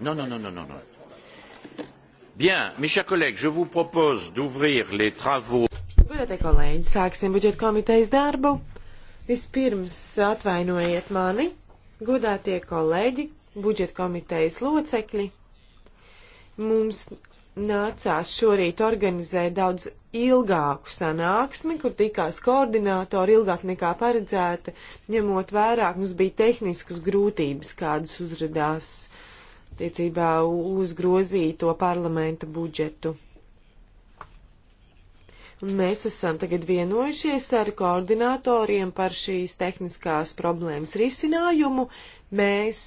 Non, non, non, non, non, non. Bien, mes chers collègues, je vous propose d'ouvrir les travaux. Godātie kolēģi, sāksim budžeta komitejas darbu. Vispirms atvainojiet mani, godātie kolēģi, budžeta komitejas locekļi. Mums nācās šorīt organizēt daudz ilgāku sanāksmi, kur tikās koordinātori ilgāk nekā paredzēta, ņemot vērā, mums bija tehniskas grūtības, kādas uzradās tiecībā uz grozīto parlamenta budžetu. Un mēs esam tagad vienojušies ar koordinatoriem par šīs tehniskās problēmas risinājumu. Mēs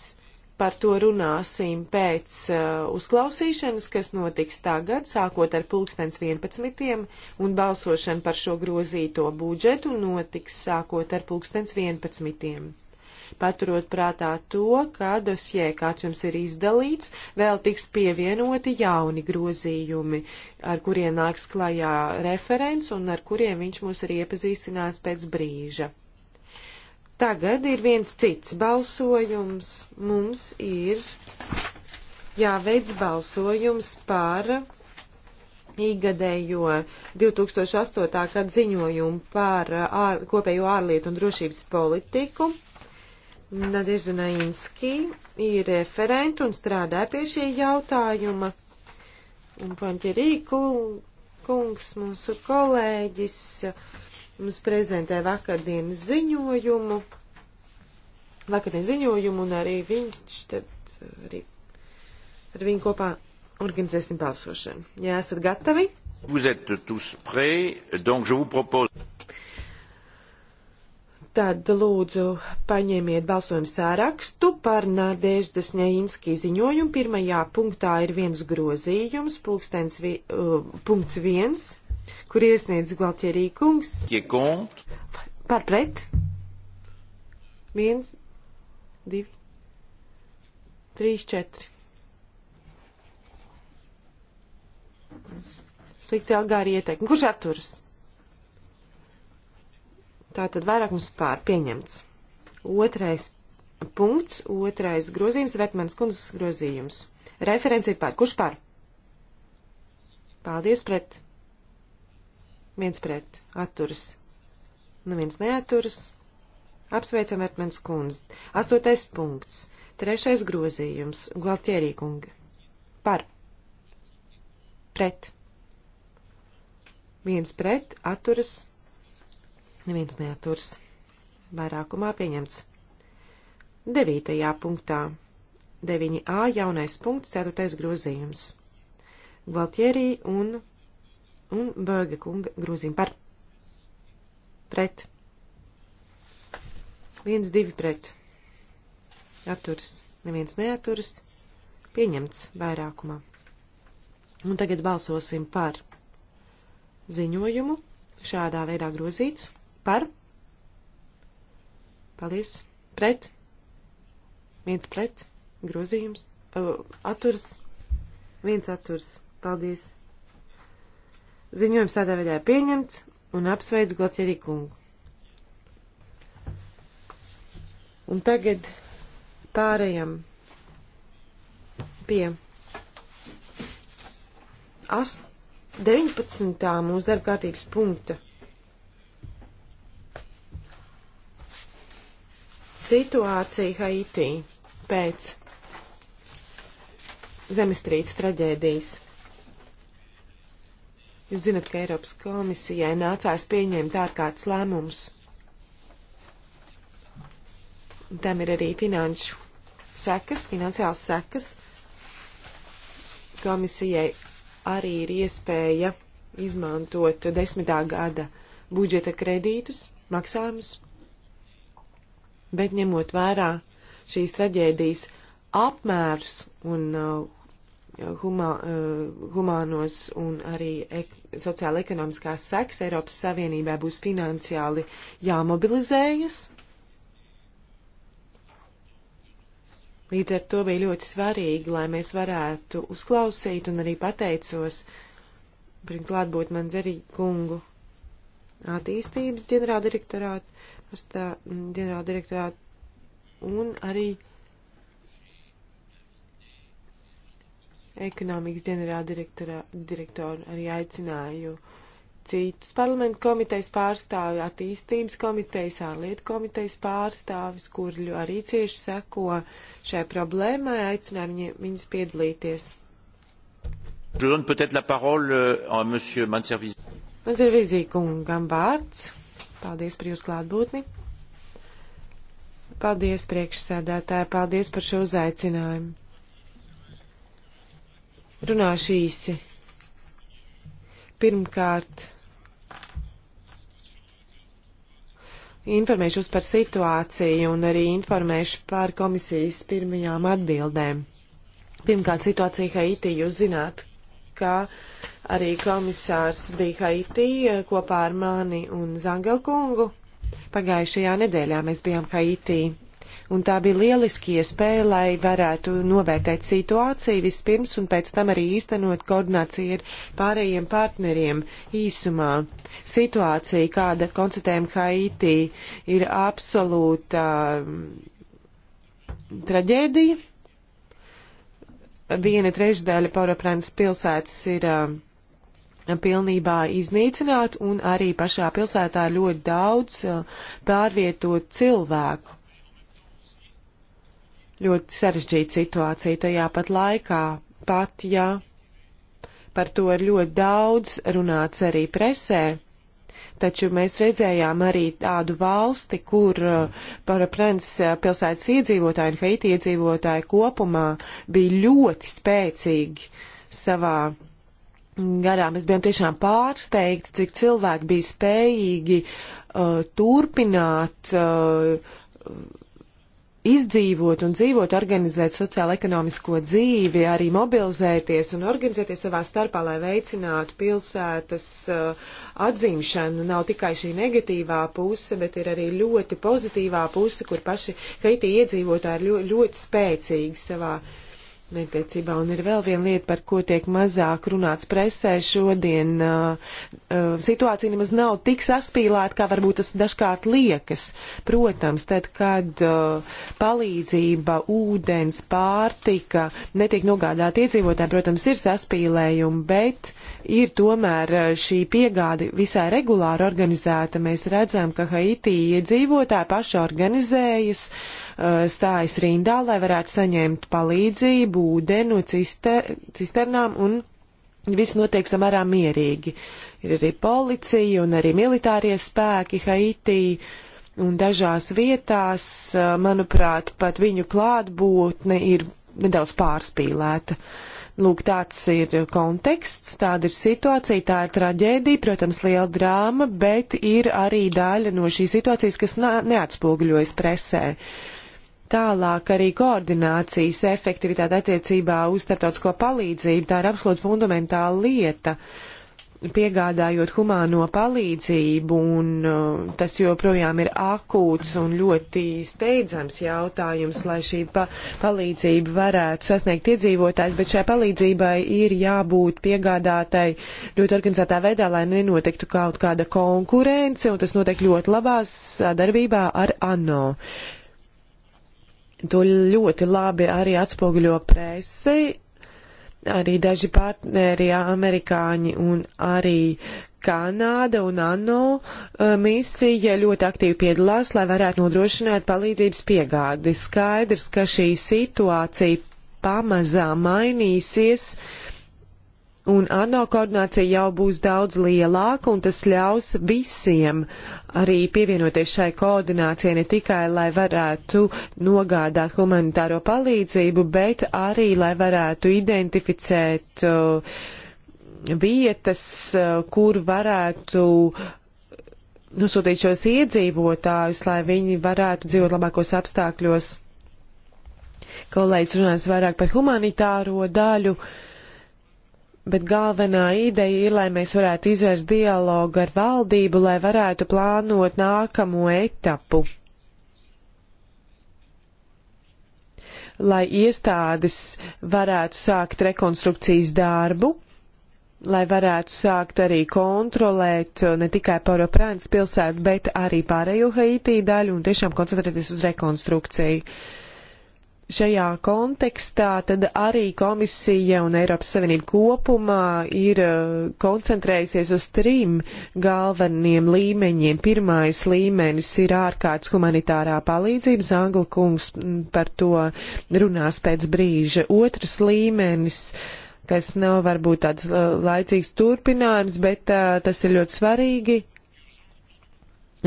par to runāsim pēc uh, uzklausīšanas, kas notiks tagad, sākot ar pulkstens 11. un balsošana par šo grozīto budžetu notiks sākot ar pulkstens 11 paturot prātā to, ka dosie, kāds jums ir izdalīts, vēl tiks pievienoti jauni grozījumi, ar kuriem nāks klajā referents un ar kuriem viņš mūs arī iepazīstinās pēc brīža. Tagad ir viens cits balsojums. Mums ir jāveic balsojums par īgadējo 2008. gada ziņojumu par ār, kopējo ārlietu un drošības politiku. Nadežda Nainski ir referenta un strādā pie šī jautājuma. Un Panķerī kungs, mūsu kolēģis, mums prezentē vakardienas ziņojumu. Vakardien ziņojumu un arī viņš tad arī ar viņu kopā organizēsim balsošanu. Ja esat gatavi? Vous êtes tous prêts, donc je vous propose. Tad lūdzu paņemiet balsojumu sārakstu par Nādēždas Neinskī ziņojumu. Pirmajā punktā ir viens grozījums, pulkstens vi, uh, punkts viens, kur iesniedz Gualtierī kungs. Kiekont? Par pret. Viens, divi, trīs, četri. Slikti Algāri ieteikumi. Kurš atturas? Tātad vairākums pār pieņemts. Otrais punkts, otrais grozījums, Vetmanas kundzes grozījums. Referencija pār. Kurš pār? Paldies pret. Viens pret. Atturas. Neviens nu, neaturas. Apsveicam Vetmanas kundzi. Astotais punkts. Trešais grozījums. Gualtierī kunga. Par. Pret. Viens pret. Atturas Neviens neaturs. Vairākumā pieņemts. 9. punktā. 9a jaunais punkts, 4. grozījums. Gvaltjerī un, un Bēga kunga grozījumi par. Pret. 1, 2 pret. Atturas. Neviens neaturas. Pieņemts vairākumā. Un tagad balsosim par ziņojumu. Šādā veidā grozīts. Par? Paldies. Pret? Viens pret. Grozījums. Uh, atturs. Viens atturs. Paldies. Ziņojums tādā veidā pieņemts un apsveicu Glacierī kungu. Un tagad pārējām pie 19. mūsu darba kārtības punkta. situācija Haitī pēc zemestrīces traģēdijas. Jūs zinat, ka Eiropas komisijai nācās pieņemt ārkārtas lēmumus. Tam ir arī finanšu sekas, finansiāls sekas. Komisijai arī ir iespēja izmantot desmitā gada budžeta kredītus, maksājumus bet ņemot vērā šīs traģēdijas apmērs un uh, humā, uh, humānos un arī ek, sociāla-ekonomiskās seks Eiropas Savienībā būs finansiāli jāmobilizējas. Līdz ar to bija ļoti svarīgi, lai mēs varētu uzklausīt un arī pateicos pirmklāt būt man dzerīgu kungu attīstības ģenerāldirektorātu pasta mm, ģenerāla direktorāta un arī ekonomikas ģenerāla direktoru arī aicināju citus parlamentu komitejas pārstāvi, attīstības komitejas, ārlietu komitejas pārstāvis, kuri arī cieši seko šai problēmai, aicināju viņi, viņus piedalīties. Je donne peut-être la parole euh, à monsieur Manservizi. Manservizi kungam vārds. Paldies par jūsu klātbūtni. Paldies, priekšsēdētāji, paldies par šo uzaicinājumu. Runāšu īsi. Pirmkārt, informēšu jūs par situāciju un arī informēšu par komisijas pirmajām atbildēm. Pirmkārt, situācija Haiti, jūs zināt, kā arī komisārs bija Haitī eh, kopā ar mani un Zangelkungu. Pagājušajā nedēļā mēs bijām Haitī. Un tā bija lieliski iespēja, lai varētu novērtēt situāciju vispirms un pēc tam arī īstenot koordināciju ar pārējiem partneriem īsumā. Situācija, kāda konstatējam Haitī, ir absolūta mm, traģēdija viena trešdaļa Poroprānas pilsētas ir uh, pilnībā iznīcināta, un arī pašā pilsētā ir ļoti daudz uh, pārvietot cilvēku. Ļoti sarežģīta situācija tajā pat laikā, pat ja par to ir ļoti daudz runāts arī presē taču mēs redzējām arī tādu valsti, kur eh, par Prens eh, pilsētas iedzīvotāju un Haiti iedzīvotāju kopumā bija ļoti spēcīgi savā garā. Mēs bijām tiešām pārsteigti, cik cilvēki bija spējīgi uh, turpināt. Uh, izdzīvot un dzīvot, organizēt sociālo-ekonomisko dzīvi, arī mobilizēties un organizēties savā starpā, lai veicinātu pilsētas uh, atzīmšanu. Nav tikai šī negatīvā puse, bet ir arī ļoti pozitīvā puse, kur paši Haiti iedzīvotāji ir ļoti, ļoti spēcīgi savā uh, Netiecībā, un ir vēl viena lieta, par ko tiek mazāk runāts presē šodien. Uh, uh, situācija nemaz nav tik saspīlēta, kā varbūt tas dažkārt liekas. Protams, tad, kad uh, palīdzība, ūdens, pārtika netiek nogādāta iedzīvotājiem, protams, ir saspīlējumi, bet ir tomēr eh, šī piegāde visai regulāri organizēta. Mēs redzam, ka Haiti iedzīvotāji paši organizējas, eh, stājas rindā, lai varētu saņemt palīdzību, ūdeni no cister, cisternām un viss notiek samērā mierīgi. Ir arī policija un arī militārie spēki Haitī. Un dažās vietās, eh, manuprāt, pat viņu klātbūtne ir nedaudz pārspīlēta. Uh, Lūk, tāds ir konteksts, tāda ir situācija, tā ir traģēdija, protams, liela drāma, bet ir arī daļa no šīs situācijas, kas neatspūgļojas presē. Tālāk arī koordinācijas efektivitāte attiecībā uz starptautisko palīdzību, tā ir absolūti fundamentāla lieta. Uh, piegādājot humāno palīdzību, un uh, tas joprojām ir akūts un ļoti steidzams jautājums, lai šī pa palīdzība varētu sasniegt iedzīvotājs, bet šai palīdzībai ir jābūt piegādātai ļoti organizētā veidā, lai nenotiktu kaut kāda konkurence, un tas notiek ļoti labās sadarbībā ar ANO. To ļoti labi arī atspoguļo presi arī daži partneri, amerikāņi un arī Kanāda un ANO eh, misija ļoti aktīvi piedalās, lai varētu nodrošināt palīdzības piegādi. Skaidrs, ka šī situācija pamazām mainīsies. Uh, Un ANO koordinācija jau būs daudz lielāka, un tas ļaus visiem arī pievienoties šai koordinācijai ne tikai, lai varētu nogādāt humanitāro palīdzību, bet arī, lai varētu identificēt uh, vietas, uh, kur varētu nosūtīt šos iedzīvotājus, lai viņi varētu dzīvot labākos apstākļos. Kolēģis runās vairāk par humanitāro daļu. Uh, Bet galvenā ideja ir, lai mēs varētu izvērst dialogu ar valdību, lai varētu plānot nākamo etapu. Lai iestādes varētu sākt rekonstrukcijas darbu, lai varētu sākt arī kontrolēt uh, ne tikai Paroprāns pilsētu, bet arī pārējo Haitī daļu un tiešām koncentrēties uz rekonstrukciju. Uh, Šajā kontekstā tad arī komisija un Eiropas Savienība kopumā ir uh, koncentrējusies uz trim galveniem līmeņiem. Pirmais līmenis ir ārkārtas humanitārā palīdzības, Angla kungs par to runās pēc brīža. Otrs līmenis kas nav varbūt tāds uh, laicīgs turpinājums, bet uh, tas ir ļoti svarīgi.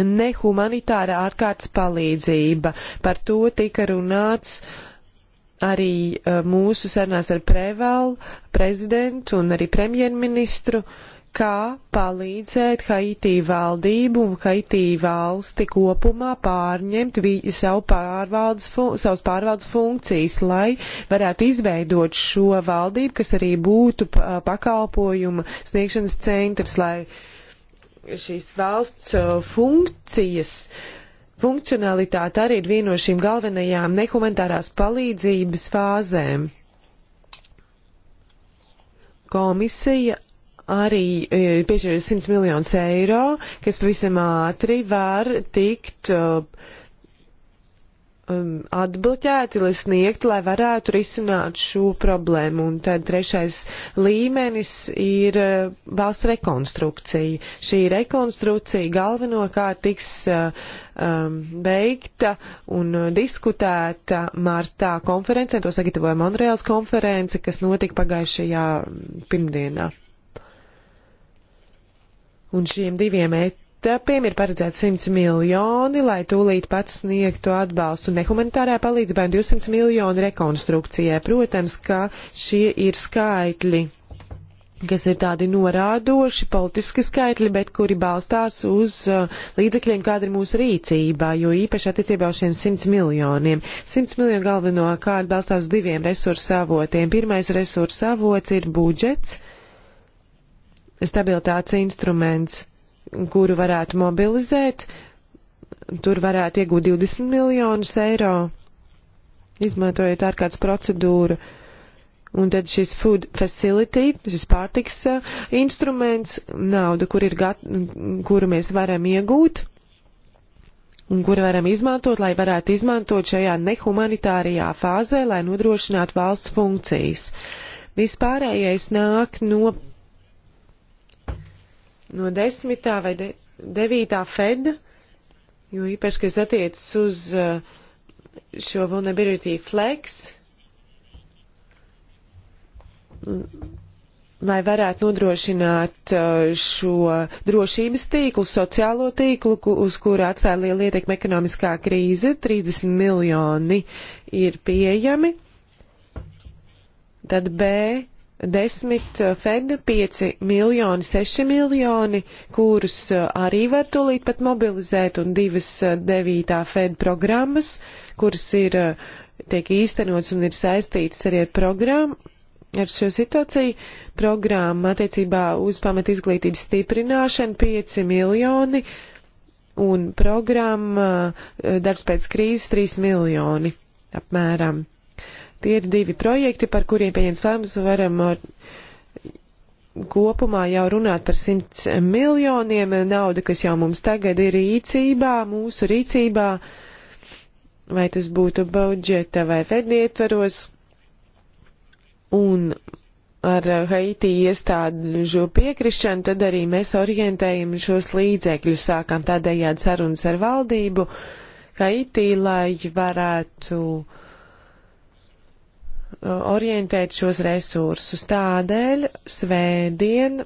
Nehumanitāra ārkārtas palīdzība. Par to tika runāts uh, arī e, mūsu sarunās ar Prevalu, prezidentu un arī premjerministru, kā palīdzēt Haitī valdību un Haitī valsti kopumā pārņemt savu pārvaldes, savus pārvaldes funkcijas, lai varētu izveidot šo valdību, kas arī būtu pakalpojuma sniegšanas centrs, lai šīs valsts e, funkcijas uh, funkcionalitāte arī ir viena no šīm galvenajām nehumanitārās palīdzības fāzēm. Komisija arī ir e, piešķīrusi 100 miljonus eiro, kas pavisam ātri var tikt uh, um, atbloķēti, lai sniegti, lai varētu risināt šo problēmu. Un tad trešais līmenis ir uh, valsts rekonstrukcija. Šī rekonstrukcija galvenokārt tiks uh, um, veikta un uh, diskutēta martā konferencē, to sagatavoja Monreāls konference, kas notika pagājušajā um, pirmdienā. Un šiem diviem et startupiem ir paredzēts 100 miljoni, lai tūlīt pats sniegtu atbalstu nehumanitārā palīdzībā un 200 miljoni rekonstrukcijai. Protams, ka šie ir skaitļi kas ir tādi norādoši politiski skaitļi, bet kuri balstās uz uh, līdzekļiem, kāda ir mūsu rīcībā, jo īpaši attiecībā uz šiem 100 miljoniem. 100 miljoni galvenokārt balstās uz diviem resursu avotiem. Pirmais resursu avots ir budžets, stabilitātes instruments kuru varētu mobilizēt. Tur varētu iegūt 20 miljonus eiro, izmantojot ārkārtas procedūru. Un tad šis food facility, šis pārtiks uh, instruments, nauda, kur ir gat, kuru mēs varam iegūt un kuru varam izmantot, lai varētu izmantot šajā nehumanitārajā fāzē, lai nodrošinātu valsts funkcijas. Vispārējais nāk no no 10. vai 9. fed, jo īpaši, kas attiecas uz uh, šo vulnerability flex, lai varētu nodrošināt uh, šo drošības tīklu, sociālo tīklu, uz kuru atstāja liela ietekme ekonomiskā krīze. 30 miljoni ir pieejami. Tad B 10 eh, fed, 5 miljoni, 6 miljoni, kurus eh, arī var tūlīt pat mobilizēt, un divas 9. Eh, fed programmas, kuras ir, tiek īstenots un ir saistītas arī ar programmu, ar šo situāciju. Programma attiecībā uz pamat izglītības stiprināšanu 5 miljoni un programma darbs pēc krīzes 3 miljoni apmēram. Tie ir divi projekti, par kuriem pieņems lēmums un varam uh, kopumā jau runāt par 100 miljoniem nauda, kas jau mums tagad ir rīcībā, mūsu rīcībā, vai tas būtu budžeta vai fedietvaros. Un ar Haiti iestādžu piekrišanu, tad arī mēs orientējam šos līdzekļus, sākam tādējādi sarunas ar valdību Haiti, lai varētu uh, orientēt šos resursus. Tādēļ svētdien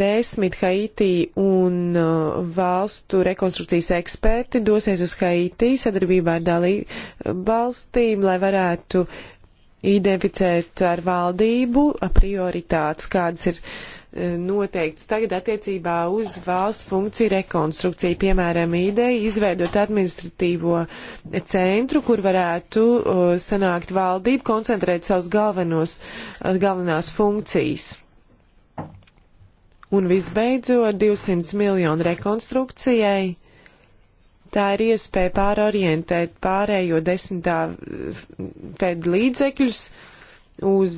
desmit Haiti un uh, valstu rekonstrukcijas eksperti dosies uz Haiti sadarbībā ar dalību uh, valstīm, lai varētu identificēt ar valdību prioritātes, kādas ir uh, noteikts tagad attiecībā uz valsts funkciju rekonstrukciju. Piemēram, ideja izveidot administratīvo centru, kur varētu sanākt valdību, koncentrēt savus galvenos, galvenās funkcijas. Un visbeidzot, 200 miljonu rekonstrukcijai. Tā ir iespēja pārorientēt pārējo desmitā fed līdzekļus uh, uz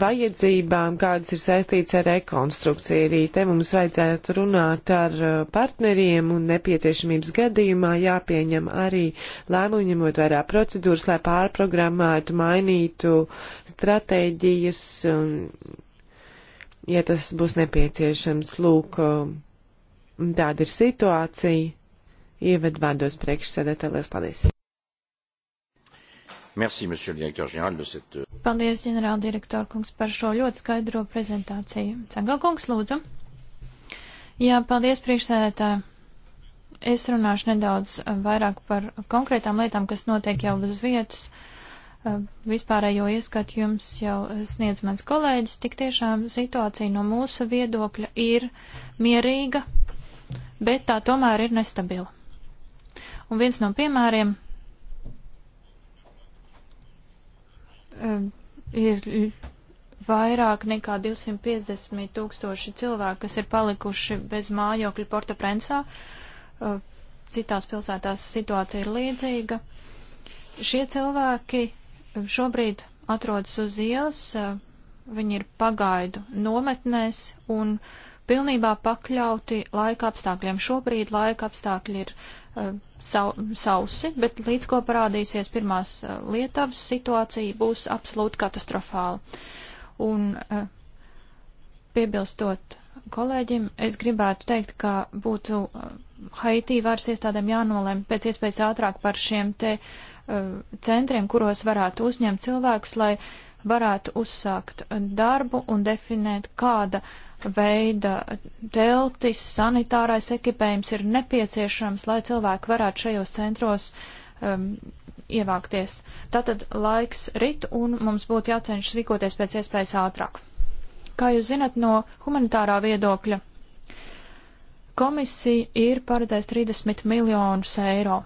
vajadzībām, kādas ir saistīts ar rekonstrukciju. Arī te mums vajadzētu runāt ar uh, partneriem un nepieciešamības gadījumā jāpieņem arī lēmumu ņemot vērā procedūras, lai pārprogrammētu, mainītu stratēģijas, un, ja tas būs nepieciešams. Lūk, um, tāda ir situācija. Ievadvārdos priekšsēdētājies, paldies! Merci, monsieur le directeur général, de cette. Euh, paldies, ģenerāla direktora kungs, par šo ļoti skaidro prezentāciju. Cengā kungs, lūdzu. Jā, paldies, priekšsēdētāji. Es runāšu nedaudz uh, vairāk par konkrētām lietām, kas notiek jau uz vietas. Uh, vispārējo ieskatu jums jau sniedz mans kolēģis. Tik tiešām situācija no mūsu viedokļa ir mierīga, bet tā tomēr ir nestabila. Un viens no piemēriem ir vairāk nekā 250 tūkstoši cilvēku, kas ir palikuši bez mājokļa Portoprensā. Citās pilsētās situācija ir līdzīga. Šie cilvēki šobrīd atrodas uz ielas, viņi ir pagaidu nometnēs un pilnībā pakļauti laika apstākļiem. Šobrīd laika apstākļi ir Eh, sau, sausi, bet līdz ko parādīsies pirmās eh, lietavas situācija būs absolūti katastrofāla. Un eh, piebilstot kolēģim, es gribētu teikt, ka būtu Haitī varas iestādēm jānolēm pēc iespējas ātrāk par šiem te centriem, kuros varētu uzņemt cilvēkus, lai varētu uzsākt darbu un definēt, kāda uh, veida teltis, sanitārais ekipējums ir nepieciešams, lai cilvēki varētu šajos centros um, ievākties. Tātad laiks rit un mums būtu jācenšas rīkoties pēc iespējas ātrāk. Kā jūs zinat, no humanitārā viedokļa komisija ir paredzējusi 30 miljonus eiro.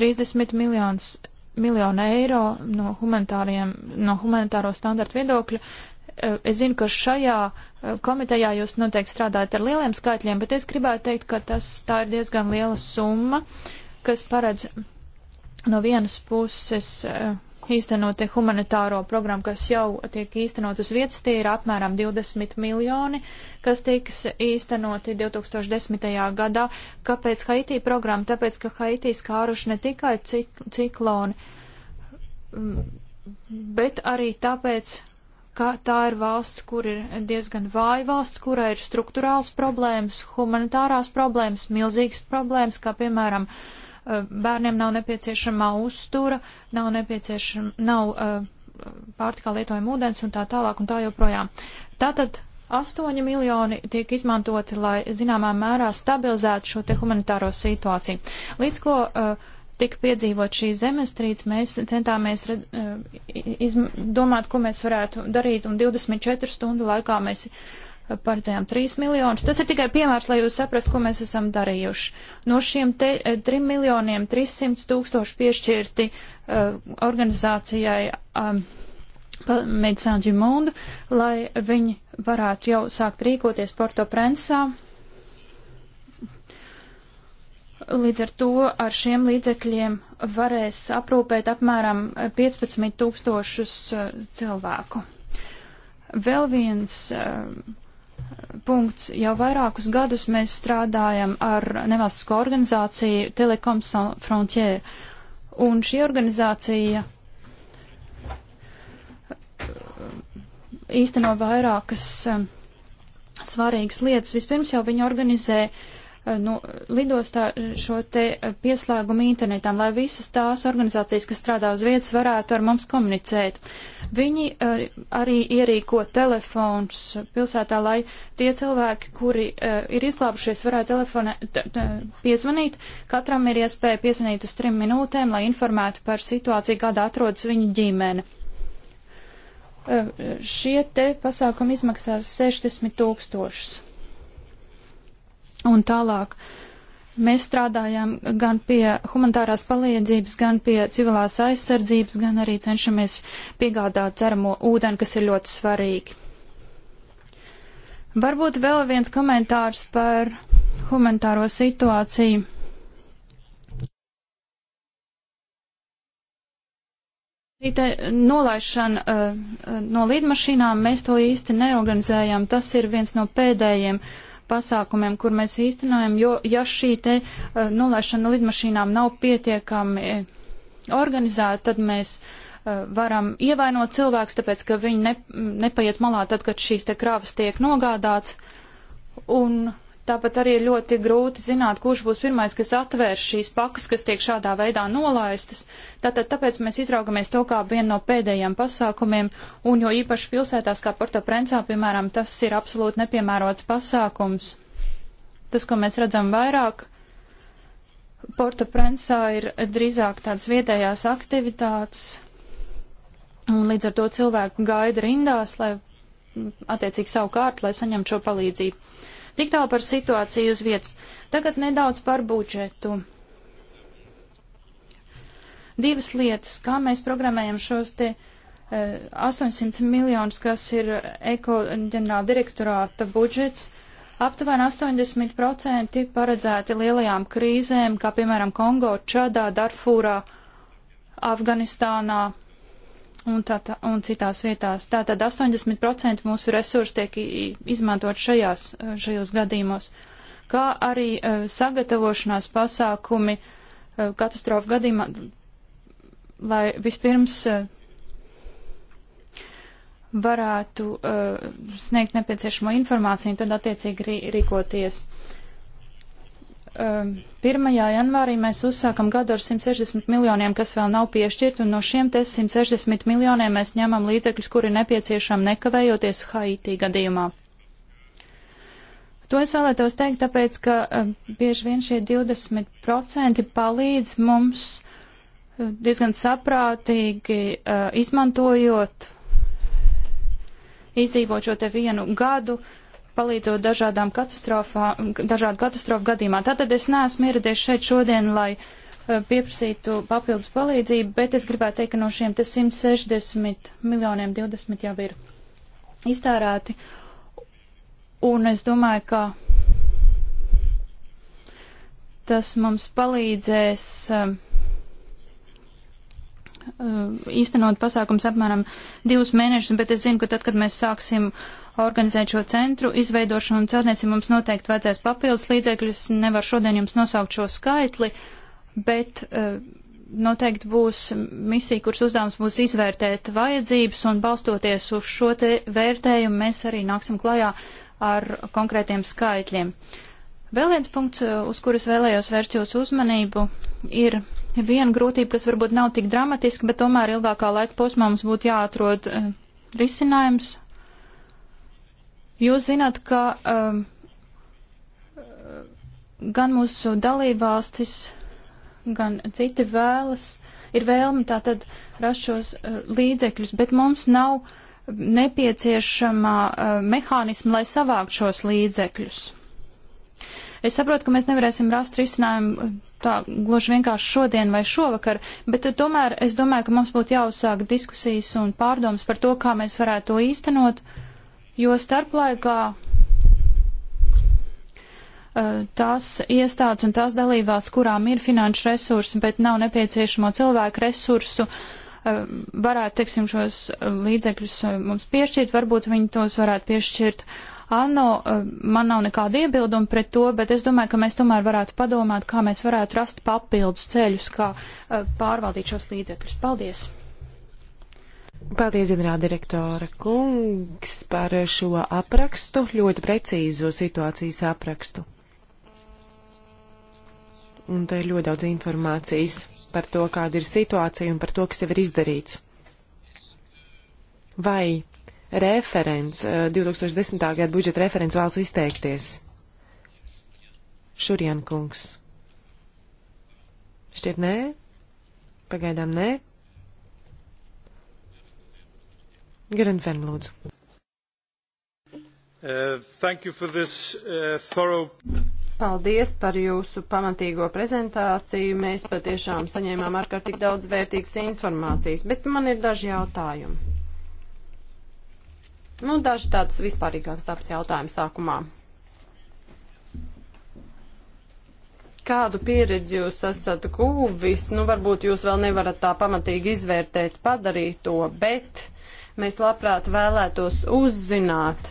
30 miljonus miljonu eiro no, no humanitāro standartu viedokļa Eh, es zinu, ka šajā eh, komitejā jūs noteikti strādājat ar lieliem skaitļiem, bet es gribētu teikt, ka tas, tā ir diezgan liela summa, kas paredz no vienas puses eh, īstenot humanitāro programmu, kas jau tiek īstenot uz vietas, tie ir apmēram 20 miljoni, kas tiks īstenoti 2010. gadā. Kāpēc Haitī programma? Tāpēc, ka Haitī skāruši ne tikai cikloni, mm, bet arī tāpēc, ka tā ir valsts, kur ir diezgan vāja valsts, kurai ir struktūrāls problēmas, humanitārās problēmas, milzīgas problēmas, kā piemēram eh, bērniem nav nepieciešamā uztura, nav nepieciešama, nav eh, pārtikā lietojama ūdens un tā tālāk un tā joprojām. Tātad 8 miljoni tiek izmantoti, lai zināmā mērā stabilizētu šo te humanitāro situāciju. Līdz ko uh, tika piedzīvot šī zemestrīce, mēs centāmies red, eh, izdomāt, ko mēs varētu darīt, un 24 stundu laikā mēs paredzējām 3 miljonus. Tas ir tikai piemērs, lai jūs saprastu, ko mēs esam darījuši. No šiem te, 3 eh, miljoniem 300 tūkstoši piešķirti uh, organizācijai um, Medicāņu Mundu, lai viņi varētu jau sākt rīkoties Porto Prensā. Uh, Līdz ar to ar šiem līdzekļiem varēs aprūpēt apmēram 15 tūkstošus eh, cilvēku. Vēl viens eh, punkts. Jau vairākus gadus mēs strādājam ar nevalstisko organizāciju Telekom Sans Frontier. Un šī organizācija eh, īsteno vairākas svarīgas lietas. Vispirms jau viņi organizē uh, Eh, nu, lidostā šo te eh, pieslēgumu internetam, lai visas tās organizācijas, kas strādā uz vietas, varētu ar mums komunicēt. Viņi uh, arī ierīko telefons pilsētā, lai tie cilvēki, kuri uh, ir izglābušies, varētu telefonē piezvanīt. Katram ir iespēja piezvanīt uz trim minūtēm, lai informētu par situāciju, kādā atrodas viņa ģimene šie te pasākumi izmaksās 60 tūkstošus un tālāk. Mēs strādājam gan pie humanitārās palīdzības, gan pie civilās aizsardzības, gan arī cenšamies piegādāt ceramo ūdeni, kas ir ļoti svarīgi. Varbūt vēl viens komentārs par humanitāro situāciju. Te nolaišana uh, no lidmašīnām mēs to īsti neorganizējām. Tas ir viens no pēdējiem uh, pasākumiem, kur mēs īstenojam, jo ja šī te uh, nolaišana lidmašīnām nav pietiekami eh, organizēta, tad mēs uh, varam ievainot cilvēkus, tāpēc, ka viņi ne, nepaiet malā tad, kad šīs te kravas tiek nogādāts. Un Tāpat arī ir ļoti grūti zināt, kurš būs pirmais, kas atvērs šīs pakas, kas tiek šādā veidā nolaistas. Tātad tāpēc mēs izraugamies to kā vienu no pēdējiem pasākumiem, un jo īpaši pilsētās kā Porto Prencā, piemēram, tas ir absolūti nepiemērots pasākums. Tas, ko mēs redzam vairāk, Porto Prencā ir drīzāk tādas vietējās aktivitātes, un līdz ar to cilvēku gaida rindās, lai attiecīgi savu kārtu, lai saņemtu šo palīdzību. Tik tālu par situāciju uz vietas. Tagad nedaudz par budžetu. Divas lietas, kā mēs programējam šos te uh, eh, 800 miljonus, kas ir eko ģenerāla direktorāta budžets. Aptuveni 80% paredzēti lielajām krīzēm, kā piemēram Kongo, Čadā, Darfūrā, Afganistānā, un, tā, tā, un citās vietās. Tātad 80% mūsu resursu tiek izmantot šajās, eh, šajos gadījumos, kā arī uh, sagatavošanās pasākumi uh, katastrofu gadījumā, lai vispirms uh, varētu sniegt nepieciešamo informāciju un tad attiecīgi rīkoties. Uh, 1. Um, janvārī mēs uzsākam gadu ar 160 miljoniem, kas vēl nav piešķirt, un no šiem te 160 miljoniem mēs ņemam līdzekļus, kuri nepieciešami nekavējoties Haitī gadījumā. To es vēlētos teikt, tāpēc, ka um, bieži vien šie 20% palīdz mums um, diezgan saprātīgi uh, izmantojot, izdzīvot šo te vienu gadu, uh, palīdzot dažādām katastrofām, dažādu katastrofu gadījumā. Tātad es neesmu ieradies šeit šodien, lai eh, pieprasītu papildus palīdzību, bet es gribētu teikt, ka no šiem te 160 miljoniem 20 jau ir iztērēti. Un es domāju, ka tas mums palīdzēs um, īstenot pasākums apmēram divus mēnešus, bet es zinu, ka tad, kad mēs sāksim uh, organizēt šo centru izveidošanu, un celtniecību mums noteikti vajadzēs papildus līdzekļus. Nevar šodien jums nosaukt šo skaitli, bet uh, noteikti būs misija, kuras uzdevums būs izvērtēt vajadzības, un balstoties uz šo te vērtējumu, mēs arī nāksim klajā ar konkrētiem skaitļiem. Vēl viens punkts, eh, uz kuras vēlējos vērst jūsu uzmanību, ir viena grūtība, kas varbūt nav tik dramatiska, bet tomēr ilgākā laika posmā mums būtu jāatrod eh, risinājums Jūs zināt, ka um, gan mūsu dalībvalstis, gan citi vēlas, ir vēlme tātad rast šos uh, līdzekļus, bet mums nav nepieciešama uh, mehānisma, lai savākt šos līdzekļus. Es saprotu, ka mēs nevarēsim rast risinājumu uh, tā gluži vienkārši šodien vai šovakar, bet uh, tomēr es domāju, ka mums būtu jāuzsāk diskusijas un pārdomas par to, kā mēs varētu to īstenot. Uh, jo starplaikā eh, tās iestādes un tās dalībās, kurām ir finanšu resursi, bet nav nepieciešamo cilvēku resursu, eh, varētu, teiksim, šos līdzekļus eh, mums piešķirt, varbūt viņi tos varētu piešķirt. Anno, man nav nekāda iebilduma pret to, bet es domāju, ka mēs tomēr varētu padomāt, kā mēs varētu rast papildus ceļus, kā pārvaldīt šos līdzekļus. Paldies! Paldies, ģenerāldirektora kungs, par šo aprakstu, ļoti precīzo situācijas aprakstu. Un te ir ļoti daudz informācijas par to, kāda ir situācija un par to, kas jau ir izdarīts. Vai referents, 2010. Eh, gada budžeta referents vēlas izteikties? Šurjan kungs. Šķiet nē? Pagaidām nē. Grenfen, lūdzu. Uh, this, uh, thorough... Paldies par jūsu pamatīgo prezentāciju. Mēs patiešām saņēmām ārkārtīgi daudz vērtīgas informācijas, bet man ir daži jautājumi. Nu, daži tāds vispārīgāks tāds jautājums sākumā. Kādu pieredzi jūs esat guvis? Nu, varbūt jūs vēl nevarat tā pamatīgi izvērtēt padarīto, bet uh, Mēs labprāt vēlētos uzzināt,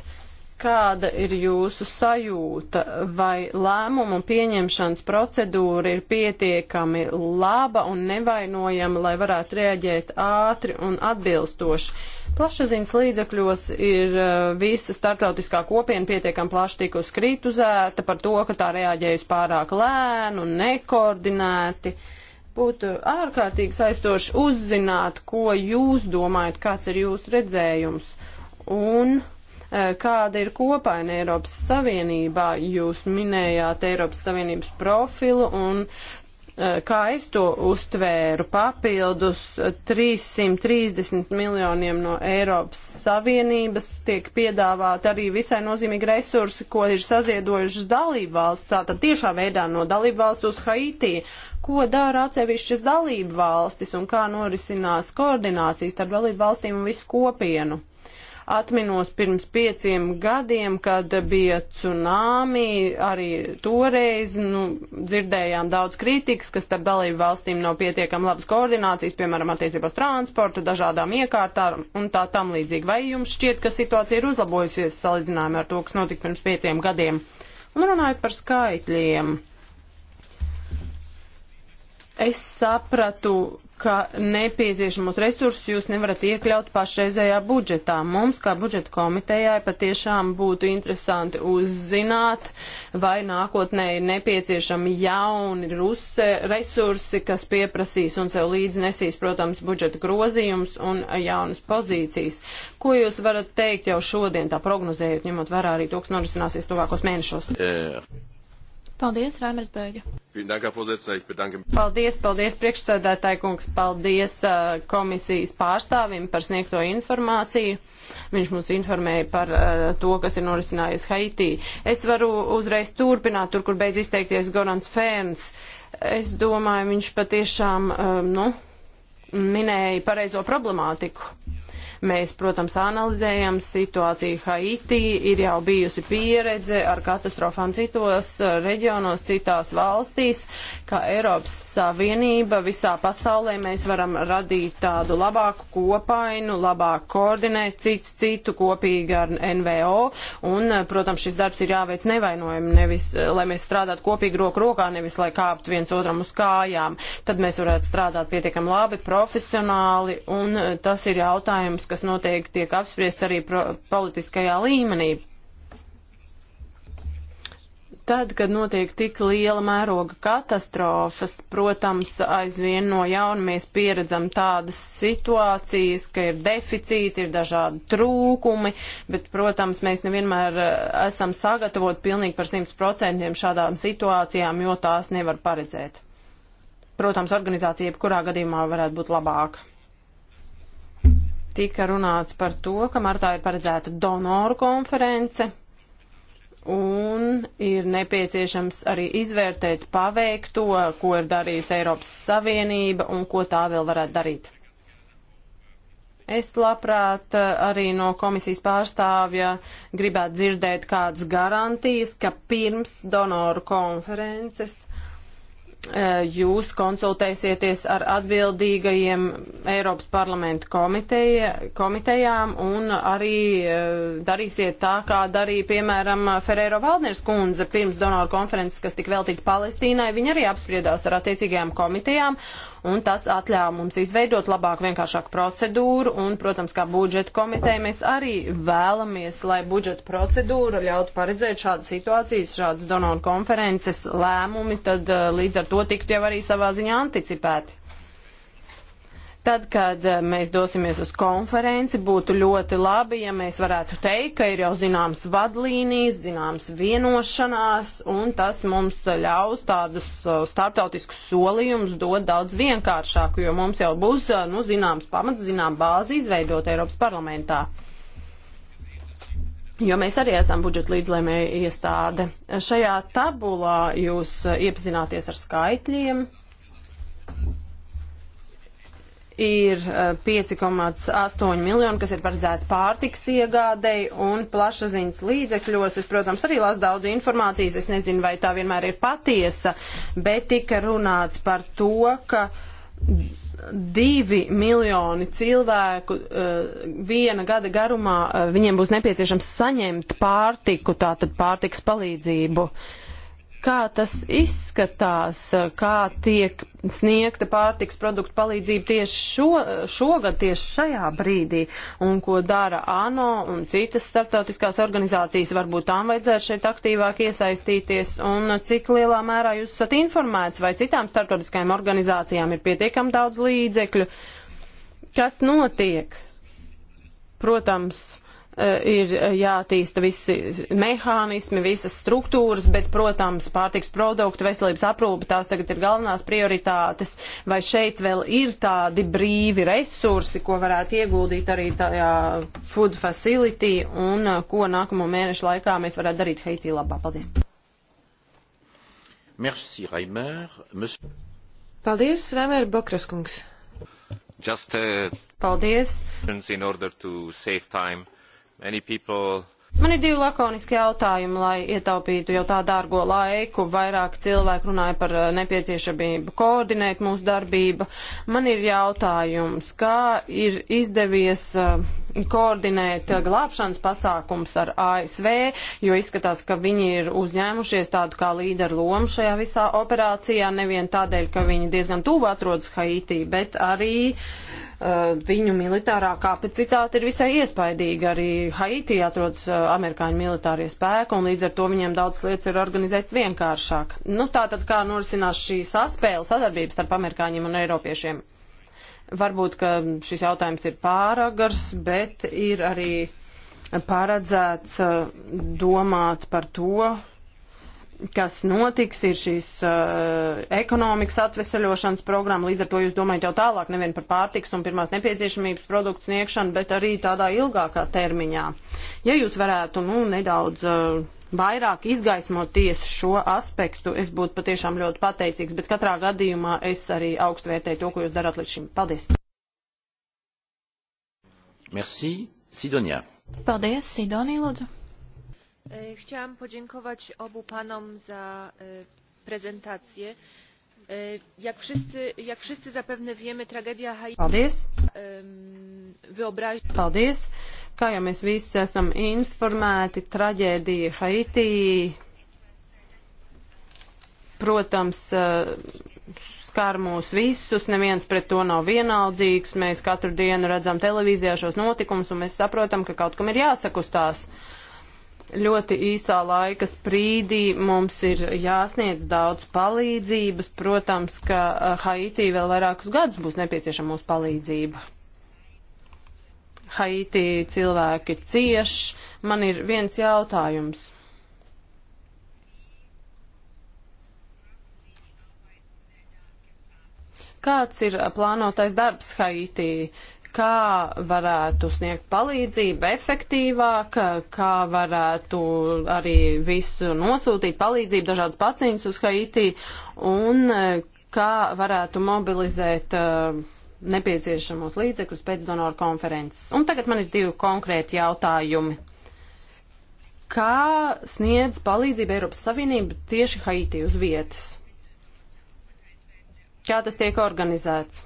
kāda ir jūsu sajūta, vai lēmumu pieņemšanas procedūra ir pietiekami laba un nevainojama, lai varētu rēģēt ātri un atbilstoši. Plašsaziņas līdzekļos ir eh, visa startautiskā kopiena pietiekami plaši tikus kritizēta par to, ka tā reaģējas pārāk lēni un nekoordinēti. Uh, Būtu ārkārtīgi saistoši uzzināt, ko jūs domājat, kāds ir jūsu redzējums un e, kāda ir kopaina Eiropas Savienībā. Jūs minējāt Eiropas Savienības profilu un Eh, kā es to uztvēru, papildus 330 miljoniem no Eiropas Savienības tiek piedāvāti arī visai nozīmīgi resursi, ko ir saziedojušas dalību valsts, tātad tiešā veidā no dalību valsts uz Haiti. Ko dara atsevišķas dalību valstis un kā norisinās koordinācijas starp dalību valstīm un visu kopienu? Atminos pirms pieciem gadiem, kad bija tsunami, arī toreiz nu, dzirdējām daudz kritikas, ka starp dalību valstīm nav pietiekam labas koordinācijas, piemēram, attiecībā uz transportu, dažādām iekārtām un tā tam līdzīgi. Vai jums šķiet, ka situācija ir uzlabojusies salīdzinājumā ar to, kas notika pirms pieciem gadiem? Un runāju par skaitļiem. Es sapratu, ka nepieciešamos resursus jūs nevarat iekļaut pašreizējā budžetā. Mums, kā budžeta komitejai, patiešām būtu interesanti uzzināt, vai nākotnē ir nepieciešami jauni ruse, resursi, kas pieprasīs un sev līdzi nesīs, protams, budžeta grozījums un jaunas pozīcijas. Ko jūs varat teikt jau šodien, tā prognozējot, ņemot vērā arī to, kas norisināsies tuvākos mēnešos? Yeah. Paldies, Rēmers Bēga. Paldies, paldies, priekšsēdētāji kungs, paldies uh, komisijas pārstāvim par sniegto informāciju. Viņš mums informēja par uh, to, kas ir norisinājies Haitī. Es varu uzreiz turpināt tur, kur beidz izteikties Gorans Fēns. Es domāju, viņš patiešām, uh, nu, minēja pareizo problemātiku. Mēs, protams, analizējam situāciju Haitī, ir jau bijusi pieredze ar katastrofām citos eh, reģionos, citās valstīs kā Eiropas Savienība visā pasaulē mēs varam radīt tādu labāku kopainu, labāk koordinēt cits citu kopīgi ar NVO. Un, protams, šis darbs ir jāveic nevainojami, nevis, lai mēs strādātu kopīgi roku rokā, nevis lai kāptu viens otram uz kājām. Tad mēs varētu strādāt pietiekami labi, profesionāli, un tas ir jautājums, kas noteikti tiek apspriests arī politiskajā līmenī Tad, kad notiek tik liela mēroga katastrofas, protams, aizvien no jauna mēs pieredzam tādas situācijas, ka ir deficīti, ir dažādi trūkumi, bet, protams, mēs nevienmēr eh, esam sagatavot pilnīgi par 100% šādām situācijām, jo tās nevar paredzēt. Protams, organizācija jebkurā gadījumā varētu būt labāka. Tika runāts par to, ka martā ir paredzēta donoru konference Un ir nepieciešams arī izvērtēt paveikto, ko ir darījusi Eiropas Savienība un ko tā vēl varētu darīt. Es labprāt eh, arī no komisijas pārstāvja gribētu dzirdēt kādas garantijas, ka pirms donoru konferences Eh, jūs konsultēsieties ar atbildīgajiem Eiropas parlamentu komiteja, komitejām un arī eh, darīsiet tā, kā darīja, piemēram, Ferēro Valdners kundze pirms donoru konferences, kas tika veltīta Palestīnai. Viņa arī apspriedās ar attiecīgajām komitejām un tas atļāva mums izveidot labāku, vienkāršāku procedūru un, protams, kā budžeta komiteja mēs arī vēlamies, lai budžeta procedūra ļautu paredzēt šādas situācijas, šādas donoru konferences lēmumi, tad eh, līdz ar to tiktu jau arī savā ziņā anticipēti. Tad, kad eh, mēs dosimies uz konferenci, būtu ļoti labi, ja mēs varētu teikt, ka ir jau zināms vadlīnijas, zināms vienošanās, un tas mums ļaus tādus eh, starptautiskus solījumus dot daudz vienkāršāku, jo mums jau būs, eh, nu, zināms pamats, zinām bāzi izveidot Eiropas parlamentā jo mēs arī esam budžeta līdzlēmēja iestāde. Šajā tabulā jūs iepazināties ar skaitļiem. Ir 5,8 eh, miljoni, kas ir paredzēti pārtiks iegādei un plašaziņas līdzekļos. Es, protams, arī lasu daudz informācijas. Es nezinu, vai tā vienmēr ir patiesa, bet tika runāts par to, ka divi miljoni cilvēku uh, viena gada garumā uh, viņiem būs nepieciešams saņemt pārtiku, tātad pārtiks palīdzību. Uh, kā tas izskatās, kā tiek sniegta pārtiks produktu palīdzība tieši šo, šogad, tieši šajā brīdī, un ko dara ANO un citas starptautiskās organizācijas, varbūt tām vajadzētu šeit aktīvāk iesaistīties, un cik lielā mērā jūs esat informēts, vai citām starptautiskajām organizācijām ir pietiekam daudz līdzekļu, kas notiek. Protams, E, ir jātīsta visi mehānismi, visas struktūras, bet, protams, pārtiks produktu, veselības aprūpe, tās tagad ir galvenās prioritātes, vai šeit vēl ir tādi brīvi resursi, ko varētu ieguldīt arī tajā food facility un e, ko nākamo mēnešu laikā mēs varētu darīt Haitī labā. Paldies! Merci, Reimer. Monsieur... Paldies, Reimer Bokraskungs. Just, uh, Paldies. In order to save time, People... Man ir divi lakoniski jautājumi, lai ietaupītu jau tā dārgo laiku. Vairāk cilvēku runāja par eh, nepieciešamību koordinēt mūsu darbību. Man ir jautājums, kā ir izdevies eh, koordinēt eh, glābšanas pasākums ar ASV, jo izskatās, ka viņi ir uzņēmušies tādu kā līderu lomu šajā visā operācijā, nevien tādēļ, ka viņi diezgan tuvu atrodas Haitī, bet arī uh, Eh, viņu militārā kapacitāte ir visai iespaidīga. Arī Haitī atrodas eh, amerikāņu militārie spēki, un līdz ar to viņiem daudz lietas ir organizēt vienkāršāk. Nu, tātad kā norisinās šī saspēle sadarbības starp amerikāņiem un eiropiešiem? Varbūt, ka šis jautājums ir pāragars, bet ir arī paredzēts eh, domāt par to, kas notiks, ir šīs uh, ekonomikas atveseļošanas programma, līdz ar to jūs domājat jau tālāk nevien par pārtiks un pirmās nepieciešamības produktu sniegšanu, bet arī tādā ilgākā termiņā. Ja jūs varētu, nu, nedaudz uh, vairāk izgaismot tiesu šo aspektu, es būtu patiešām ļoti pateicīgs, bet katrā gadījumā es arī augstu vērtēju to, ko jūs darat līdz šim. Paldies! Merci, Sidonija. Paldies, Sidonija, lūdzu. E, chciałam podziękować obu panom za e, prezentację. E, jak wszyscy, jak wszyscy zapewne wiemy, tragedia Haiti... Paldies! Wyobraź... Paldies! Kā jau mēs visi esam informēti, traģēdija Haiti, protams, skar mūs visus, neviens pret to nav vienaldzīgs, mēs katru dienu redzam televīzijā šos notikumus un mēs saprotam, ka kaut kam ir jāsakustās. tās ļoti īsā laika sprīdī mums ir jāsniedz daudz palīdzības. Protams, ka eh, Haitī vēl vairākus gadus būs nepieciešama mūsu palīdzība. Haitī cilvēki cieš. Man ir viens jautājums. Kāds ir eh, plānotais darbs Haitī? Uh, kā varētu sniegt palīdzību efektīvāk, kā varētu arī visu nosūtīt palīdzību dažādas paciņas uz Haiti un e, kā varētu mobilizēt uh, nepieciešamos līdzekļus pēc donoru konferences. Un tagad man ir divi konkrēti jautājumi. Kā sniedz palīdzību Eiropas Savienība tieši Haiti uz vietas? Kā tas tiek organizēts?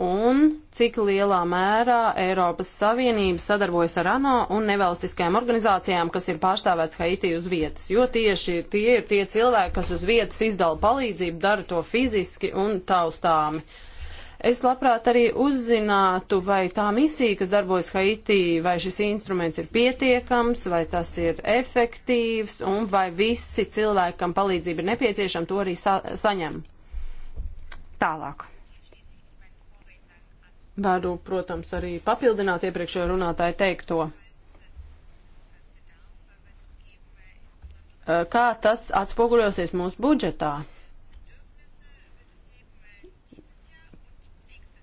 un cik lielā mērā Eiropas Savienība sadarbojas ar ANO un nevalstiskajām organizācijām, kas ir pārstāvēts Haiti uz vietas. Jo tieši tie ir tie cilvēki, kas uz vietas izdala palīdzību, dara to fiziski un taustāmi. Es labprāt arī uzzinātu, vai tā misija, kas darbojas Haitī, vai šis instruments ir pietiekams, vai tas ir efektīvs, un vai visi cilvēki, kam palīdzība ir nepieciešama, to arī sa saņem. Tālāk. Varu, protams, arī papildināt iepriekšējo runātāju teikto. Kā tas atspoguļosies mūsu budžetā?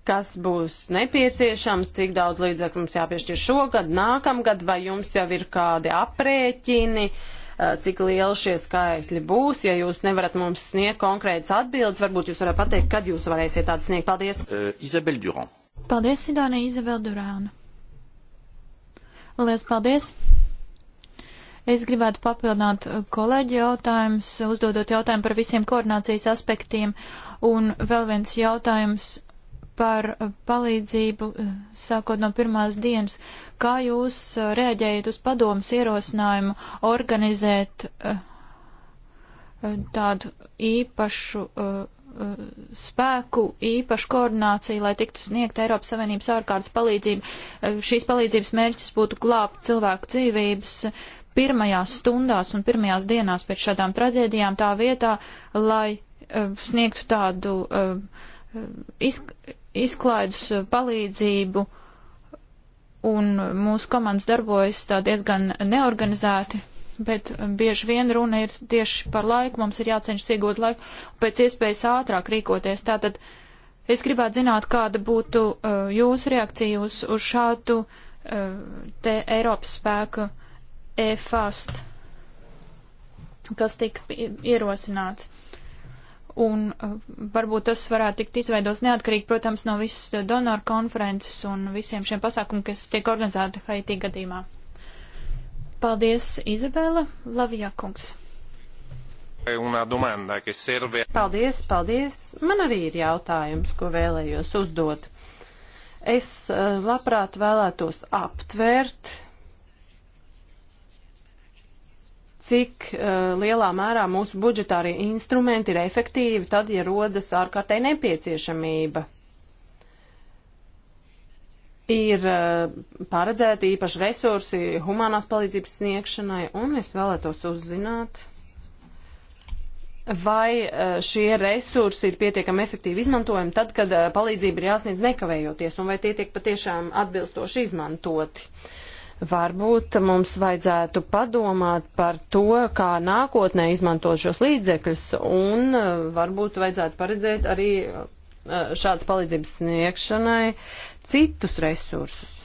kas būs nepieciešams, cik daudz līdzekļu mums jāpiešķir šogad, nākamgad, vai jums jau ir kādi aprēķini, cik lieli šie skaitļi būs. Ja jūs nevarat mums sniegt konkrētas atbildes, varbūt jūs varat pateikt, kad jūs varēsiet tādas sniegt. Paldies! Uh, Izabel Durand. Paldies, Sidonija Izabela Durāna. Lielas paldies! Es gribētu papildināt uh, kolēģi jautājumus, uzdodot jautājumu par visiem koordinācijas aspektiem, un vēl viens jautājums par uh, palīdzību uh, sākot no pirmās dienas. Kā jūs reaģējat uz padomus ierosinājumu organizēt tādu īpašu Eh, spēku īpašu koordināciju, lai tiktu sniegt Eiropas Savienības ārkārtas palīdzību. Eh, šīs palīdzības mērķis būtu glābt cilvēku dzīvības pirmajās stundās un pirmajās dienās pēc šādām traģēdijām tā vietā, lai eh, sniegtu tādu izklaidus palīdzību. Un mūsu komandas darbojas tā diezgan neorganizēti, bet bieži vien runa ir tieši par laiku, mums ir jācenšas iegūt laiku, pēc iespējas ātrāk rīkoties. Tātad es gribētu zināt, kāda būtu uh, jūsu reakcija uz, uz šādu uh, te Eiropas spēku e-fast, kas tika ierosināts. Un uh, varbūt tas varētu tikt izveidos neatkarīgi, protams, no visas donoru konferences un visiem šiem pasākumiem, kas tiek organizēti Haitī gadījumā. Paldies, Izabela Lavijakungs. Paldies, paldies. Man arī ir jautājums, ko vēlējos uzdot. Es eh, labprāt vēlētos aptvērt, cik eh, lielā mērā mūsu budžetārie instrumenti ir efektīvi tad, ja rodas ārkārtēji nepieciešamība ir eh, paredzēti īpaši resursi humanās palīdzības sniegšanai, un es vēlētos uzzināt, vai eh, šie resursi ir pietiekami efektīvi izmantojami tad, kad eh, palīdzība ir jāsniedz nekavējoties, un vai tie tiek patiešām atbilstoši izmantoti. Varbūt mums vajadzētu padomāt par to, kā nākotnē izmantot šos līdzekļus, un varbūt vajadzētu paredzēt arī Eh, šādas palīdzības sniegšanai citus resursus.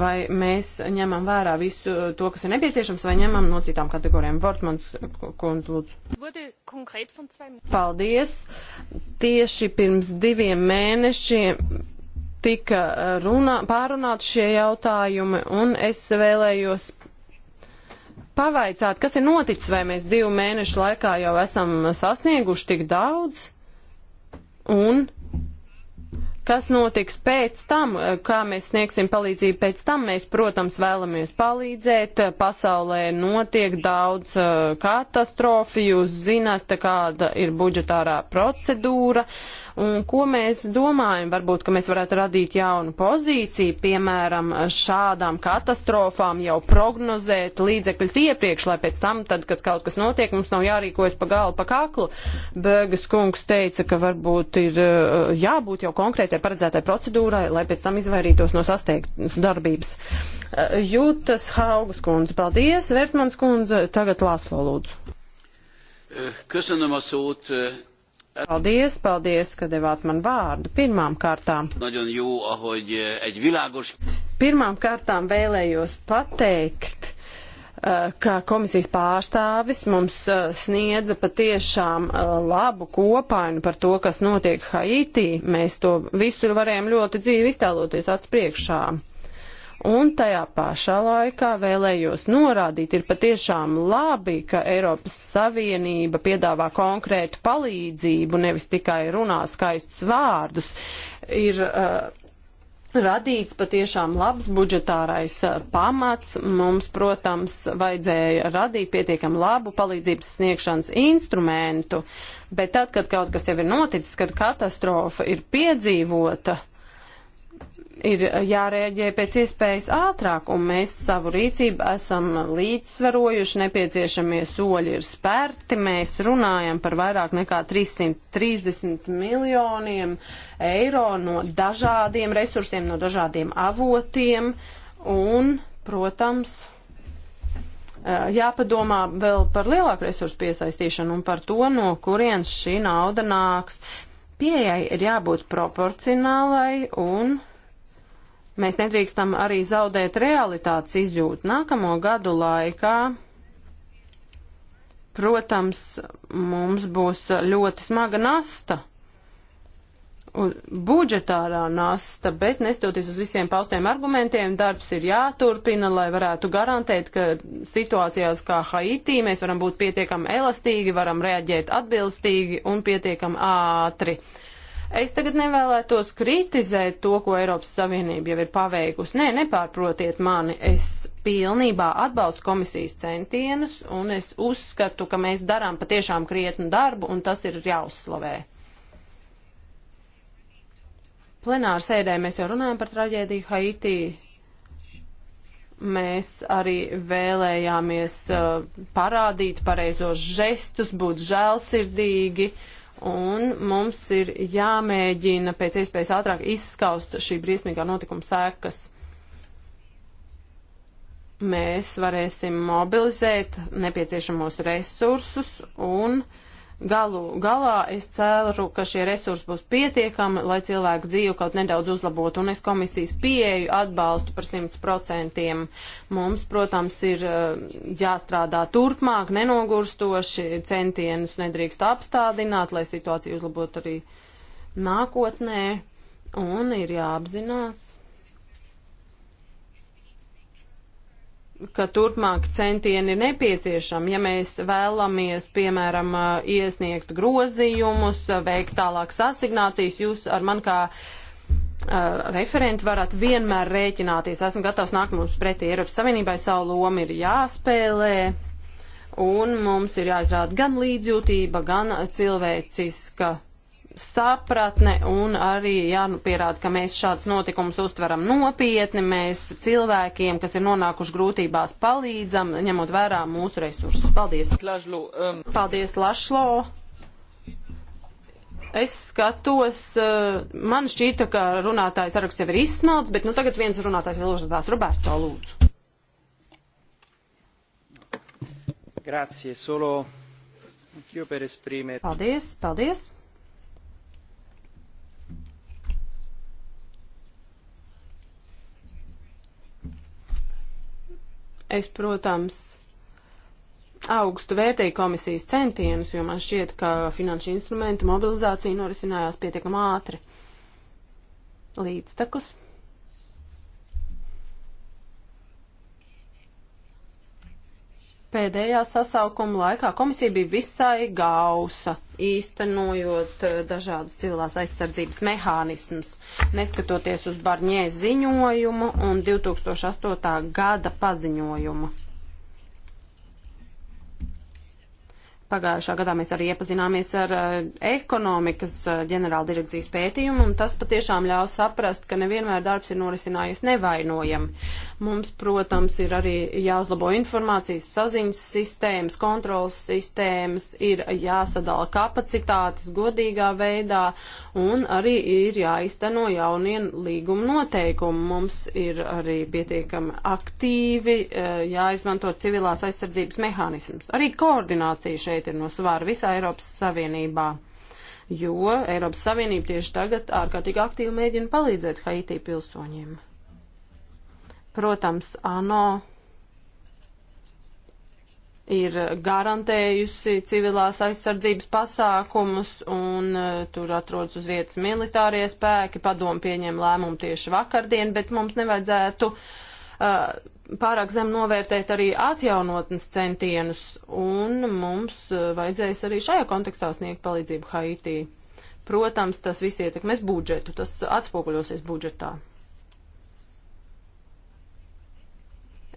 Vai mēs ņemam vērā visu to, kas ir nepieciešams, vai ņemam no citām kategorijām? Vortmans kundz, lūdzu. Paldies. Tieši pirms diviem mēnešiem tika eh, runā, pārunāt šie jautājumi, un es vēlējos pavaicāt, kas ir noticis, vai mēs divu mēnešu laikā jau esam sasnieguši tik daudz, un Kas notiks pēc tam, kā mēs sniegsim palīdzību pēc tam? Mēs, protams, vēlamies palīdzēt. Pasaulē notiek daudz eh, katastrofu, jūs zināt, kāda ir budžetārā procedūra. Un ko mēs domājam? Varbūt, ka mēs varētu radīt jaunu pozīciju, piemēram, šādām katastrofām jau prognozēt līdzekļus iepriekš, lai pēc tam, tad, kad kaut kas notiek, mums nav jārīkojas pa galu, pa kaklu. Bēgas kungs teica, ka varbūt ir eh, jābūt jau konkrēti konkrētai paredzētai procedūrai, lai pēc tam izvairītos no sasteigtas darbības. Eh, Jūtas Haugas kundze, paldies, Vērtmans kundze, tagad Lāslo lūdzu. Eh, köszönöm a szót. Eh, paldies, paldies, ka devāt man vārdu pirmām kārtām. Nagyon jó, ahogy egy világos... Pirmām kārtām vēlējos pateikt, Eh, ka komisijas pārstāvis mums eh, sniedza patiešām eh, labu kopainu par to, kas notiek Haitī. Mēs to visur varējām ļoti dzīvi iztēloties acu priekšā. Un tajā pašā laikā vēlējos norādīt, ir patiešām labi, ka Eiropas Savienība piedāvā konkrētu palīdzību, nevis tikai runā skaistus vārdus. Ir, uh, radīts patiešām labs budžetārais eh, pamats. Mums, protams, vajadzēja radīt pietiekam labu palīdzības sniegšanas instrumentu, bet tad, kad kaut kas jau ir noticis, kad katastrofa ir piedzīvota, ir jārēģē pēc iespējas ātrāk, un mēs savu rīcību esam līdzsvarojuši, nepieciešamie soļi ir spērti, mēs runājam par vairāk nekā 330 miljoniem eiro no dažādiem resursiem, no dažādiem avotiem, un, protams, jāpadomā vēl par lielāku resursu piesaistīšanu un par to, no kurienes šī nauda nāks. Pieejai ir jābūt proporcionālai un Mēs nedrīkstam arī zaudēt realitātes izjūtu nākamo gadu laikā. Protams, mums būs ļoti smaga nasta, budžetārā nasta, bet nestoties uz visiem paustiem argumentiem, darbs ir jāturpina, lai varētu garantēt, ka situācijās kā Haitī mēs varam būt pietiekami elastīgi, varam reaģēt atbilstīgi un pietiekami ātri. Uh, Es tagad nevēlētos kritizēt to, ko Eiropas Savienība jau ir paveikusi. Nē, nepārprotiet mani. Es pilnībā atbalstu komisijas centienus un es uzskatu, ka mēs darām patiešām krietnu darbu un tas ir jāuzslavē. Plenāra sēdē mēs jau runājam par traģēdiju Haitī. Mēs arī vēlējāmies uh, parādīt pareizos žestus, būt žēlsirdīgi. Uh, un mums ir jāmēģina pēc iespējas ātrāk izskaust šī briesmīgā notikuma sēkas. Mēs varēsim mobilizēt nepieciešamos resursus un uh, Galu galā es ceru, ka šie resursi būs pietiekami, lai cilvēku dzīvi kaut nedaudz uzlabotu, un es komisijas pieeju atbalstu par 100%. Mums, protams, ir eh, jāstrādā turpmāk, nenogurstoši, centienus nedrīkst apstādināt, lai situāciju uzlabotu arī nākotnē, un ir jāapzinās, ka turpmāk centieni ir nepieciešami, ja mēs vēlamies, piemēram, iesniegt grozījumus, veikt tālākas asignācijas, jūs ar man kā Uh, referenti varat vienmēr rēķināties. Esmu gatavs nākt mums pretī. Eiropas Savienībai savu lomu ir jāspēlē, un mums ir jāizrāda gan līdzjūtība, gan cilvēciska sapratne un arī jāpierāda, nu, ka mēs šādus notikumus uztveram nopietni, mēs cilvēkiem, kas ir nonākuši grūtībās, palīdzam, ņemot vērā mūsu resursus. Paldies! Lažlo, um... Paldies, Lašlo! Es skatos, uh, man šķīta, ka runātājs saraksts jau ir izsmelts, bet nu tagad viens runātājs vēl uzrādās. Roberto, lūdzu. Grazie, solo. Paldies, paldies. Es, protams, augstu vērtēju komisijas centienus, jo man šķiet, ka finanšu instrumentu mobilizācija norisinājās pietiekam ātri. Līdztekus. Pēdējā sasaukuma laikā komisija bija visai gausa, īstenojot eh, dažādus civilās aizsardzības mehānismus, neskatoties uz Barņē ziņojumu un 2008. gada paziņojumu. Pagājušā gadā mēs arī iepazināmies ar uh, ekonomikas uh, ģenerāldirekcijas pētījumu, un tas patiešām ļauj saprast, ka nevienmēr darbs ir norisinājies nevainojami. Mums, protams, ir arī jāuzlabo informācijas saziņas sistēmas, kontrolas sistēmas, ir jāsadala kapacitātes godīgā veidā, un arī ir jāizteno jaunie līguma noteikumi. Mums ir arī pietiekami aktīvi uh, jāizmanto civilās aizsardzības mehānismus. Arī koordinācija šeit šeit ir no svāra visā Eiropas Savienībā, jo Eiropas Savienība tieši tagad ārkārtīgi aktīvi mēģina palīdzēt Haitī pilsoņiem. Protams, ANO ir garantējusi civilās aizsardzības pasākumus, un uh, tur atrodas uz vietas militārie spēki. Padomu pieņem lēmumu tieši vakardien, bet mums nevajadzētu uh, Uh, pārāk zem novērtēt arī atjaunotnes centienus, un mums uh, vajadzēs arī šajā kontekstā sniegt palīdzību Haitī. Protams, tas viss ietekmēs budžetu, tas atspoguļosies budžetā.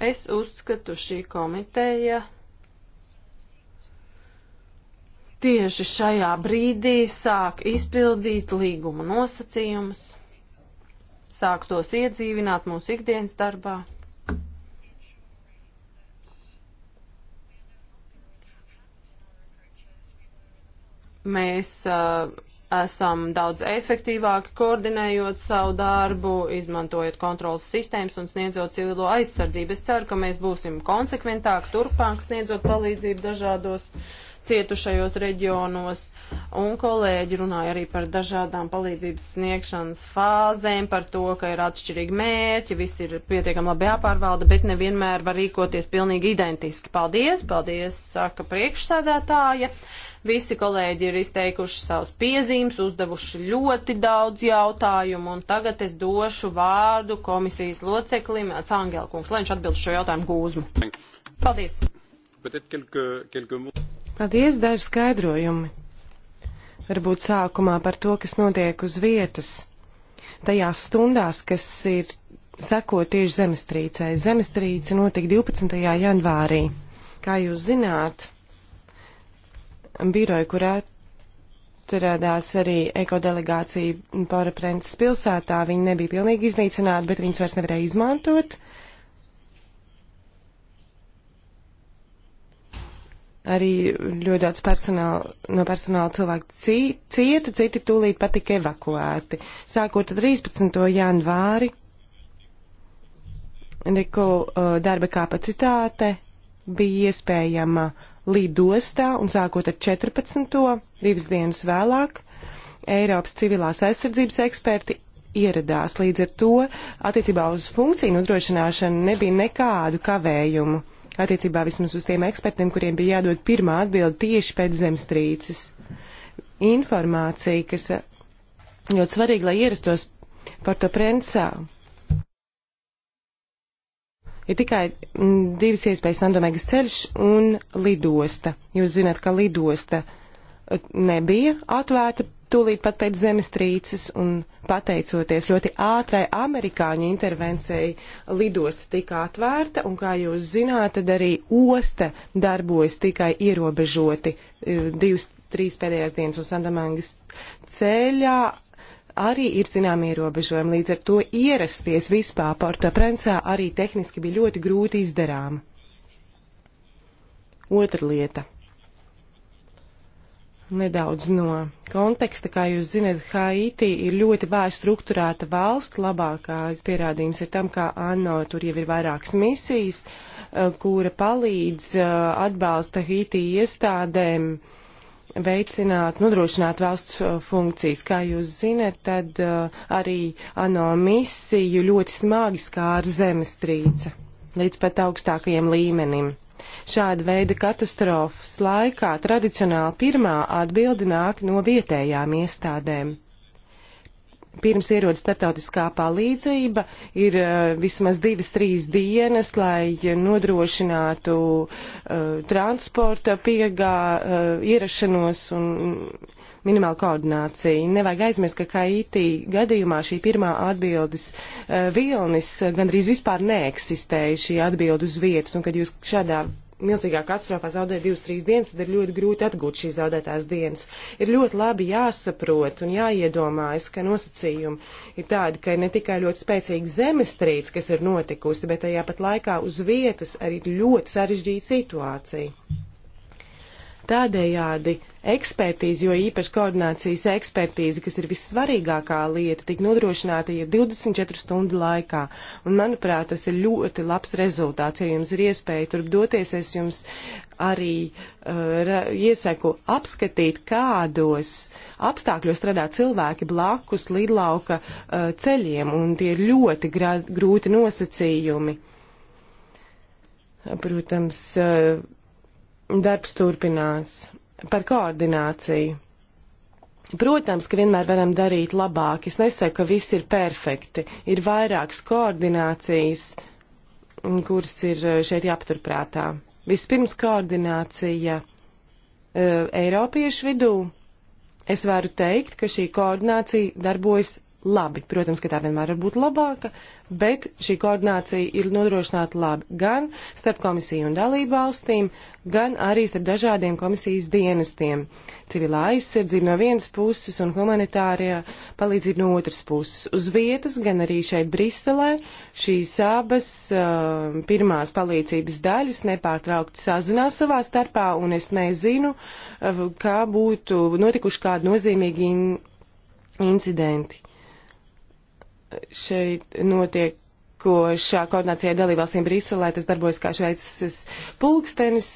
Es uzskatu šī komiteja tieši šajā brīdī sāk izpildīt līguma nosacījumus sāk tos iedzīvināt mūsu ikdienas darbā. Mēs uh, esam daudz efektīvāki koordinējot savu darbu, izmantojot kontrolas sistēmas un sniedzot civilo aizsardzību. Es ceru, ka mēs būsim konsekventāki turpmāk sniedzot palīdzību dažādos uh, cietušajos reģionos, un kolēģi runāja arī par dažādām palīdzības sniegšanas fāzēm, par to, ka ir atšķirīgi mērķi, viss ir pietiekami labi jāpārvalda, bet nevienmēr var rīkoties pilnīgi identiski. Paldies, paldies, saka priekšsēdētāja. Visi kolēģi ir izteikuši savus piezīmes, uzdevuši ļoti daudz jautājumu, un tagad es došu vārdu komisijas loceklim Cāngēlkungs, lai viņš atbild šo jautājumu gūzmu. Paldies! Quelques, quelques... Paldies, daži skaidrojumi. Varbūt sākumā par to, kas notiek uz vietas. Tajās stundās, kas ir seko tieši zemestrīcei. Zemestrīce notika 12. janvārī. Kā jūs zināt, biroja, kurā atradās arī ekodelegācija Pāraprences pilsētā. Viņi nebija pilnīgi iznīcināti, bet viņus vairs nevarēja izmantot. Arī ļoti daudz personāla, no personāla cilvēku cieta, citi tūlīt pat tika evakuēti. Sākot 13. janvāri, neko darba kapacitāte bija iespējama lidostā un sākot ar 14. divas dienas vēlāk Eiropas civilās aizsardzības eksperti ieradās. Līdz ar to attiecībā uz funkciju nodrošināšanu nebija nekādu kavējumu attiecībā vismaz uz tiem ekspertiem, kuriem bija jādod pirmā atbilde tieši pēc zemstrīces. Informācija, kas eh, ļoti svarīga, lai ierastos Porto Prensā. Ir tikai mm, divas iespējas - Sandomēgas ceļš un lidosta. Jūs zināt, ka lidosta eh, nebija atvērta tūlīt pat pēc zemestrīces un pateicoties ļoti ātrai amerikāņu intervencijai, lidosta tika atvērta un, kā jūs zināt, tad arī osta darbojas tikai ierobežoti e, divas, trīs pēdējās dienas un Sandamangas ceļā. Arī ir zinām ierobežojumi, līdz ar to ierasties vispār Porto Prensā arī tehniski bija ļoti grūti izdarām. Otra lieta nedaudz no konteksta. Kā jūs zināt, Haiti ir ļoti vēsti struktūrēta valsts. Labākais pierādījums ir tam, ka ANO tur jau ir vairākas misijas, eh, kura palīdz eh, atbalsta Haiti iestādēm veicināt, nodrošināt valsts eh, funkcijas. Kā jūs zinat, tad arī ANO misiju ļoti smagi skāra zemestrīce līdz pat augstākajiem līmenim. Šāda veida katastrofas laikā tradicionāli pirmā atbildi nāk no vietējām iestādēm. Pirms ierodas starptautiskā palīdzība ir uh, vismaz divas, trīs dienas, lai nodrošinātu uh, transporta piegā, uh, ierašanos un minimālu koordināciju. Nevajag aizmirst, ka Haiti gadījumā šī pirmā atbildes uh, vilnis gandrīz vispār neeksistēja šī atbildes uz vietas, un kad jūs šādā milzīgā katastrofā zaudēt divas, trīs dienas, tad ir ļoti grūti atgūt šīs zaudētās dienas. Ir ļoti labi jāsaprot un jāiedomājas, ka nosacījumi ir tādi, ka ir ne tikai ļoti spēcīga zemestrīce, kas ir notikusi, bet tajā pat laikā uz vietas arī ļoti sarežģīta situācija. Tādējādi ekspertīze, jo īpaši koordinācijas ekspertīze, kas ir vissvarīgākā lieta, tik nodrošināta jau 24 stundu laikā. Un, manuprāt, tas ir ļoti labs rezultāts, ja jums ir iespēja tur doties. Es jums arī uh, iesaku apskatīt, kādos apstākļos strādā cilvēki blakus lidlauka uh, ceļiem, un tie ir ļoti grūti nosacījumi. Protams, uh, darbs turpinās par koordināciju. Protams, ka vienmēr varam darīt labāk. Es nesaku, ka viss ir perfekti. Ir vairākas koordinācijas, mm, kuras ir eh, šeit jāpaturprātā. Vispirms koordinācija eh, Eiropiešu vidū. Es varu teikt, ka šī koordinācija darbojas labi. Protams, ka tā vienmēr var būt labāka, bet šī koordinācija ir nodrošināta labi gan starp komisiju un dalību valstīm, gan arī starp dažādiem komisijas dienestiem. Civilā aizsardzība no vienas puses un humanitārajā palīdzība no otras puses. Uz vietas, gan arī šeit Briselē, šīs abas uh, pirmās palīdzības daļas nepārtraukti sazinās savā starpā, un es nezinu, uh, kā būtu notikuši kādi nozīmīgi in incidenti šeit notiek notiekošā koordinācijā dalībvalstīm Briselē, tas darbojas kā šveicis pulkstenis,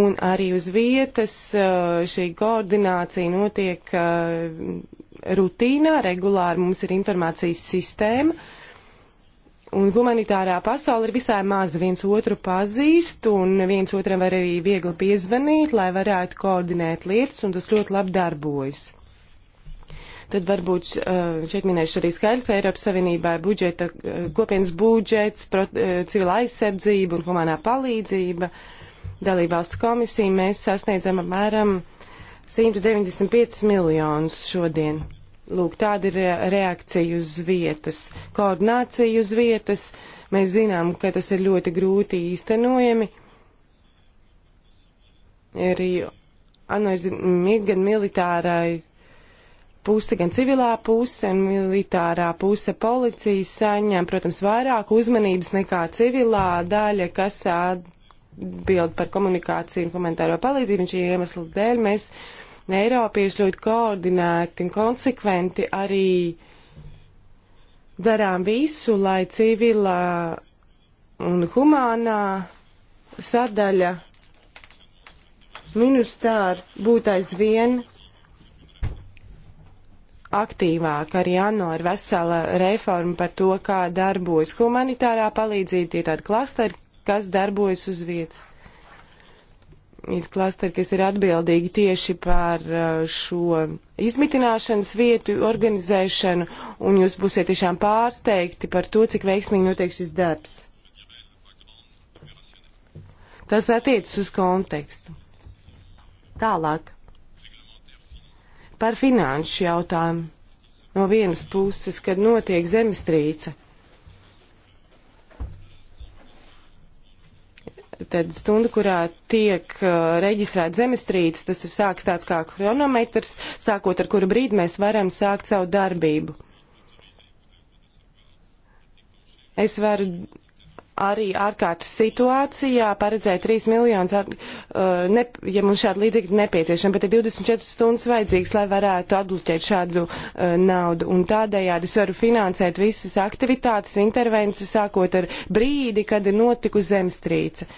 un arī uz vietas uh, šī koordinācija notiek uh, rutīnā, regulāri mums ir informācijas sistēma. Un humanitārā pasaule ir visai maz, viens otru pazīst, un viens otram var arī viegli piezvanīt, lai varētu koordinēt lietas, un tas ļoti labi darbojas. Tad varbūt šeit minēšu arī skaidrs, ka Eiropas Savienībā ir budžeta, kopienas budžets, civila aizsardzība un humanā palīdzība. Dalībvalsts komisija mēs sasniedzam apmēram 195 miljonus šodien. Lūk, tāda ir reakcija uz vietas, koordinācija uz vietas. Mēs zinām, ka tas ir ļoti grūti īstenojami. Arī ano, nu, ir gan militārai puse, gan civilā puse, gan militārā puse policijas saņem, protams, vairāk uzmanības nekā civilā daļa, kas atbild par komunikāciju un komentāro palīdzību. Un šī iemesla dēļ mēs, Eiropieši, ļoti koordinēti un konsekventi arī darām visu, lai civilā un humānā sadaļa ministrā būtu aizvien aktīvāk. Arī ANO ir vesela reforma par to, kā darbojas humanitārā palīdzība. Tie ir tādi klasteri, kas darbojas uz vietas. Ir klasteri, kas ir atbildīgi tieši par uh, šo izmitināšanas vietu organizēšanu, un jūs būsiet tiešām pārsteigti par to, cik veiksmīgi notiek šis darbs. Tas attiecas uz kontekstu. Tālāk. Par finanšu jautājumu. No vienas puses, kad notiek zemestrīce, tad stunda, kurā tiek uh, reģistrēta zemestrīce, tas ir sāks tāds kā kronometrs, sākot ar kuru brīdi mēs varam sākt savu darbību. Es varu arī ārkārtas situācijā paredzēja 3 miljonus, ar, uh, ne, ja mums šādi līdzekļi nepieciešami, bet ir 24 stundas vajadzīgs, lai varētu atbloķēt šādu uh, naudu. Un tādējādi es varu finansēt visas aktivitātes, intervences, sākot ar brīdi, kad ir notikusi zemstrīce.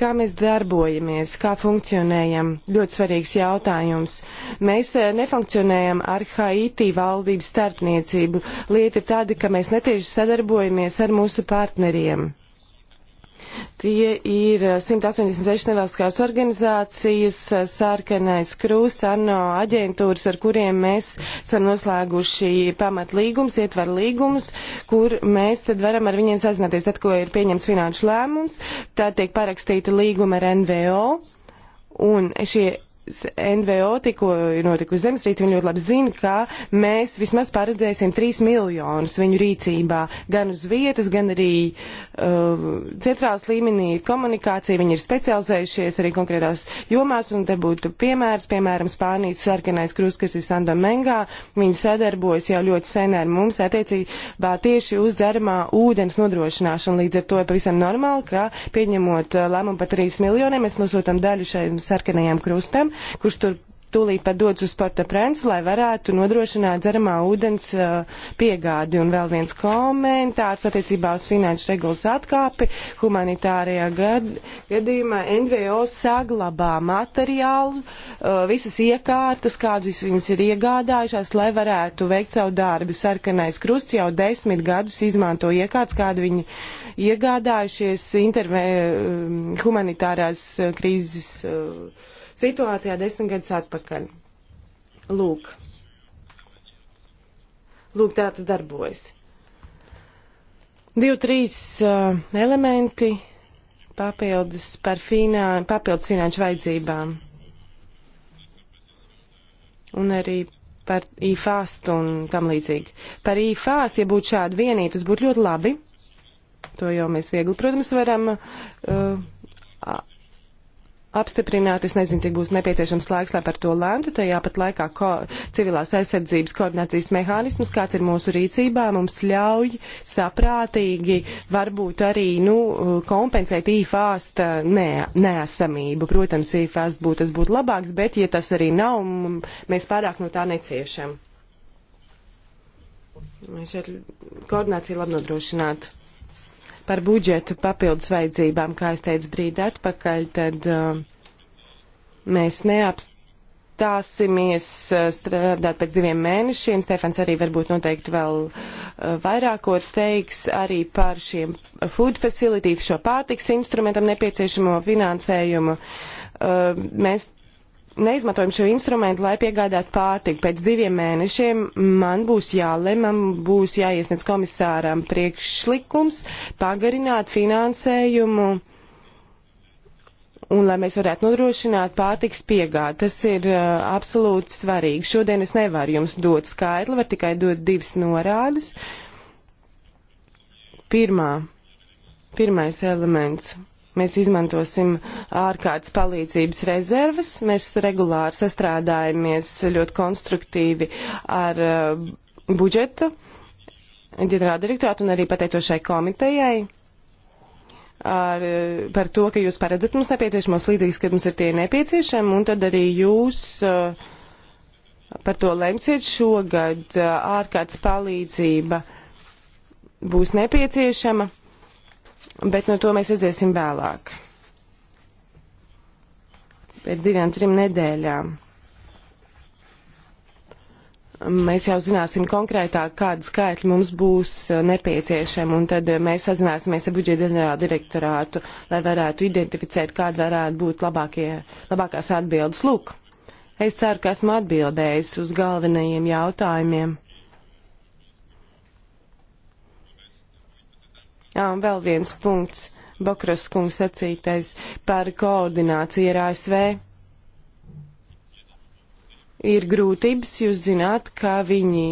kā mēs darbojamies, kā funkcionējam. Ļoti svarīgs jautājums. Mēs eh, nefunkcionējam ar Haiti valdības starpniecību. Lieta ir tāda, ka mēs netieši sadarbojamies ar mūsu partneriem. Tie ir 186 eh, nevalstiskās organizācijas, eh, sarkanais krūsts, ANO aģentūras, ar kuriem mēs esam noslēguši pamatlīgums, ietver līgumus, kur mēs tad varam ar viņiem sazināties, tad, ko ir pieņemts finanšu lēmums, tad tiek parakstīta līguma ar NVO. Un šie NVO tikko ir notikusi zemestrīce, viņi ļoti labi zina, ka mēs vismaz paredzēsim 3 miljonus viņu rīcībā, gan uz vietas, gan arī uh, centrālas līmenī komunikācija. Viņi ir specializējušies arī konkrētās jomās, un te būtu piemērs, piemēram, Spānijas sarkanais krust, kas ir Sando Mengā. Viņi sadarbojas jau ļoti sen ar mums attiecībā tieši uz dzeramā ūdens nodrošināšanu. Līdz ar to ir pavisam normāli, ka pieņemot uh, lēmumu par 3 miljoniem, mēs nosūtam daļu šai sarkanajam krustam kurš tur tūlīt pat dodas uz Porta Prensu, lai varētu nodrošināt dzeramā ūdens uh, piegādi. Un vēl viens komentārs attiecībā uz finanšu regulas atkāpi. Humanitārajā gad, gadījumā NVO saglabā materiālu, uh, visas iekārtas, kādus viņas ir iegādājušās, lai varētu veikt savu darbu. Sarkanais krusts jau desmit gadus izmanto iekārtas, kādu viņi iegādājušies interve, um, uh, humanitārās krīzes. Uh, situācijā desmit gadus atpakaļ. Lūk. Lūk, tā tas darbojas. Divi, trīs uh, elementi papildus par finan papildus finanšu vajadzībām. Un arī par īfāstu un tam līdzīgi. Par īfāstu, ja būtu šāda vienība, tas būtu ļoti labi. To jau mēs viegli, protams, varam uh, apstiprināt. Es nezinu, cik būs nepieciešams laiks, lai par to lēmtu. Tajā pat laikā ko, civilās aizsardzības koordinācijas mehānisms, kāds ir mūsu rīcībā, mums ļauj saprātīgi varbūt arī nu, kompensēt īfāst nē, eh, nēsamību. Protams, īfāst būtu, tas būtu labāks, bet ja tas arī nav, mēs pārāk no tā neciešam. Mēs šeit koordināciju labi nodrošinātu. Par budžetu papildus vajadzībām, kā es teicu brīdi atpakaļ, tad uh, mēs neapstāsimies uh, strādāt pēc diviem mēnešiem. Stefans arī varbūt noteikti vēl uh, vairāko teiks arī par šiem food facility, šo pārtiks instrumentam nepieciešamo finansējumu. Uh, mēs neizmantojam šo instrumentu, lai piegādātu pārtiku. Pēc diviem mēnešiem man būs jālem, man būs jāiesniedz komisāram priekšlikums pagarināt finansējumu un lai mēs varētu nodrošināt pārtiks piegādi. Tas ir uh, absolūti svarīgi. Šodien es nevaru jums dot skaidru, var tikai dot divas norādes. Pirmā, pirmais elements Mēs izmantosim ārkārtas palīdzības rezervas, mēs regulāri sastrādājamies ļoti konstruktīvi ar uh, budžetu ģenerāldirektorātu un arī pateicošai komitejai ar, eh, par to, ka jūs paredzat mums nepieciešamos līdzīgas, kad mums ir tie nepieciešami, un tad arī jūs eh, par to lemsiet šogad ārkārtas palīdzība būs nepieciešama bet no to mēs redzēsim vēlāk. Pēc divām, trim nedēļām. Mēs jau zināsim konkrētāk, kāda skaitļa mums būs eh, nepieciešama, un tad eh, mēs sazināsimies ar budžeta ģenerāla direktorātu, lai varētu identificēt, kāda varētu būt labākie, labākās atbildes. Lūk, es ceru, ka esmu atbildējis uz galvenajiem jautājumiem. Um, vēl viens punkts. Bokros kungs sacītais par koordināciju ar ASV. Ir grūtības, jūs zināt, ka viņi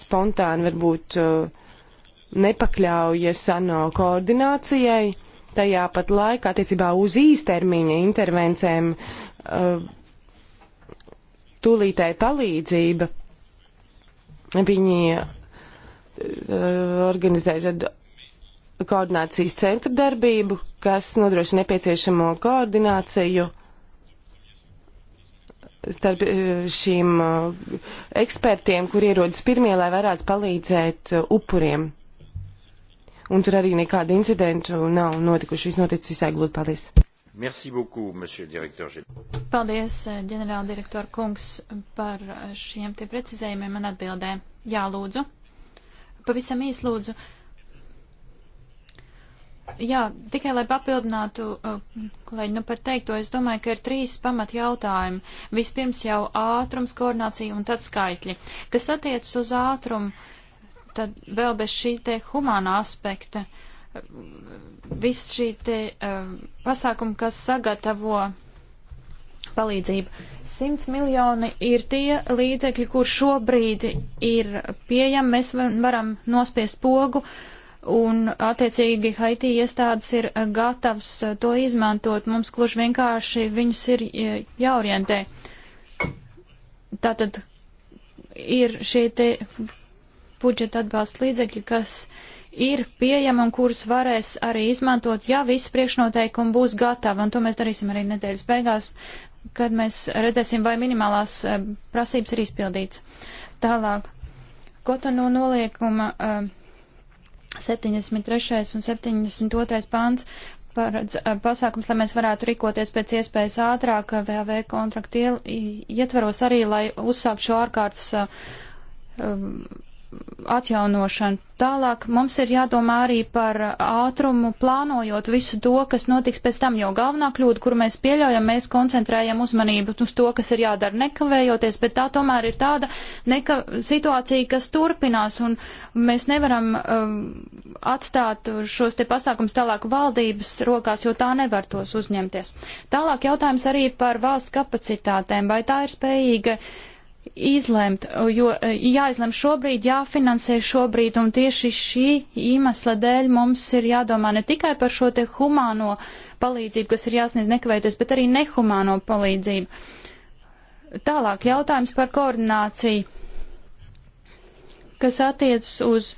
spontāni varbūt uh, nepakļaujas ANO koordinācijai, tajā pat laikā attiecībā uz īstermiņa intervencēm uh, tūlītēji palīdzība. Viņi uh, organizēja koordinācijas centra darbību, kas nodrošina nepieciešamo koordināciju starp e, šīm e, ekspertiem, kur ierodas pirmie, lai varētu palīdzēt e, upuriem. Un tur arī nekādu incidentu nav notikuši. Viss noticis visai gludi. Paldies! Merci beaucoup, monsieur direktor. Paldies, ģenerāla direktora kungs, par šiem te precizējumiem un atbildēm. Jā, lūdzu. Pavisam īsi lūdzu. Uh, Jā, tikai lai papildinātu, uh, lai nu pat teikto, es domāju, ka ir trīs pamat jautājumi. Vispirms jau ātrums, koordinācija un tad skaitļi. Kas attiecas uz ātrumu, tad vēl bez šī te humāna aspekta, viss šī te uh, pasākuma, kas sagatavo palīdzību. 100 miljoni ir tie līdzekļi, kur šobrīd ir pieejami. Mēs varam nospiest pogu. Uh, un attiecīgi Haiti iestādes ir eh, gatavs eh, to izmantot. Mums kluži vienkārši viņus ir eh, jāorientē. Tātad ir šie te budžeta atbalsta līdzekļi, kas ir pieejami un kurus varēs arī izmantot, ja viss priekšnoteikumi būs gatavi. Un to mēs darīsim arī nedēļas beigās, kad mēs redzēsim, vai minimālās prasības ir izpildīts. Tālāk. Kotonu noliekuma uh, 73. un 72. pāns paredz eh, pasākums, lai mēs varētu rīkoties pēc iespējas ātrāk VAV kontraktu ietveros arī, lai uzsākt šo ārkārtas eh, um, atjaunošanu. Tālāk mums ir jādomā arī par ātrumu, plānojot visu to, kas notiks pēc tam, jo galvenā kļūda, kuru mēs pieļaujam, mēs koncentrējam uzmanību uz to, kas ir jādara nekavējoties, bet tā tomēr ir tāda neka situācija, kas turpinās, un mēs nevaram um, atstāt šos te pasākums tālāk valdības rokās, jo tā nevar tos uzņemties. Tālāk jautājums arī par valsts kapacitātēm, vai tā ir spējīga izlemt, jo e, jāizlem šobrīd, jāfinansē šobrīd, un tieši šī iemesla dēļ mums ir jādomā ne tikai par šo te humāno palīdzību, kas ir jāsniedz nekavēties, bet arī nehumāno palīdzību. Tālāk jautājums par koordināciju, kas attiecas uz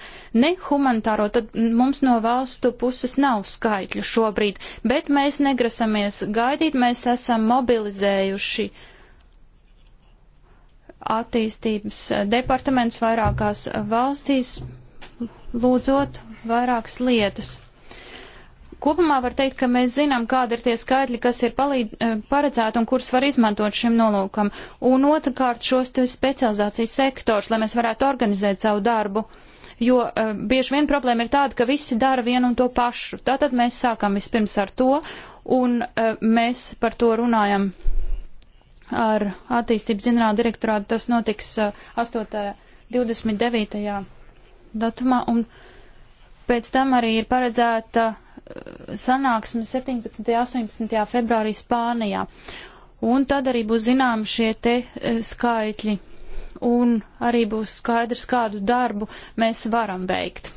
nehumanitāro, tad mums no valstu puses nav skaitļu šobrīd, bet mēs negrasamies gaidīt, mēs esam mobilizējuši uh, attīstības departaments vairākās valstīs, lūdzot vairākas lietas. Kopumā var teikt, ka mēs zinām, kāda ir tie skaitļi, kas ir palīd, eh, paredzēti un kurus var izmantot šim nolūkam. Un otrkārt šos specializācijas sektors, lai mēs varētu organizēt savu darbu. Jo uh, bieži vien problēma ir tāda, ka visi dara vienu un to pašu. Tātad mēs sākam vispirms ar to, un uh, mēs par to runājam ar attīstības ģenerāla direktorātu. Tas notiks 8.29. Uh, datumā, un pēc tam arī ir paredzēta uh, sanāksme 17. un 18. februārī Spānijā. Un tad arī būs zinām šie te uh, skaitļi, un arī būs skaidrs, kādu darbu mēs varam veikt.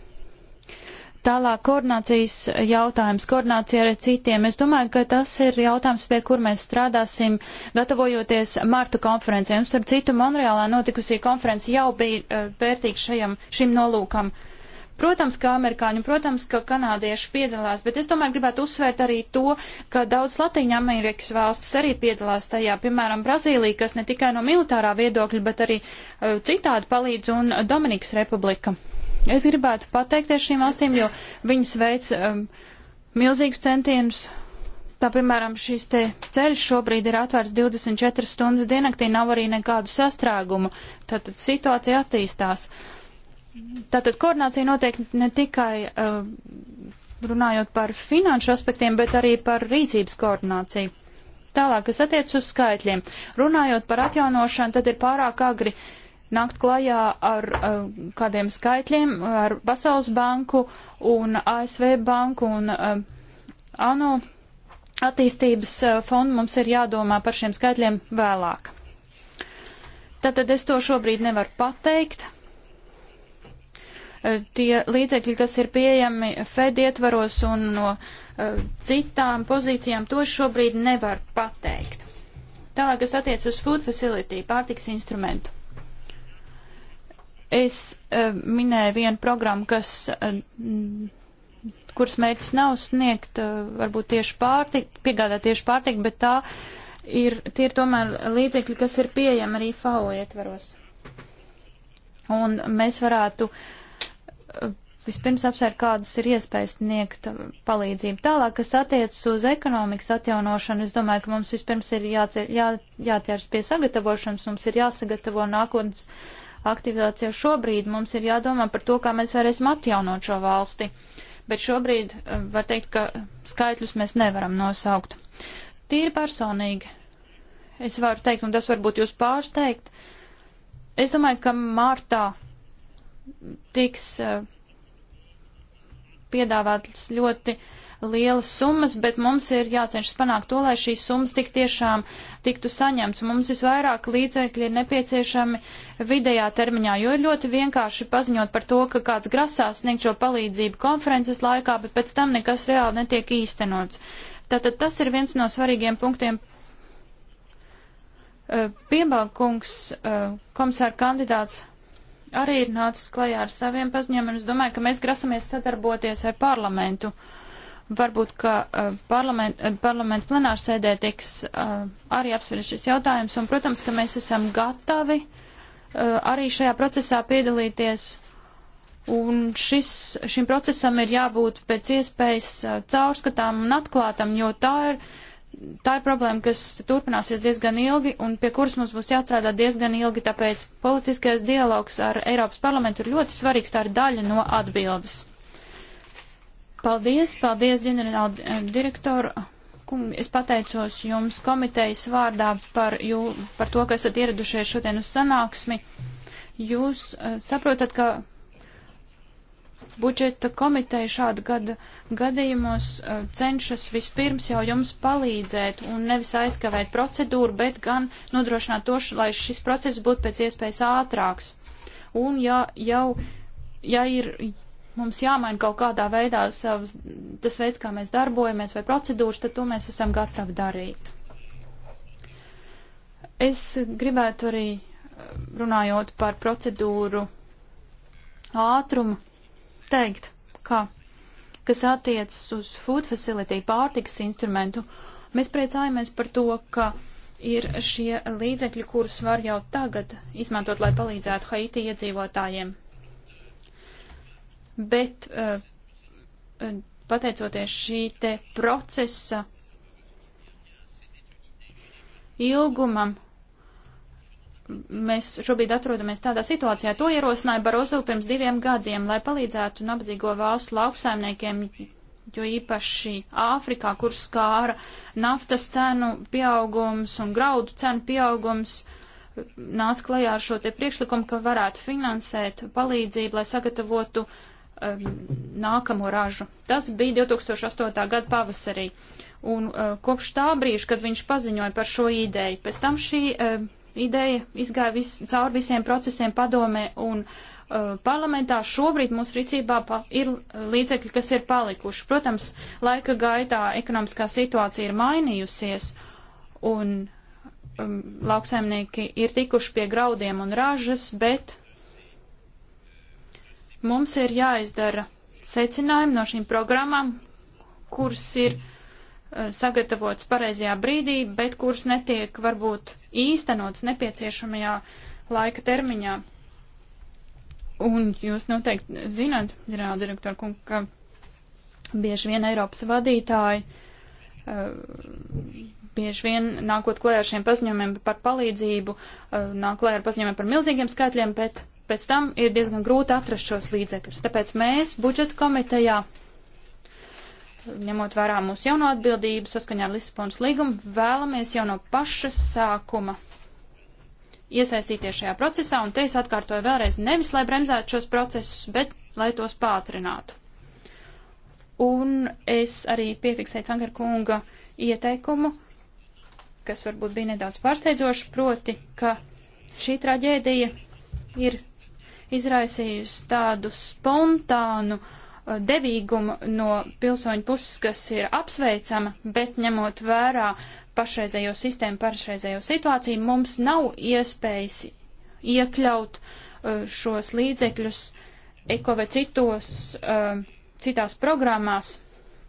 Tālāk koordinācijas jautājums, koordinācija ar citiem. Es domāju, ka tas ir jautājums, pie kur mēs strādāsim, gatavojoties marta konferencēm. Starp citu, Monreālā notikusī konference jau bija uh, vērtīga šajam, šim nolūkam. Protams, ka amerikāņi, protams, ka kanādieši piedalās, bet es domāju, gribētu uzsvērt arī to, ka daudz Latīņa Amerikas valstis arī piedalās tajā, piemēram, Brazīlija, kas ne tikai no militārā viedokļa, bet arī uh, citādi palīdz un Dominikas republika. Es gribētu pateikties šīm valstīm, jo viņas veic um, milzīgus centienus. Tā, piemēram, šis te ceļš šobrīd ir atvērts 24 stundas diennaktī, nav arī nekādu sastrēgumu. Tātad situācija attīstās. Tātad koordinācija notiek ne tikai uh, runājot par finanšu aspektiem, bet arī par rīcības koordināciju. Tālāk, kas attiec uz skaitļiem. Runājot par atjaunošanu, tad ir pārāk agri uh, nākt klajā ar uh, kādiem skaitļiem ar Pasaules banku un ASV banku un uh, ANO attīstības uh, fondu. Mums ir jādomā par šiem skaitļiem vēlāk. Tātad es to šobrīd nevaru pateikt. Uh, tie līdzekļi, kas ir pieejami Fed ietvaros un no uh, citām pozīcijām, to šobrīd nevar pateikt. Tālāk, kas attiec uz food facility, pārtiks instrumentu. Es eh, minēju vienu programmu, kas, eh, kuras mērķis nav sniegt, eh, varbūt tieši pārtika, piegādāt tieši pārtika, bet tā ir, tie ir tomēr līdzekļi, kas ir pieejami arī FAO ietvaros. Un mēs varētu vispirms apsvērt, kādas ir iespējas sniegt palīdzību. Tālāk, kas attiecas uz ekonomikas atjaunošanu, es domāju, ka mums vispirms ir jācer, jā, jāķers pie sagatavošanas, mums ir jāsagatavo nākotnes aktivitātes jau šobrīd, mums ir jādomā par to, kā mēs varēsim atjaunot šo valsti. Bet šobrīd eh, var teikt, ka skaitļus mēs nevaram nosaukt. Tīri personīgi. Es varu teikt, un tas varbūt jūs pārsteigt. Es domāju, ka martā tiks eh, piedāvāts ļoti uh, lielas summas, bet mums ir jācenšas panākt to, lai šīs summas tik tiešām tiktu saņemts. Mums visvairāk līdzekļi ir nepieciešami vidējā termiņā, jo ir ļoti vienkārši paziņot par to, ka kāds grasās sniegt šo palīdzību konferences laikā, bet pēc tam nekas reāli netiek īstenots. Tātad tas ir viens no svarīgiem punktiem. Eh, Piebalkungs, eh, komisāra kandidāts, arī ir nācis klajā ar saviem paziņojumiem, un es domāju, ka mēs grasamies sadarboties ar parlamentu. Uh, Varbūt, ka eh, parlament, eh, parlamentu plenārsēdē tiks eh, arī apsvērts šis jautājums, un, protams, ka mēs esam gatavi arī šajā procesā piedalīties. Un šis, šim procesam ir jābūt pēc iespējas caurskatām un atklātam, jo tā ir, tā ir problēma, kas turpināsies diezgan ilgi un pie kuras mums būs jāstrādā diezgan ilgi, tāpēc politiskais dialogs ar Eiropas parlamentu ir ļoti svarīgs, tā ir daļa no atbildes. Paldies, paldies, ģenerāla eh, direktora. Es pateicos jums komitejas vārdā par, jū, par to, ka esat ieradušies šodien uz sanāksmi. Jūs uh, saprotat, ka budžeta komiteja šāda gada gadījumos uh, cenšas vispirms jau jums palīdzēt un nevis aizkavēt procedūru, bet gan nodrošināt to, lai šis process būtu pēc iespējas ātrāks. Un ja jau, ja ir mums jāmaina kaut kādā veidā savs, tas veids, kā mēs darbojamies vai procedūras, tad to mēs esam gatavi darīt. Es gribētu arī, eh, runājot par procedūru ātrumu, teikt, ka, kas attiecas uz food facility pārtikas instrumentu, mēs priecājamies par to, ka ir šie līdzekļi, kurus var jau tagad izmantot, lai palīdzētu Haiti iedzīvotājiem bet eh, pateicoties šī te procesa ilgumam, mēs šobrīd atrodamies tādā situācijā. To ierosināja Barozo pirms diviem gadiem, lai palīdzētu nabadzīgo valstu lauksaimniekiem, jo īpaši Āfrikā, kur skāra naftas cenu pieaugums un graudu cenu pieaugums, nāca klajā ar šo te priekšlikumu, ka varētu finansēt palīdzību, lai sagatavotu uh, Um, nākamo ražu. Tas bija 2008. gada pavasarī. Un uh, kopš tā brīža, kad viņš paziņoja par šo ideju, pēc tam šī uh, ideja izgāja vis, cauri visiem procesiem padomē un uh, parlamentā. Šobrīd mūsu rīcībā pa, ir līdzekļi, kas ir palikuši. Protams, laika gaitā ekonomiskā situācija ir mainījusies un um, lauksaimnieki ir tikuši pie graudiem un ražas, bet Mums ir jāizdara secinājumi no šīm programmām, kuras ir eh, sagatavotas pareizajā brīdī, bet kuras netiek varbūt īstenotas nepieciešamajā laika termiņā. Un jūs noteikti zināt, ģenerāla direktora kunga, ka bieži vien Eiropas vadītāji eh, bieži vien nākot klējā ar šiem paziņojumiem par palīdzību, eh, nāk klējā ar paziņojumiem par milzīgiem skaitļiem, bet pēc tam ir diezgan grūti atrast šos līdzekļus. Tāpēc mēs budžeta komitejā, ņemot vērā mūsu jauno atbildību saskaņā ar Lisabonas līgumu, vēlamies jau no paša sākuma iesaistīties šajā procesā, un te es atkārtoju vēlreiz nevis, lai bremzētu šos procesus, bet lai tos pātrinātu. Un es arī piefiksēju Cankar kunga ieteikumu, kas varbūt bija nedaudz pārsteidzoši, proti, ka šī traģēdija ir izraisījusi tādu spontānu uh, devīgumu no pilsoņu puses, kas ir apsveicama, bet ņemot vērā pašreizējo sistēmu, pašreizējo situāciju, mums nav iespējas iekļaut uh, šos līdzekļus eko vai citos, uh, citās programmās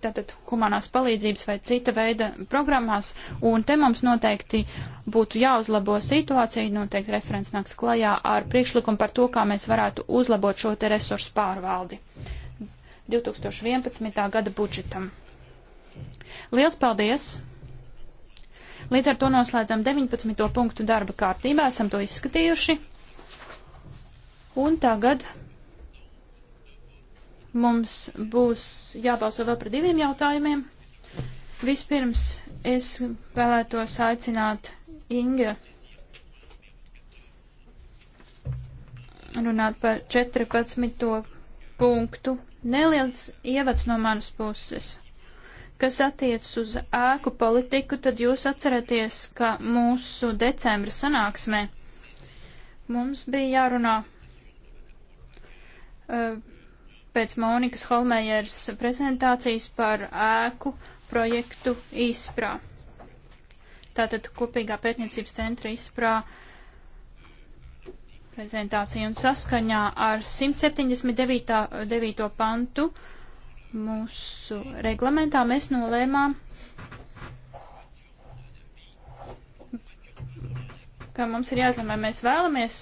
tātad humanās palīdzības vai cita veida programmās, un te mums noteikti būtu jāuzlabo situācija, noteikti referents nāks klajā ar priekšlikumu par to, kā mēs varētu uzlabot šo te resursu pārvaldi 2011. gada budžetam. Liels paldies! Līdz ar to noslēdzam 19. punktu darba kārtībā, esam to izskatījuši. Un tagad Mums būs jābalso vēl par diviem jautājumiem. Vispirms es vēlētos aicināt Inga runāt par 14. punktu. Neliels ievads no manas puses. Kas attiecas uz ēku politiku, tad jūs atceraties, ka mūsu decembra sanāksmē mums bija jārunā. Uh, pēc Monikas Holmējers prezentācijas par ēku projektu ISPRA. Tātad kopīgā pētniecības centra ISPRA prezentācija un saskaņā ar 179. pantu mūsu reglamentā mēs nolēmām ka mums ir jāzina, vai mēs vēlamies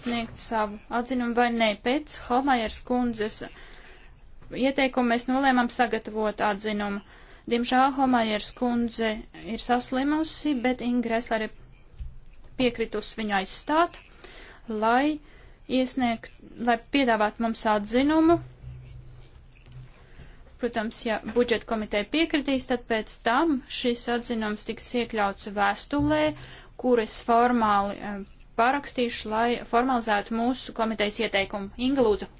sniegt savu atzinumu vai nē. Pēc Holmajers kundzes ieteikumu mēs nolēmām sagatavot atzinumu. Diemžēl Homajers kundze ir saslimusi, bet Ingresler ir piekritus viņu aizstāt, lai iesniegt, lai piedāvātu mums atzinumu. Protams, ja budžeta komiteja piekritīs, tad pēc tam šis atzinums tiks iekļauts vēstulē, kuras formāli eh, parakstīšu, lai formalizētu mūsu komitejas ieteikumu. Inga lūdzu.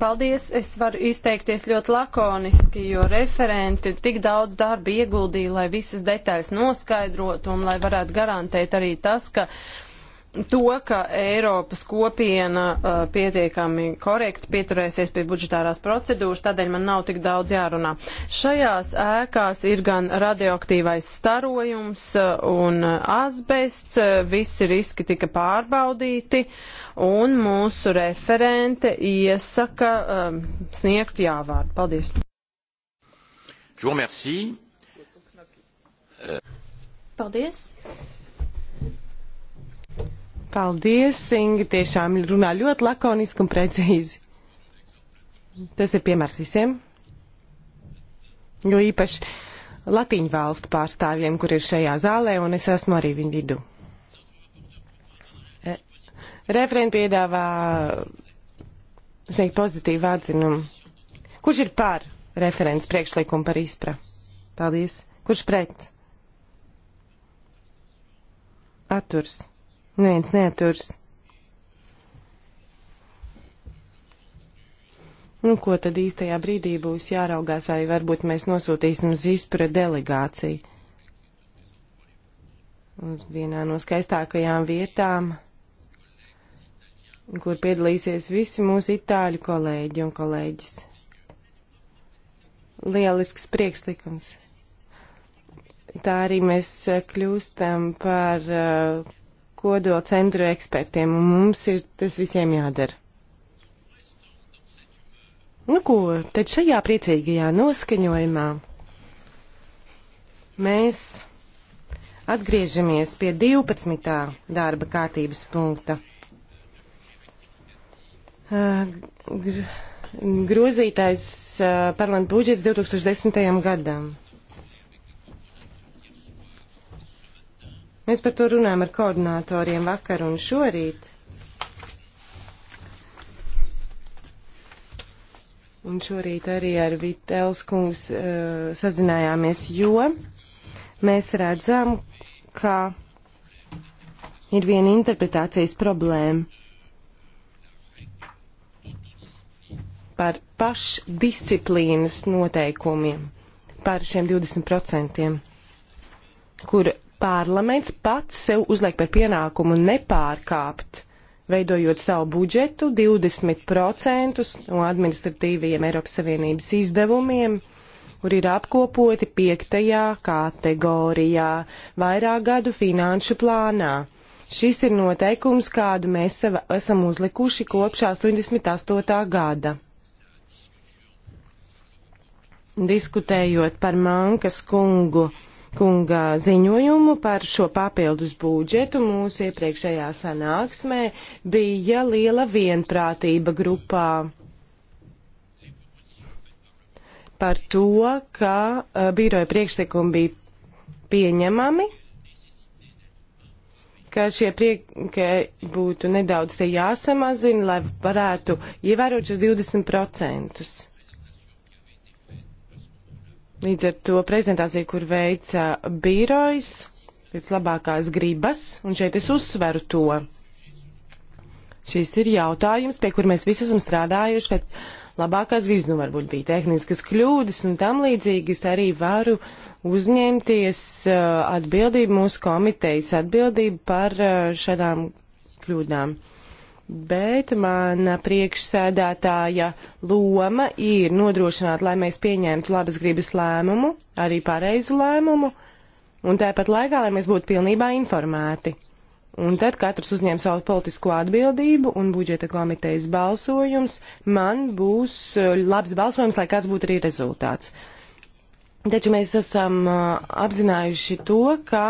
Paldies, es varu izteikties ļoti lakoniski, jo referenti tik daudz darba ieguldīja, lai visas detaļas noskaidrotu un lai varētu garantēt arī tas, ka uh, to, ka Eiropas kopiena uh, pietiekami korekti pieturēsies pie budžetārās procedūras, tādēļ man nav tik daudz jārunā. Šajās ēkās ir gan radioaktīvais starojums uh, un asbests, uh, visi riski tika pārbaudīti, un mūsu referente iesaka um, sniegt jāvārdu. Paldies! Paldies! Paldies, Inga, tiešām runā ļoti lakoniski un precīzi. Tas ir piemērs visiem, jo īpaši latīņu valstu pārstāvjiem, kur ir šajā zālē, un es esmu arī viņu vidu. E, Referenti piedāvā sniegt pozitīvu atzinumu. Kurš ir par referents priekšlikumu par izpra? Paldies. Kurš pret? Atturs. Neviens neaturs. Nu, ko tad īstajā brīdī būs jāraugās, vai varbūt mēs nosūtīsim uz izpre delegāciju uz vienā no skaistākajām vietām, kur piedalīsies visi mūsu itāļu kolēģi un kolēģis. Lielisks priekšlikums. Tā arī mēs eh, kļūstam par uh, kodola centru ekspertiem, un mums ir tas visiem jādara. Nu ko, tad šajā priecīgajā noskaņojumā mēs atgriežamies pie 12. darba kārtības punkta. Grozītais parlamenta budžets 2010. gadam. Mēs par to runājam ar koordinatoriem vakar un šorīt. Un šorīt arī ar Vitēls kungs uh, sazinājāmies, jo mēs redzam, ka ir viena interpretācijas problēma par pašdisciplīnas noteikumiem, par šiem 20%, kur parlaments pats sev uzliek par pienākumu nepārkāpt, veidojot savu budžetu 20% no administratīviem Eiropas Savienības izdevumiem, kur ir apkopoti piektajā kategorijā vairāk gadu finanšu plānā. Šis ir noteikums, kādu mēs sev esam uzlikuši kopš 88. gada. Diskutējot par Mankas kungu kunga ziņojumu par šo papildus budžetu mūsu iepriekšējā sanāksmē bija liela vienprātība grupā par to, ka uh, biroja priekšlikumi bija pieņemami, ka šie prieki būtu nedaudz te jāsamazina, lai varētu ievērot šos 20%. Līdz ar to prezentāciju, kur veica birojs pēc labākās gribas, un šeit es uzsveru to. Šis ir jautājums, pie kur mēs visi esam strādājuši pēc labākās gribas, nu varbūt bija tehniskas kļūdas un tam līdzīgi es arī varu uzņemties uh, atbildību mūsu komitejas atbildību par uh, šādām kļūdām. Uh, bet mana priekšsēdētāja loma ir nodrošināt, lai mēs pieņemtu labas gribas lēmumu, arī pareizu lēmumu, un tāpat laikā, lai mēs būtu pilnībā informēti. Un tad katrs uzņem savu politisko atbildību, un budžeta komitejas balsojums man būs uh, labs balsojums, lai kāds būtu arī rezultāts. Taču mēs esam uh, apzinājuši to, ka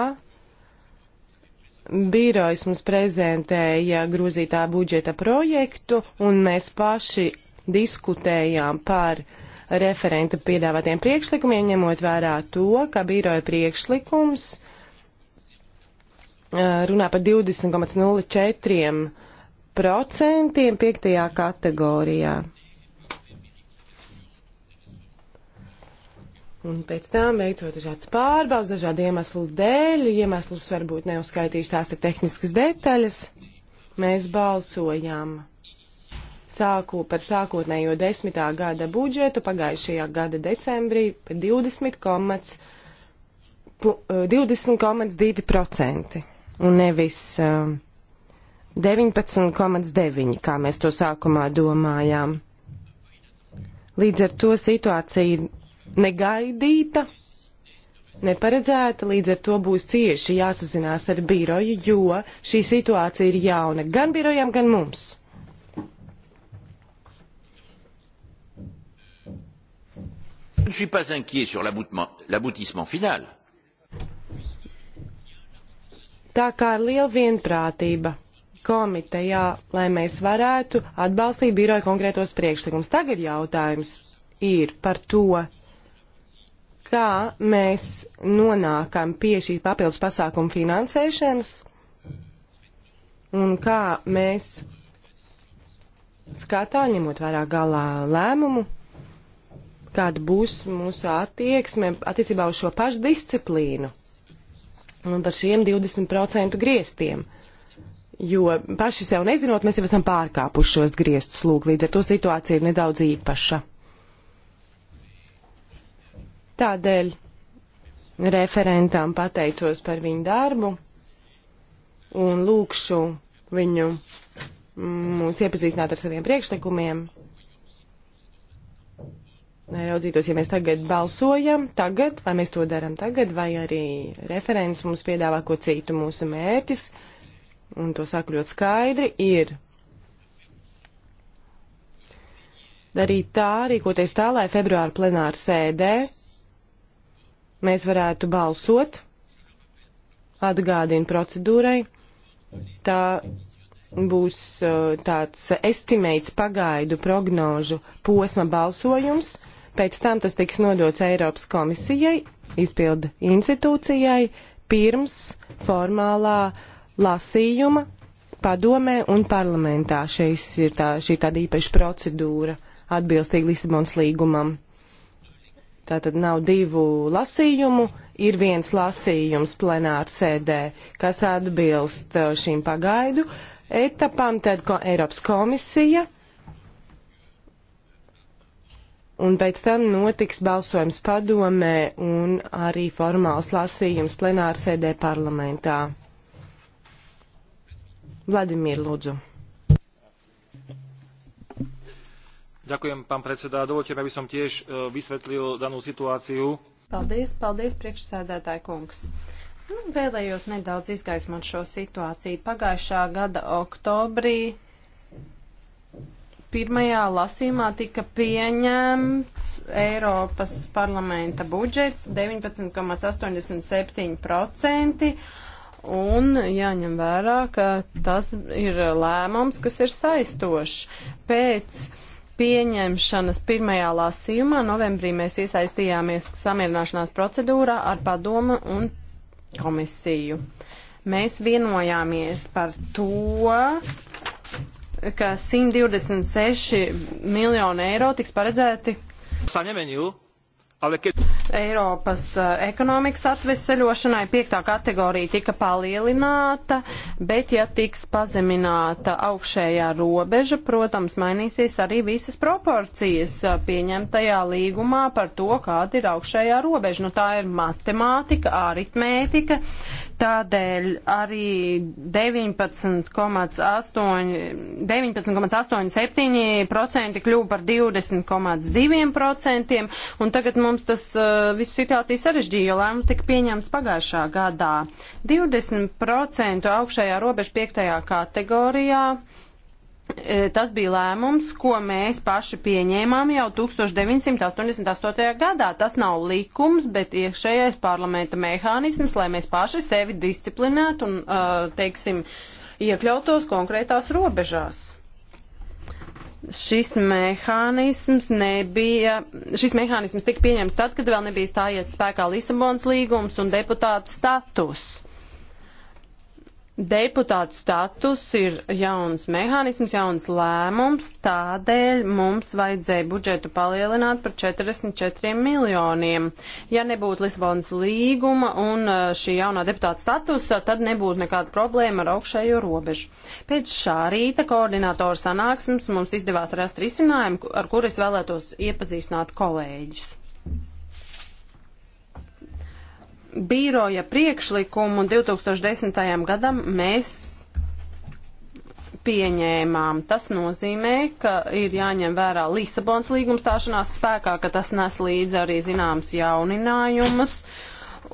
Birojs mums prezentēja grozītā budžeta projektu, un mēs paši diskutējām par referenta piedāvātiem priekšlikumiem, ņemot vērā to, ka biroja priekšlikums runā par 20,04% piektajā kategorijā. Un pēc tam veicot dažādas pārbaudas, dažādu iemeslu dēļ, iemeslus varbūt neuzskaitīšu, tās ir tehniskas detaļas, mēs balsojām sāku par sākotnējo desmitā gada budžetu pagājušajā gada decembrī par 20,2%. 20 eh, un nevis um, eh, 19,9, kā mēs to sākumā domājām. Līdz ar to situācija negaidīta, neparedzēta, līdz ar to būs cieši jāsazinās ar biroju, jo šī situācija ir jauna gan birojam, gan mums. Je ne suis pas inquiet sur l'aboutissement final. Tā kā ir liela vienprātība komitejā, lai mēs varētu atbalstīt biroja konkrētos priekšlikumus. Tagad jautājums ir par to, kā mēs nonākam pie šī papildus pasākuma finansēšanas un kā mēs skatā ņemot vērā galā lēmumu, kāda būs mūsu attieksme attiecībā uz šo pašdisciplīnu un par šiem 20% griestiem. Jo paši sev nezinot, mēs jau esam pārkāpuši šos griestus lūk, līdz ar to situācija ir nedaudz īpaša. Tādēļ referentām pateicos par viņu darbu un lūkšu viņu mm, mūs iepazīstināt ar saviem priekšlikumiem. Raudzītos, ja mēs tagad balsojam, tagad, vai mēs to darām tagad, vai arī referents mums piedāvā ko citu mūsu mērķis, un to saku ļoti skaidri, ir darīt tā, rīkoties tā, lai februāra plenāra sēdē mēs varētu balsot, atgādina procedūrai. Tā būs uh, tāds estimēts pagaidu prognožu posma balsojums, pēc tam tas tiks nodots Eiropas komisijai, izpilda institūcijai, pirms formālā lasījuma padomē un parlamentā. Šeis ir tā, šī tāda īpaša procedūra atbilstīgi Lisabons līgumam. Tātad nav divu lasījumu, ir viens lasījums plenāra sēdē, kas atbilst uh, šīm pagaidu etapām, tad ko Eiropas komisija. Un pēc tam notiks balsojums padomē un arī formāls lasījums plenāra sēdē parlamentā. Vladimir, lūdzu. Ďakujem, pán predseda. Dovolte mi, aby som tiež e, vysvetlil danú situáciu. Paldies, paldies, priekšsēdētāji kungs. Nu, vēlējos nedaudz izgaismot šo situāciju. Pagājušā gada oktobrī pirmajā lasīmā tika pieņemts Eiropas parlamenta budžets 19,87% un jāņem vērā, ka tas ir lēmums, kas ir saistošs. Pēc pieņemšanas pirmajā lasījumā novembrī mēs iesaistījāmies samierināšanās procedūrā ar padomu un komisiju. Mēs vienojāmies par to, ka 126 miljoni eiro tiks paredzēti. Saņemeņu, ale kad... Eiropas eh, ekonomikas atveseļošanai. Piektā kategorija tika palielināta, bet ja tiks pazemināta augšējā robeža, protams, mainīsies arī visas proporcijas eh, pieņemtajā līgumā par to, kāda ir augšējā robeža. Nu, tā ir matemātika, aritmētika. Tādēļ arī 19,8 19,87% kļuva par 20,2%, un tagad mums tas uh, visu situāciju sarežģīja, jo lēmums tika pieņemts pagājušā gadā. 20% augšējā robeža piektajā kategorijā. E, tas bija lēmums, ko mēs paši pieņēmām jau 1988. gadā. Tas nav likums, bet iekšējais parlamenta mehānisms, lai mēs paši sevi disciplinētu un, e, teiksim, iekļautos konkrētās robežās šis mehānisms nebija, šis mehānisms tika pieņemts tad, kad vēl nebija stājies spēkā Lisabonas līgums un deputāta status. Deputātu status ir jauns mehānisms, jauns lēmums, tādēļ mums vajadzēja budžetu palielināt par 44 miljoniem. Ja nebūtu Lisabonas līguma un uh, šī jaunā deputāta statusa, uh, tad nebūtu nekāda problēma ar augšējo robežu. Pēc šā rīta koordinātora sanāksmes mums izdevās rast risinājumu, ar kuru es vēlētos iepazīstināt kolēģis. bīroja priekšlikumu 2010. gadam mēs pieņēmām. Tas nozīmē, ka ir jāņem vērā Lisabons līgums stāšanās spēkā, ka tas nes līdzi arī zināms jauninājumus.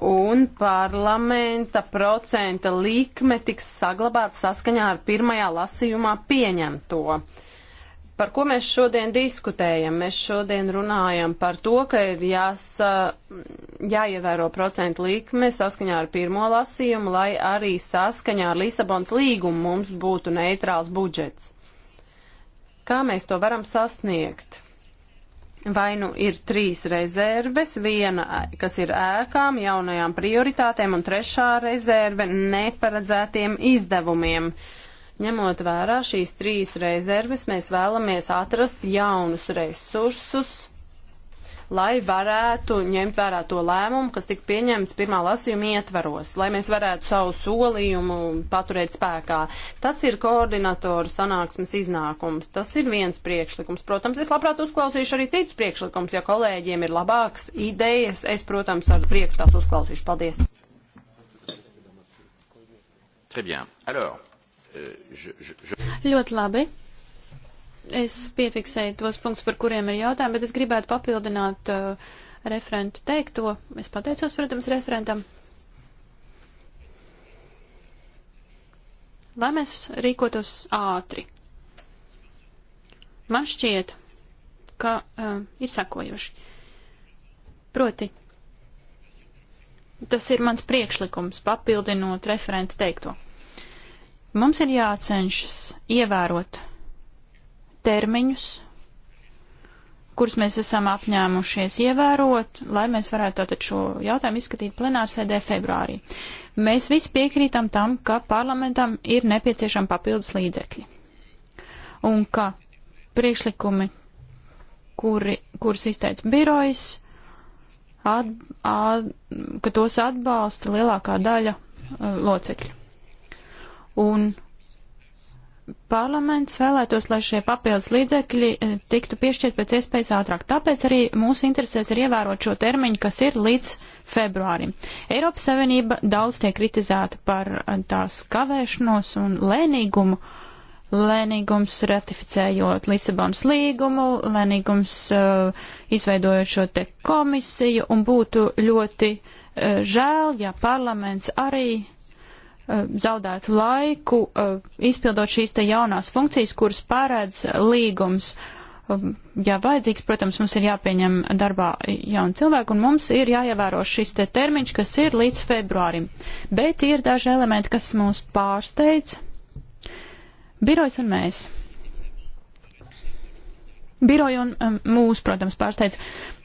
Un parlamenta procenta likme tiks saglabāta saskaņā ar pirmajā lasījumā pieņemto. Uh, Par ko mēs šodien diskutējam? Mēs šodien runājam par to, ka ir jāsa, jāievēro procentu likme saskaņā ar pirmo lasījumu, lai arī saskaņā ar Lisabons līgumu mums būtu neitrāls budžets. Kā mēs to varam sasniegt? Vai nu ir trīs rezerves, viena, kas ir ēkām, jaunajām prioritātēm, un trešā rezerve neparedzētiem izdevumiem. Uh, Ņemot vērā šīs trīs rezerves, mēs vēlamies atrast jaunus resursus, lai varētu ņemt vērā to lēmumu, kas tika pieņemts pirmā lasījuma ietvaros, lai mēs varētu savu solījumu paturēt spēkā. Tas ir koordinatoru sanāksmes iznākums. Tas ir viens priekšlikums. Protams, es labprāt uzklausīšu arī citus priekšlikumus. Ja kolēģiem ir labākas idejas, es, protams, ar prieku tās uzklausīšu. Paldies! Très bien. Alors, Ž, ž, ž... Ļoti labi. Es piefiksēju tos punktus, par kuriem ir jautājumi, bet es gribētu papildināt uh, referentu teikto. Es pateicos, protams, referentam. Lai mēs rīkotos ātri. Man šķiet, ka uh, ir sakojuši. Proti, tas ir mans priekšlikums, papildinot referentu teikto. Mums ir jācenšas ievērot termiņus, kurus mēs esam apņēmušies ievērot, lai mēs varētu tātad šo jautājumu izskatīt plenārsēdē februārī. Mēs visi piekrītam tam, ka parlamentam ir nepieciešama papildus līdzekļi. Un ka priekšlikumi, kuri, kurus izteica birojas, at, at, ka tos atbalsta lielākā daļa uh, locekļu. Un parlaments vēlētos, lai šie papildus līdzekļi eh, tiktu piešķirt pēc iespējas ātrāk. Tāpēc arī mūsu interesēs ir ievērot šo termiņu, kas ir līdz februārim. Eiropas Savienība daudz tiek kritizēta par eh, tās kavēšanos un lēnīgumu. Lēnīgums ratificējot Lisabonas līgumu, lēnīgums uh, izveidojot šo te komisiju un būtu ļoti uh, žēl, ja parlaments arī Eh, zaudētu laiku, eh, izpildot šīs te jaunās funkcijas, kuras pārēdz līgums. Eh, ja vajadzīgs, protams, mums ir jāpieņem darbā jauni cilvēki, un mums ir jāievēro šis te termiņš, kas ir līdz februārim. Bet ir daži elementi, kas mūs pārsteidz. Birojs un mēs. Biroju un um, mūs, protams, pārsteidz.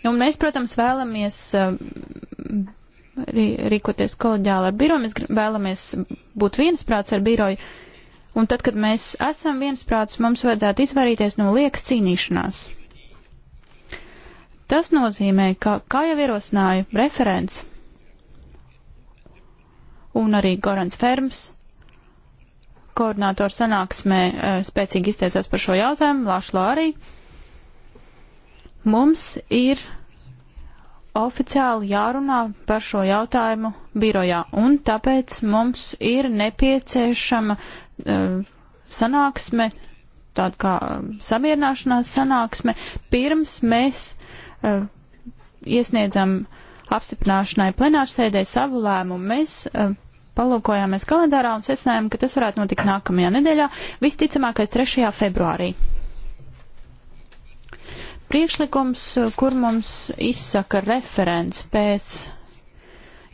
Un mēs, protams, vēlamies um, rīkoties kolēģiāli ar biroju, mēs vēlamies būt viensprāts ar biroju. Un tad, kad mēs esam viensprāts, mums vajadzētu izvairīties no liekas cīnīšanās. Tas nozīmē, ka, kā jau ierosināja referents un arī Gorans Ferms, koordinātors sanāksmē e, spēcīgi izteicās par šo jautājumu, Lašlo arī, mums ir oficiāli jārunā par šo jautājumu birojā, un tāpēc mums ir nepieciešama uh, sanāksme, tāda kā samierināšanās sanāksme, pirms mēs uh, iesniedzam apstiprināšanai plenārsēdē savu lēmumu. Mēs uh, palūkojāmies kalendārā un secinājām, ka tas varētu notikt nākamajā nedēļā, visticamākais 3. februārī priekšlikums, eh, kur mums izsaka referents pēc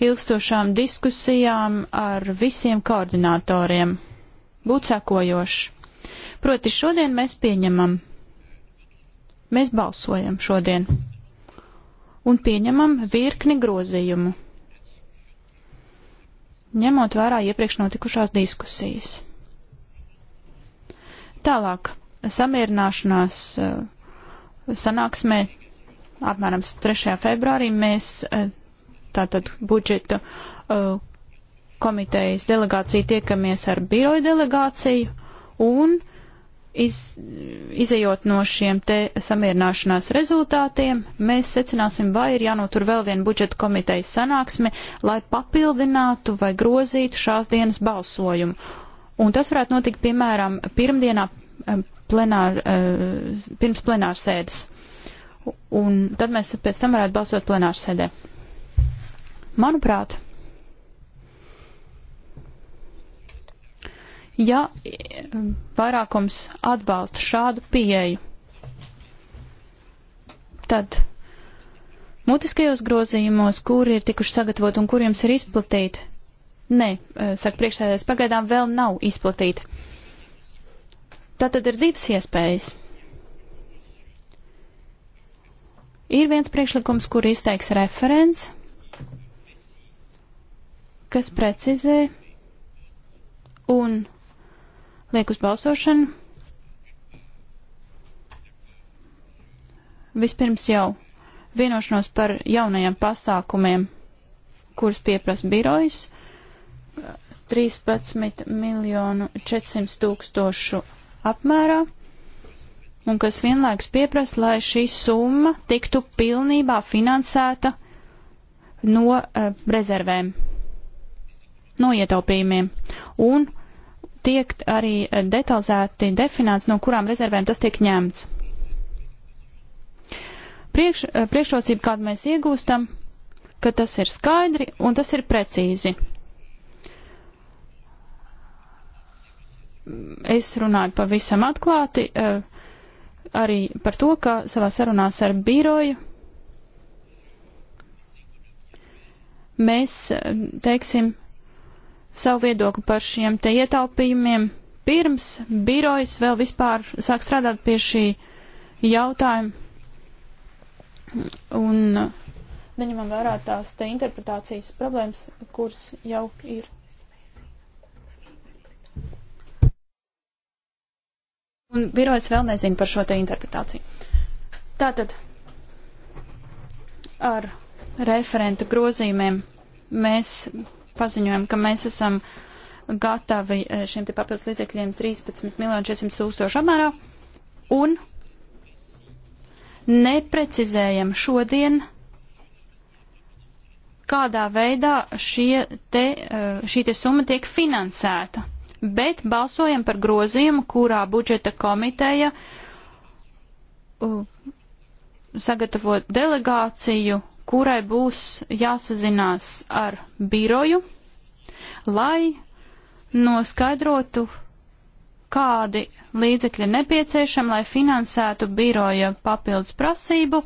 ilgstošām diskusijām ar visiem koordinatoriem. Būtu sekojoši. Proti šodien mēs pieņemam. Mēs balsojam šodien. Un pieņemam virkni grozījumu. Ņemot vērā iepriekš notikušās diskusijas. Tālāk. Samierināšanās uh, sanāksmē apmēram 3. februārī mēs eh, tātad budžeta eh, komitejas delegācija tiekamies ar biroju delegāciju un iz, izejot no šiem te samierināšanās rezultātiem, mēs secināsim, vai ir jānotur vēl viena budžeta komitejas sanāksme, lai papildinātu vai grozītu šās dienas balsojumu. Un tas varētu notikt, piemēram, pirmdienā eh, plenār, eh, pirms plenārsēdes. Un tad mēs pēc tam varētu balsot plenārsēdē. Manuprāt, ja eh, vairākums atbalsta šādu pieeju, tad mutiskajos grozījumos, kuri ir tikuši sagatavot un kuriem ir izplatīti, nē, eh, saka priekšsēdētājs, pagaidām vēl nav izplatīti. Tātad ir divas iespējas. Ir viens priekšlikums, kur izteiks referents, kas precizē un liek uz balsošanu. Vispirms jau vienošanos par jaunajiem pasākumiem, kurus pieprasa birojas, 13 miljonu 400 tūkstošu apmērā un kas vienlaiks pieprasa, lai šī summa tiktu pilnībā finansēta no uh, rezervēm, no ietaupījumiem. Un tiek arī eh, detalizēti definēts, no kurām rezervēm tas tiek ņemts. Priekš, eh, priekšrocība, kādu mēs iegūstam, ka tas ir skaidri un tas ir precīzi. es runāju pavisam atklāti eh, arī par to, ka savā sarunās ar biroju mēs eh, teiksim savu viedokli par šiem te ietaupījumiem pirms birojas vēl vispār sāk strādāt pie šī jautājuma. Un eh, neņemam vērā tās te interpretācijas problēmas, kuras jau ir Un birojas vēl nezina par šo te interpretāciju. Tātad ar referenta grozīmēm mēs paziņojam, ka mēs esam gatavi e, šiem te papildus līdzekļiem 13 miljonu 400 tūkstošu apmērā un neprecizējam šodien, kādā veidā šie te, e, šī te summa tiek finansēta bet balsojam par grozījumu, kurā budžeta komiteja sagatavo delegāciju, kurai būs jāsazinās ar biroju, lai noskaidrotu, kādi līdzekļi nepieciešami, lai finansētu biroja papildus prasību,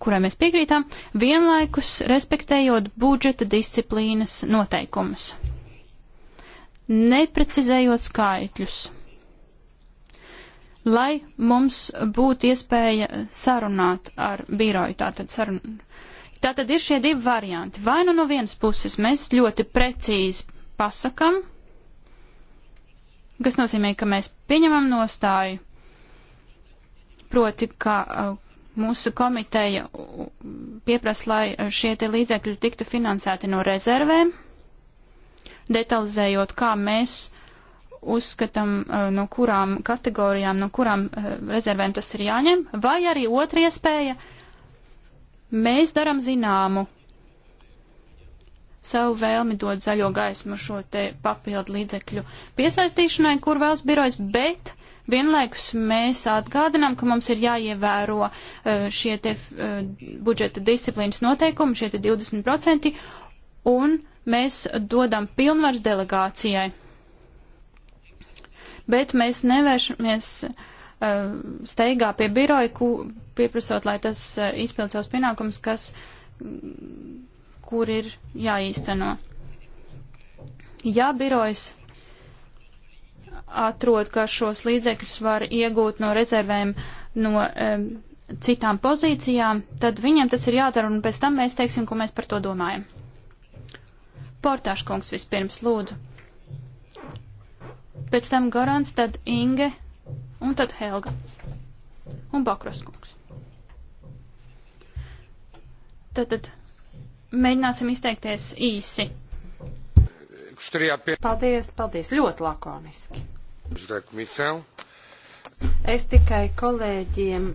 kurai mēs piekrītām, vienlaikus respektējot budžeta disciplīnas noteikumus neprecizējot skaitļus, lai mums būtu iespēja sarunāt ar biroju. Tātad, sarun... Tātad ir šie divi varianti. Vai nu no vienas puses mēs ļoti precīzi pasakam, kas nozīmē, ka mēs pieņemam nostāju, proti, ka uh, mūsu komiteja pieprasa, lai šie te līdzekļi tiktu finansēti no rezervēm, detalizējot, kā mēs uzskatām, eh, no kurām kategorijām, no kurām eh, rezervēm tas ir jāņem, vai arī otra iespēja, mēs daram zināmu savu vēlmi dot zaļo gaismu šo te papildu līdzekļu piesaistīšanai, kur vēlas birojas, bet vienlaikus mēs atgādinām, ka mums ir jāievēro eh, šie te budžeta disciplīnas noteikumi, šie te 20%, un uh, mēs dodam pilnvars delegācijai, bet mēs nevēršamies eh, steigā pie biroja, pieprasot, lai tas eh, izpild savus pienākumus, kas, kur ir jāīsteno. Ja birojas atrod, ka šos līdzekļus var iegūt no rezervēm no um, citām pozīcijām, tad viņiem tas ir jādara, un pēc tam mēs teiksim, ko mēs par to domājam. Portāškungs vispirms lūdzu. Pēc tam Gorans, tad Inge un tad Helga un Bakroskungs. Tātad mēģināsim izteikties īsi. Paldies, paldies, ļoti lakoniski. Es tikai kolēģiem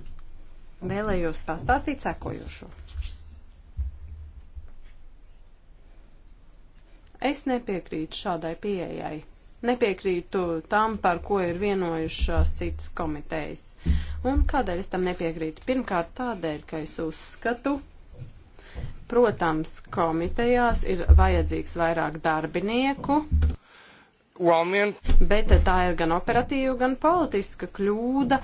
vēlējos pastāstīt sekojošo. Es nepiekrītu šādai pieejai. Nepiekrītu tam, par ko ir vienojušās citas komitejas. Un kādēļ es tam nepiekrītu? Pirmkārt, tādēļ, ka es uzskatu, protams, komitejās ir vajadzīgs vairāk darbinieku. Bet tā ir gan operatīva, gan politiska kļūda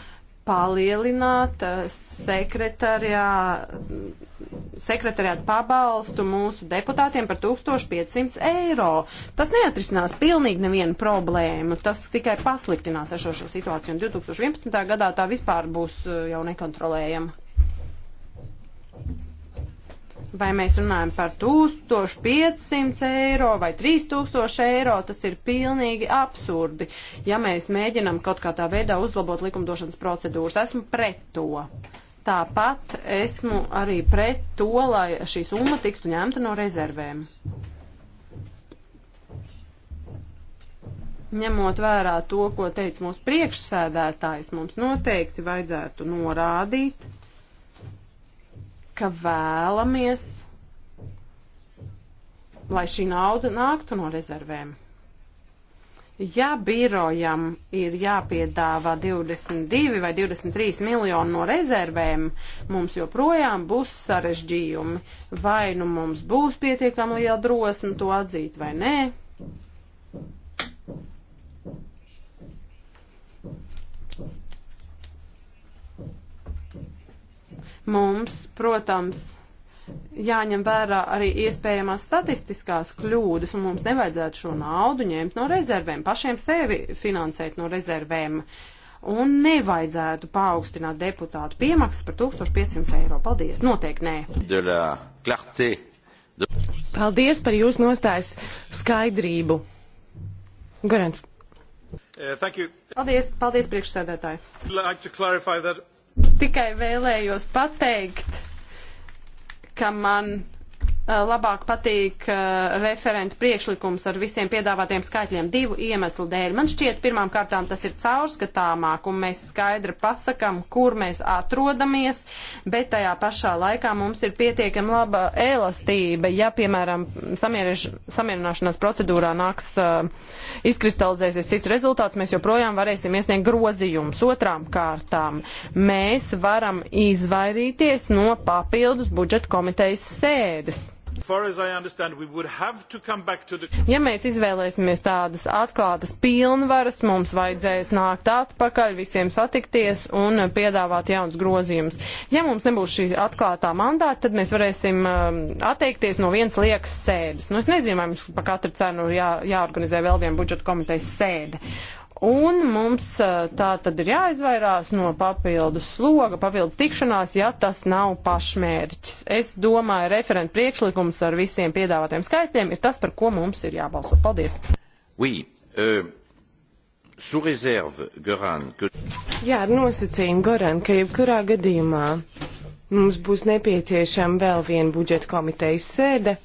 palielināt eh, sekretariā sekretariātu pabalstu mūsu deputātiem par 1500 eiro. Tas neatrisinās pilnīgi nevienu problēmu, tas tikai pasliktinās ar šo, šo situāciju, un 2011. gadā tā vispār būs eh, jau nekontrolējama. Vai mēs runājam par 1500 eiro vai 3000 eiro, tas ir pilnīgi absurdi, ja mēs mēģinam kaut kā tā veidā uzlabot likumdošanas procedūras. Esmu pret to. Tāpat esmu arī pret to, lai šī summa tiktu ņemta no rezervēm. Ņemot vērā to, ko teica mūsu priekšsēdētājs, mums noteikti vajadzētu norādīt, ka vēlamies, lai šī nauda nāktu no rezervēm. Ja birojam ir jāpiedāvā 22 vai 23 miljoni no rezervēm, mums joprojām būs sarežģījumi. Vai nu mums būs pietiekami liela drosme to atzīt vai nē. Mums, protams, jāņem vērā arī iespējamās statistiskās kļūdas, un mums nevajadzētu šo naudu ņemt no rezervēm, pašiem sevi finansēt no rezervēm, un nevajadzētu paaugstināt deputātu piemaksas par 1500 eiro. Paldies! Noteikti nē! Paldies par jūsu nostājas skaidrību. Garant. Eh, paldies, paldies priekšsēdētāji. Like Tikai vēlējos pateikt ka man Eh, labāk patīk uh, eh, referenta priekšlikums ar visiem piedāvātiem skaitļiem divu iemeslu dēļ. Man šķiet, pirmām kārtām tas ir caurskatāmāk, un mēs skaidri pasakam, kur mēs atrodamies, bet tajā pašā laikā mums ir pietiekami laba elastība. Ja, piemēram, samierināšanās procedūrā nāks uh, izkristalizēsies cits rezultāts, mēs joprojām varēsim iesniegt grozījumus. Otrām kārtām mēs varam izvairīties no papildus budžeta komitejas sēdes Ja mēs izvēlēsimies tādas atklātas pilnvaras, mums vajadzēs nākt atpakaļ, visiem satikties un piedāvāt jauns grozījums. Ja mums nebūs šī atklātā mandāta, tad mēs varēsim um, atteikties no viens liekas sēdes. Nu, es nezinu, vai mums pa katru cenu jā, jāorganizē vēl viena budžeta komitejas sēde. Un mums tā tad ir jāizvairās no papildus sloga, papildus tikšanās, ja tas nav pašmērķis. Es domāju, referenta priekšlikums ar visiem piedāvātiem skaitļiem ir tas, par ko mums ir jābalso. Paldies! Oui, uh... Sous réserve, Goran, que... Jā, ar nosacījumu, Goran, ka jebkurā gadījumā mums būs nepieciešama vēl viena budžeta komitejas sēde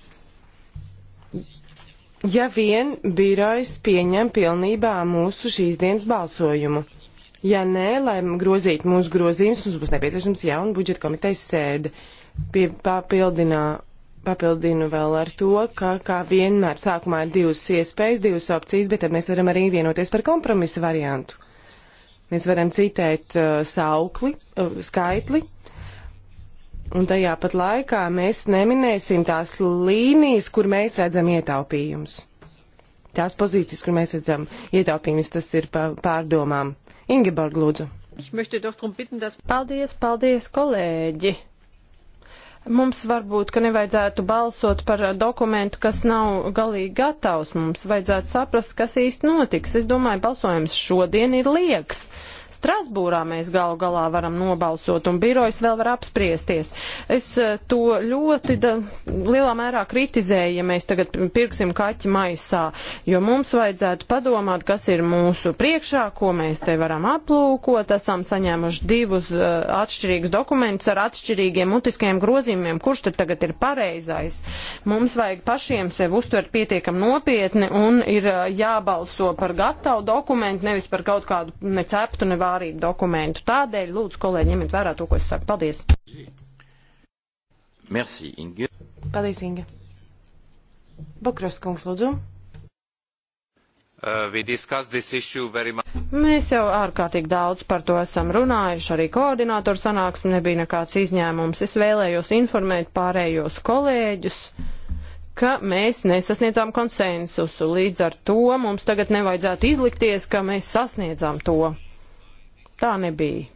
ja vien birojs pieņem pilnībā mūsu šīs dienas balsojumu. Ja nē, lai grozītu mūsu grozījumus, mums būs nepieciešams jauna budžeta komitejas sēde. Pie, papildinā, papildinu vēl ar to, ka kā vienmēr sākumā ir divas iespējas, divas opcijas, bet tad mēs varam arī vienoties par kompromisa variantu. Mēs varam citēt uh, saukli, uh, skaitli, Un tajā pat laikā mēs neminēsim tās līnijas, kur mēs redzam ietaupījumus. Tās pozīcijas, kur mēs redzam ietaupījumus, tas ir pārdomām. Ingeborg, lūdzu. Paldies, paldies, kolēģi! Mums varbūt, ka nevajadzētu balsot par dokumentu, kas nav galīgi gatavs. Mums vajadzētu saprast, kas īsti notiks. Es domāju, balsojums šodien ir liekas. Uh, Strasbūrā mēs galu galā varam nobalsot un birojas vēl var apspriesties. Es eh, to ļoti da, lielā mērā kritizēju, ja mēs tagad pirksim kaķi maisā, jo mums vajadzētu padomāt, kas ir mūsu priekšā, ko mēs te varam aplūkot. Esam saņēmuši divus uh, atšķirīgus dokumentus ar atšķirīgiem mutiskajiem grozījumiem, kurš tad tagad ir pareizais. Mums vajag pašiem sev uztvert pietiekam nopietni un ir uh, jābalso par gatavu dokumentu, nevis par kaut kādu neceptu, nevā arī dokumentu. Tādēļ, lūdzu, kolēģi, ņemiet vērā to, ko es saku. Paldies! Merci, Inge. Paldies, Inge. Bukros kungs, lūdzu. Uh, Mēs jau ārkārtīgi daudz par to esam runājuši, arī koordinātoru sanāksme nebija nekāds izņēmums. Es vēlējos informēt pārējos kolēģus, ka mēs nesasniedzām konsensusu, līdz ar to mums tagad nevajadzētu izlikties, ka mēs sasniedzām to. Tā nebija.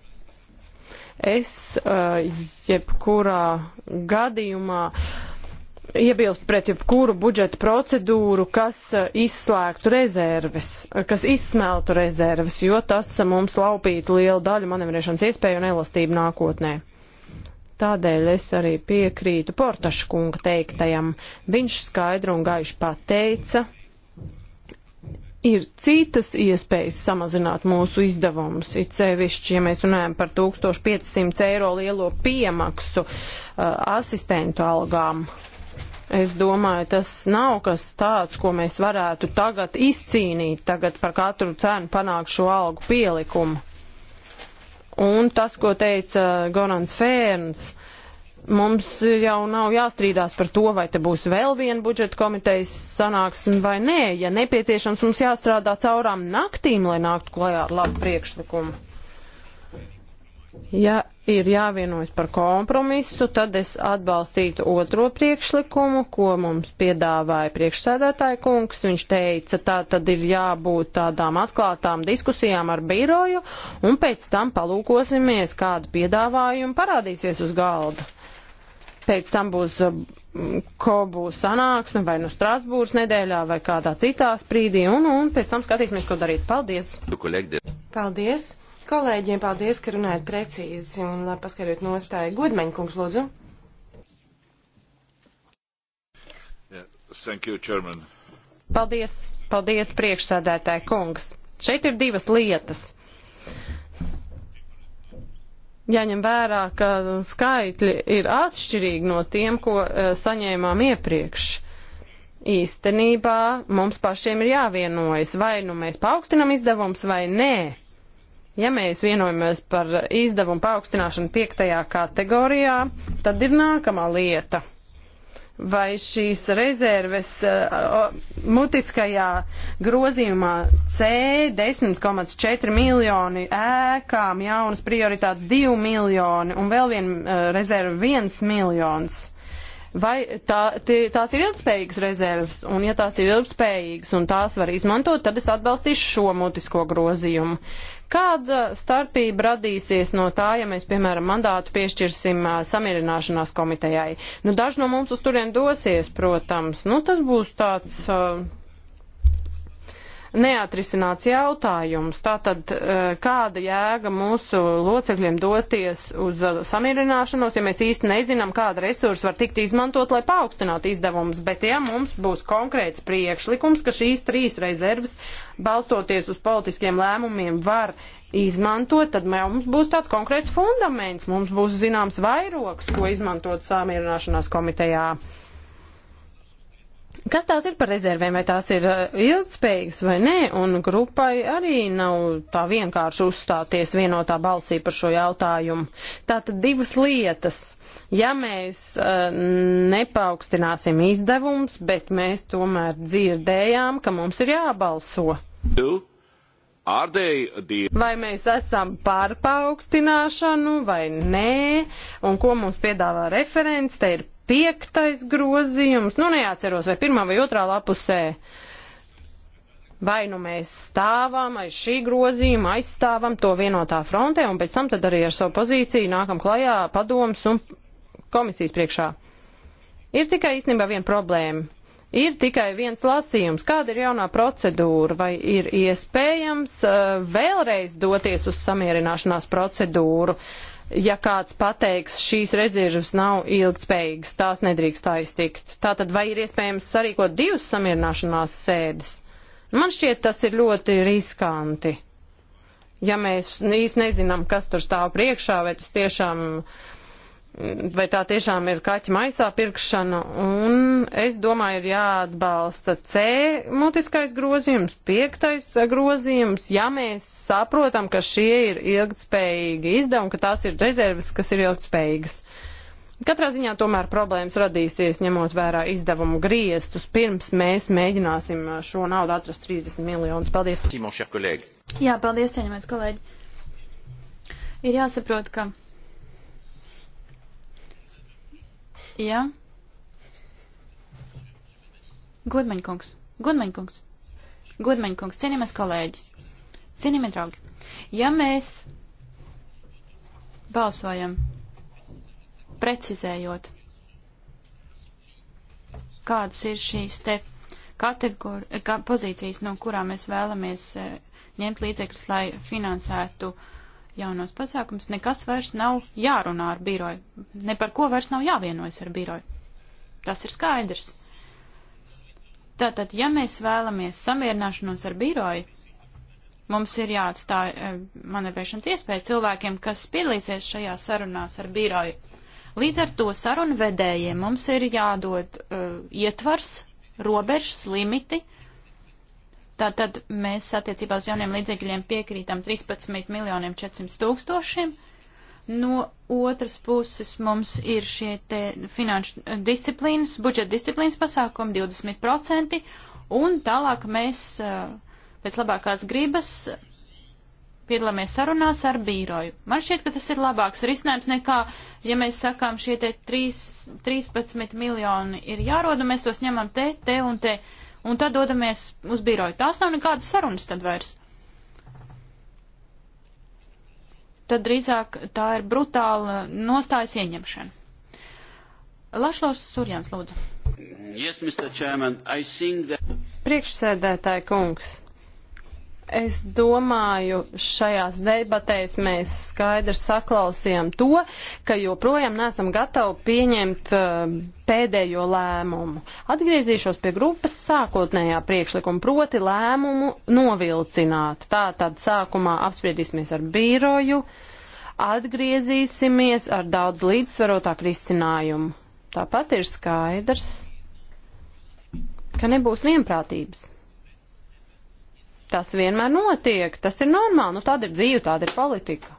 Es uh, jebkurā gadījumā iebilst pret jebkuru budžeta procedūru, kas eh, izslēgtu rezerves, eh, kas izsmeltu rezerves, jo tas mums laupītu lielu daļu manevrēšanas iespēju un elastību nākotnē. Tādēļ es arī piekrītu Portaša kunga teiktajam. Viņš skaidru un gaišu pateica, ir citas iespējas samazināt mūsu izdevumus, it sevišķi, ja mēs runājam par 1500 eiro lielo piemaksu uh, asistentu algām. Es domāju, tas nav kas tāds, ko mēs varētu tagad izcīnīt, tagad par katru cenu panākt šo algu pielikumu. Un tas, ko teica uh, Gorans Fērns, uh, Mums jau nav jāstrīdās par to, vai te būs vēl viena budžeta komitejas sanāksme vai nē. Ja nepieciešams, mums jāstrādā caurām naktīm, lai nāktu klajā ar labu priekšlikumu. Ja ir jāvienojas par kompromisu, tad es atbalstītu otro priekšlikumu, ko mums piedāvāja priekšsēdētāja kungs. Viņš teica, tā tad ir jābūt tādām atklātām diskusijām ar biroju, un pēc tam palūkosimies, kādu piedāvājumu parādīsies uz galda. Pēc tam būs eh, Kobu sanāksme vai nu no Strasbūras nedēļā vai kādā citā sprīdī, un, un pēc tam skatīsimies, ko darīt. Paldies! Paldies! Kolēģiem paldies, ka runājat precīzi un labi paskatījot nostāju. Godmeņa kungs, lūdzu. Yeah, thank you, Chairman. Paldies, paldies priekšsēdētāji kungs. Šeit ir divas lietas jāņem vērā, ka skaitļi ir atšķirīgi no tiem, ko e, saņēmām iepriekš. Īstenībā mums pašiem ir jāvienojas, vai nu mēs paaugstinām izdevums vai nē. Ja mēs vienojamies par izdevumu paaugstināšanu piektajā kategorijā, tad ir nākamā lieta – vai šīs rezerves uh, mutiskajā grozījumā C 10,4 miljoni ēkām, jaunas prioritātes 2 miljoni un vēl viena uh, eh, rezerve 1 miljons. Vai tā, tie, tās ir ilgspējīgas rezerves, un ja tās ir ilgspējīgas un tās var izmantot, tad es atbalstīšu šo mutisko grozījumu. Kāda starpība radīsies no tā, ja mēs, piemēram, mandātu piešķirsim samierināšanās komitejai? Nu, daži no mums uz turien dosies, protams. Nu, tas būs tāds. Uh, neatrisināts jautājums. Tātad, eh, kāda jēga mūsu locekļiem doties uz eh, samierināšanos, ja mēs īsti nezinām, kāda resursa var tikt izmantot, lai paaugstinātu izdevumus. Bet, ja mums būs konkrēts priekšlikums, ka šīs trīs rezervas, balstoties uz politiskiem lēmumiem, var izmantot, tad mums būs tāds konkrēts fundaments, mums būs zināms vairoks, ko izmantot samierināšanās komitejā. Kas tās ir par rezervēm, vai tās ir eh, ilgspējīgas vai nē, un grupai arī nav tā vienkārši uzstāties vienotā balsī par šo jautājumu. Tātad divas lietas. Ja mēs uh, eh, nepaukstināsim izdevums, bet mēs tomēr dzirdējām, ka mums ir jābalso. Vai mēs esam par paaugstināšanu vai nē, un ko mums piedāvā referents, te ir piektais grozījums, nu neatceros, vai pirmā vai otrā lapusē. Vai nu mēs stāvam aiz šī grozījuma, aizstāvam to vienotā frontē un pēc tam tad arī ar savu pozīciju nākam klajā padoms un komisijas priekšā. Ir tikai īstenībā viena problēma. Ir tikai viens lasījums. Kāda ir jaunā procedūra? Vai ir iespējams uh, vēlreiz doties uz samierināšanās procedūru? Uh, ja kāds pateiks, šīs rezerves nav ilgspējīgas, tās nedrīkst aiztikt. Tātad vai ir iespējams sarīkot divas samierināšanās sēdes? Man šķiet, tas ir ļoti riskanti. Ja mēs īsti nezinām, kas tur stāv priekšā, vai tas tiešām uh, vai tā tiešām ir kaķa maisā pirkšana, un es domāju, ir jāatbalsta C mutiskais grozījums, piektais grozījums, ja mēs saprotam, ka šie ir ilgtspējīgi izdevumi, ka tās ir rezerves, kas ir ilgtspējīgas. Katrā ziņā tomēr problēmas radīsies, ņemot vērā izdevumu griestus, pirms mēs mēģināsim šo naudu atrast 30 miljonus. Paldies! Simon, Jā, paldies, cienījamais kolēģi! Ir jāsaprot, ka Jā. Gudmaņkungs, Gudmaņkungs, Gudmaņkungs, cienījamies kolēģi, cienījamie draugi. Ja mēs balsojam precizējot, kādas ir šīs te kategor, ka, pozīcijas, no kurām mēs vēlamies eh, ņemt līdzekļus, lai finansētu uh, jaunos pasākums, nekas vairs nav jārunā ar biroju. Ne par ko vairs nav jāvienojas ar biroju. Tas ir skaidrs. Tātad, ja mēs vēlamies samierināšanos ar biroju, mums ir jāatstāj eh, manevrēšanas iespējas cilvēkiem, kas piedalīsies šajā sarunās ar biroju. Līdz ar to sarunu vedējiem mums ir jādod uh, ietvars, robežas, limiti, uh, Tātad mēs attiecībā uz jauniem līdzekļiem piekrītam 13 miljoniem 400 tūkstošiem. No otras puses mums ir šie te finanšu disciplīnas, budžeta disciplīnas pasākumi 20%, un tālāk mēs eh, pēc labākās gribas piedalāmies sarunās ar bīroju. Man šķiet, ka tas ir labāks risinājums nekā, ja mēs sakām, šie te 3, 13 miljoni ir jārod, un mēs tos ņemam te, te un te. Uh, un tad dodamies uz biroju. Tās nav nekādas sarunas tad vairs. Tad drīzāk tā ir brutāla nostājas ieņemšana. Lašlaus Surjans, lūdzu. Yes, that... Priekšsēdētāji kungs. Es domāju, šajās debatēs mēs skaidri saklausījām to, ka joprojām nesam gatavi pieņemt uh, pēdējo lēmumu. Atgriezīšos pie grupas sākotnējā priekšlikuma, proti lēmumu novilcināt. Tā tad sākumā apspriedīsimies ar biroju, atgriezīsimies ar daudz līdzsvarotāku risinājumu. Tāpat ir skaidrs, ka nebūs vienprātības. Tas vienmēr notiek, tas ir normāli, nu tāda ir dzīve, tāda ir politika.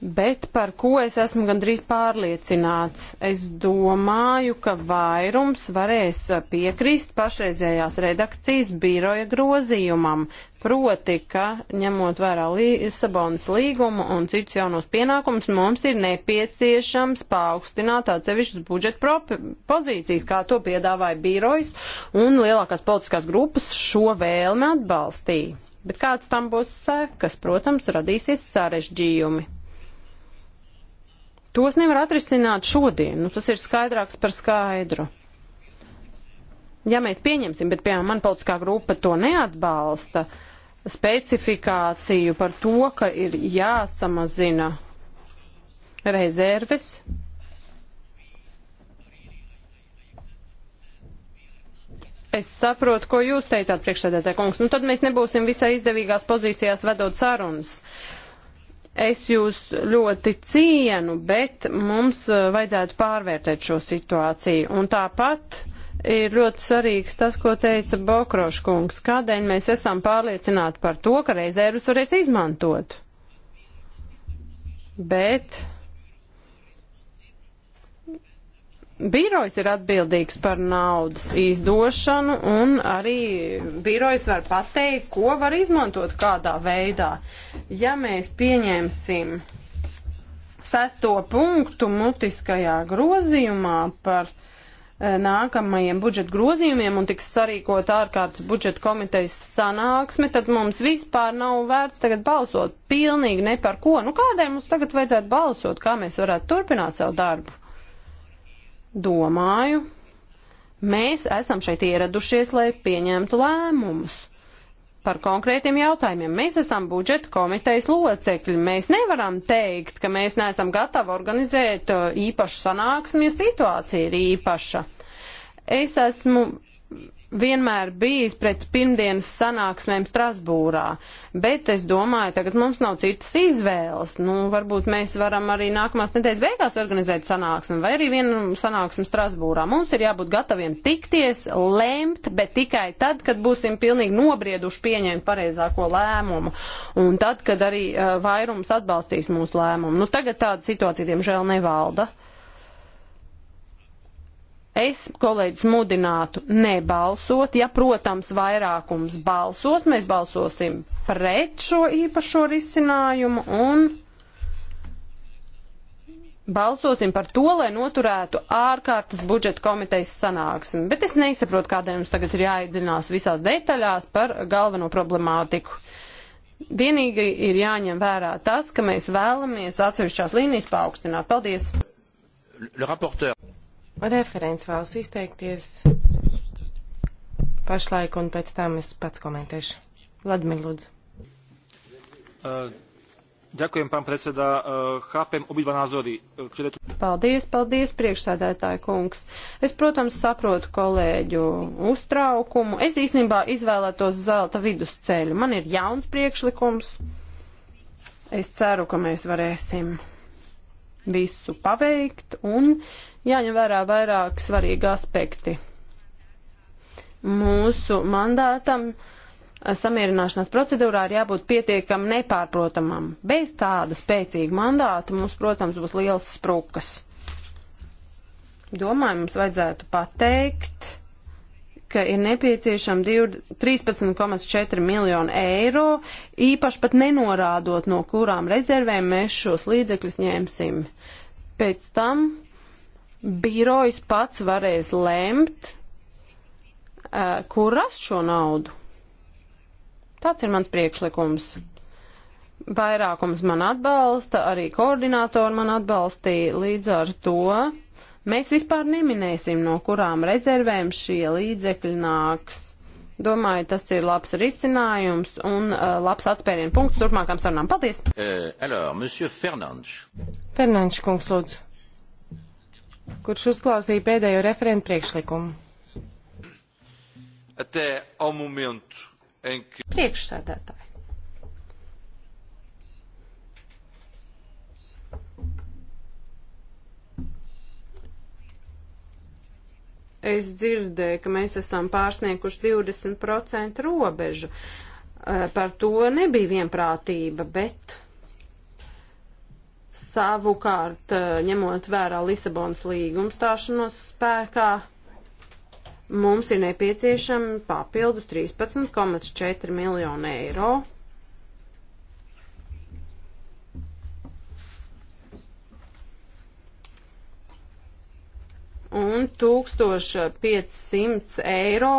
Bet par ko es esmu gandrīz pārliecināts? Es domāju, ka vairums varēs piekrist pašreizējās redakcijas biroja grozījumam. Proti, ka ņemot vērā Lisabonas līgumu un citus jaunos pienākumus, mums ir nepieciešams paaugstināt atsevišķas budžeta pozīcijas, kā to piedāvāja birojas, un lielākās politiskās grupas šo vēlmi atbalstīja. Bet kāds tam būs sekas, protams, radīsies sarežģījumi. Tos nevar atrisināt šodien, nu tas ir skaidrāks par skaidru ja mēs pieņemsim, bet piemēram man politiskā grupa to neatbalsta, specifikāciju par to, ka ir jāsamazina rezerves. Es saprotu, ko jūs teicāt priekšsēdētāj kungs. Nu tad mēs nebūsim visai izdevīgās pozīcijās vedot sarunas. Uh, Es jūs ļoti cienu, bet mums eh, vajadzētu pārvērtēt šo situāciju. Un tāpat ir ļoti svarīgs tas, ko teica Bokroškungs. Kādēļ mēs esam pārliecināti par to, ka reizērus varēs izmantot? Bet Birojs ir atbildīgs par naudas izdošanu un arī birojs var pateikt, ko var izmantot kādā veidā. Ja mēs pieņemsim sesto punktu mutiskajā grozījumā par eh, nākamajiem budžeta grozījumiem un tiks sarīkot ārkārtas budžeta komitejas sanāksme, tad mums vispār nav vērts tagad balsot pilnīgi ne par ko. Nu kādēļ mums tagad vajadzētu balsot, kā mēs varētu turpināt savu darbu? domāju, mēs esam šeit ieradušies, lai pieņemtu lēmumus par konkrētiem jautājumiem. Mēs esam budžeta komitejas locekļi. Mēs nevaram teikt, ka mēs neesam gatavi organizēt uh, īpašu sanāksmi, ja situācija ir īpaša. Es esmu vienmēr bijis pret pirmdienas sanāksmēm Strasbūrā, bet es domāju, tagad mums nav citas izvēles. Nu, varbūt mēs varam arī nākamās nedēļas beigās organizēt sanāksmi vai arī vienu sanāksmi Strasbūrā. Mums ir jābūt gataviem tikties, lemt, bet tikai tad, kad būsim pilnīgi nobrieduši pieņemt pareizāko lēmumu un tad, kad arī uh, vairums atbalstīs mūsu lēmumu. Nu, tagad tāda situācija, diemžēl, nevalda. Es kolēģis mudinātu nebalsot. Ja, protams, vairākums balsos, mēs balsosim pret šo īpašo risinājumu un balsosim par to, lai noturētu ārkārtas budžeta komitejas sanāksmi. Bet es nesaprotu, kādēļ mums tagad ir jāiedzinās visās detaļās par galveno problemātiku. Vienīgi ir jāņem vērā tas, ka mēs vēlamies atsevišķās līnijas paaugstināt. Paldies! Le, le rapporteur. Referents vēlas izteikties pašlaik, un pēc tam es pats komentēšu. Vladimir, lūdzu. Uh, ďakujem, pán predsedā. Uh, chápem obidva názory. Ktoré... Uh, paldies, paldies, priekšsēdētāja kungs. Es, protams, saprotu kolēģu uztraukumu. Es īstenībā izvēlētos zelta vidusceļu. Man ir jauns priekšlikums. Es ceru, ka mēs varēsim visu paveikt un jāņem vērā vairāk svarīgi aspekti. Mūsu mandātam samierināšanās procedūrā ir jābūt pietiekami nepārprotamam. Bez tāda spēcīga mandāta mums, protams, būs liels sprukas. Domāju, mums vajadzētu pateikt, ka ir nepieciešama 13,4 miljonu eiro, īpaši pat nenorādot, no kurām rezervēm mēs šos līdzekļus ņemsim. Pēc tam birojs pats varēs lemt, kur rast šo naudu. Tāds ir mans priekšlikums. Vairākums man atbalsta, arī koordinātori man atbalstīja līdz ar to Mēs vispār neminēsim, no kurām rezervēm šie līdzekļi nāks. Domāju, tas ir labs risinājums un uh, labs atspērienu punkts turpmākām sarunām. Paldies! Uh, alors, Fernandes. Fernandes kungs, lūdzu. Kurš uzklausīja pēdējo referentu priekšlikumu? Até ao momento em que... Priekšsēdētāji. es dzirdēju, ka mēs esam pārsnieguši 20% robežu. Par to nebija vienprātība, bet savukārt, ņemot vērā Lisabonas līguma stāšanos spēkā, mums ir nepieciešami papildus 13,4 miljonu eiro un 1500 eiro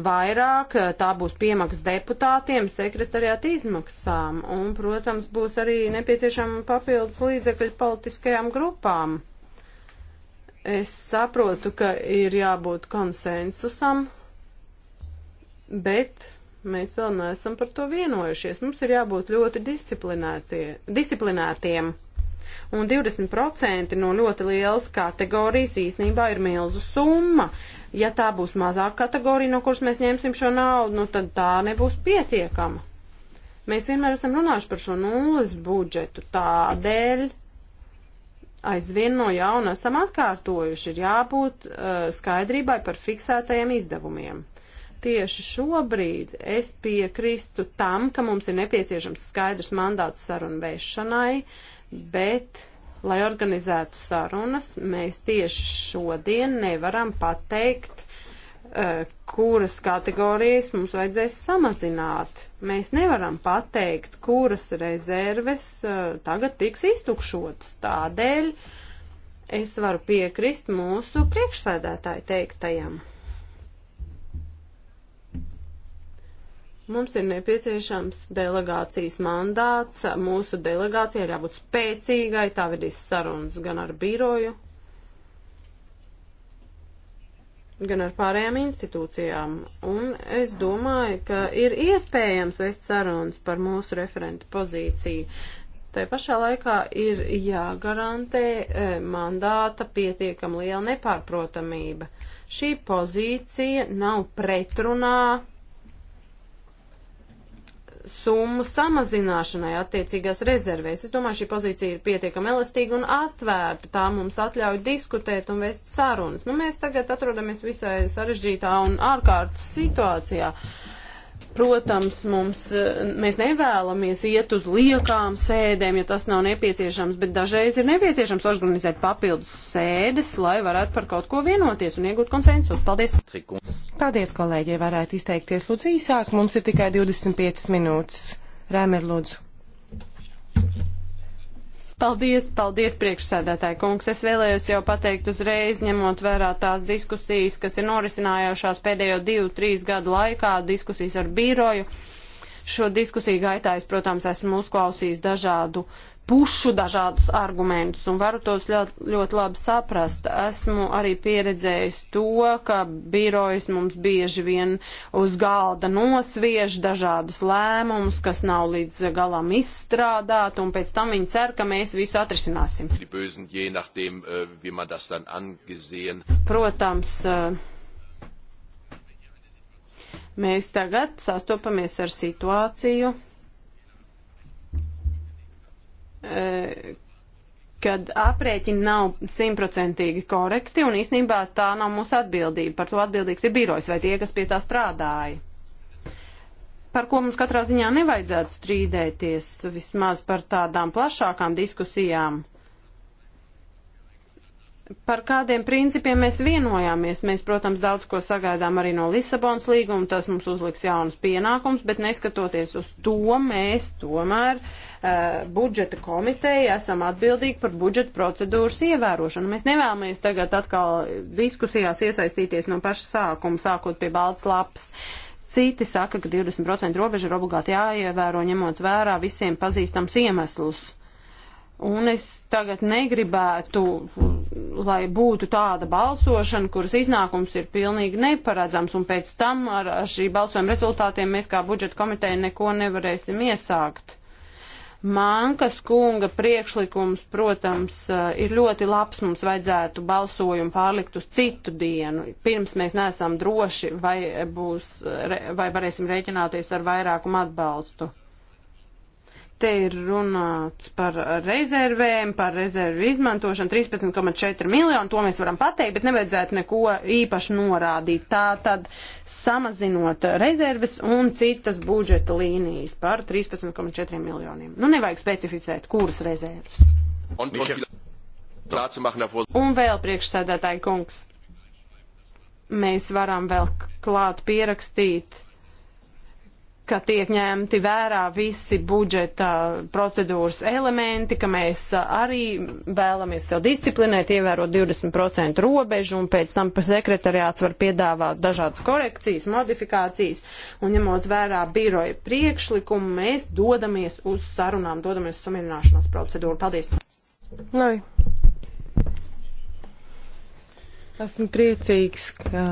vairāk eh, tā būs piemaks deputātiem sekretariāt izmaksām. Un, protams, būs arī nepieciešama papildus līdzekļi politiskajām grupām. Es saprotu, ka ir jābūt konsensusam, bet mēs vēl neesam par to vienojušies. Mums ir jābūt ļoti disciplinētiem Un 20% no ļoti lielas kategorijas īsnībā ir milzu summa. Ja tā būs mazāka kategorija, no kuras mēs ņemsim šo naudu, nu tad tā nebūs pietiekama. Mēs vienmēr esam runājuši par šo nulles budžetu tādēļ, aizvien no jauna esam atkārtojuši, ir jābūt uh, skaidrībai par fiksētajiem izdevumiem. Tieši šobrīd es piekrīstu tam, ka mums ir nepieciešams skaidrs mandāts sarunu vēšanai, bet lai organizētu sarunas, mēs tieši šodien nevaram pateikt, eh, kuras kategorijas mums vajadzēs samazināt. Mēs nevaram pateikt, kuras rezerves eh, tagad tiks iztukšotas. Tādēļ es varu piekrist mūsu priekšsēdētāju teiktajam. Mums ir nepieciešams delegācijas mandāts. Mūsu delegācija ir jābūt spēcīgai, tā vedīs sarunas gan ar biroju, gan ar pārējām institūcijām. Un es domāju, ka ir iespējams vest sarunas par mūsu referentu pozīciju. Tā pašā laikā ir jāgarantē eh, mandāta pietiekam liela nepārprotamība. Šī pozīcija nav pretrunā summu samazināšanai attiecīgās rezervēs. Es domāju, šī pozīcija ir pietiekami elastīga un atvērta. Tā mums atļauj diskutēt un vēst sarunas. Nu, mēs tagad atrodamies visai sarežģītā un ārkārtas situācijā. Uh, Protams, mums, eh, mēs nevēlamies iet uz liekām sēdēm, ja tas nav nepieciešams, bet dažreiz ir nepieciešams organizēt papildus sēdes, lai varētu par kaut ko vienoties un iegūt konsensus. Paldies! Paldies, kolēģi, varētu izteikties lūdzu īsāk, mums ir tikai 25 minūtes. Rēmer, lūdzu. Paldies, paldies priekšsēdētāji kungs. Es vēlējos jau pateikt uzreiz, ņemot vērā tās diskusijas, kas ir norisinājušās pēdējo divu, trīs gadu laikā, diskusijas ar biroju. Uh, Šo diskusiju gaitā es, protams, esmu uzklausījis dažādu pušu dažādus argumentus un varu tos ļoti, ļoti labi saprast. Esmu arī pieredzējis to, ka birojas mums bieži vien uz galda nosviež dažādus lēmumus, kas nav līdz galam izstrādāti, un pēc tam viņi cer, ka mēs visu atrisināsim. Bösen, nachdem, äh, Protams, äh, Mēs tagad sastopamies ar situāciju, e, kad aprēķini nav simtprocentīgi korekti, un īsnībā tā nav mūsu atbildība. Par to atbildīgs ir birojs vai tie, kas pie tā strādāja. Par ko mums katrā ziņā nevajadzētu strīdēties, vismaz par tādām plašākām diskusijām par kādiem principiem mēs vienojāmies. Mēs, protams, daudz ko sagaidām arī no Lisabonas līguma, tas mums uzliks jaunus pienākums, bet neskatoties uz to, mēs tomēr uh, budžeta komiteja esam atbildīgi par budžeta procedūras ievērošanu. Mēs nevēlamies tagad atkal diskusijās iesaistīties no paša sākuma, sākot pie balts lapas. Citi saka, ka 20% robeža ir obligāti jāievēro, ņemot vērā visiem pazīstams iemeslus. Uh, Un es tagad negribētu, lai būtu tāda balsošana, kuras iznākums ir pilnīgi neparedzams, un pēc tam ar šī balsojuma rezultātiem mēs kā budžeta komiteja neko nevarēsim iesākt. Mankas kunga priekšlikums, protams, ir ļoti labs. Mums vajadzētu balsojumu pārlikt uz citu dienu. Pirms mēs neesam droši, vai, būs, vai varēsim rēķināties ar vairākumu atbalstu. Te ir runāts par rezervēm, par rezervu izmantošanu 13,4 miljonu, to mēs varam pateikt, bet nevajadzētu neko īpaši norādīt. Tā tad samazinot rezerves un citas budžeta līnijas par 13,4 miljoniem. Nu, nevajag specificēt, kuras rezerves. Un vēl priekšsēdētāji kungs. Mēs varam vēl klāt pierakstīt ka tiek ņemti vērā visi budžeta procedūras elementi, ka mēs arī vēlamies sev disciplinēt, ievērot 20% robežu un pēc tam sekretariāts var piedāvāt dažādas korekcijas, modifikācijas un ņemot vērā biroja priekšlikumu, mēs dodamies uz sarunām, dodamies uz samierināšanās procedūru. Paldies! Lai. Esmu priecīgs, ka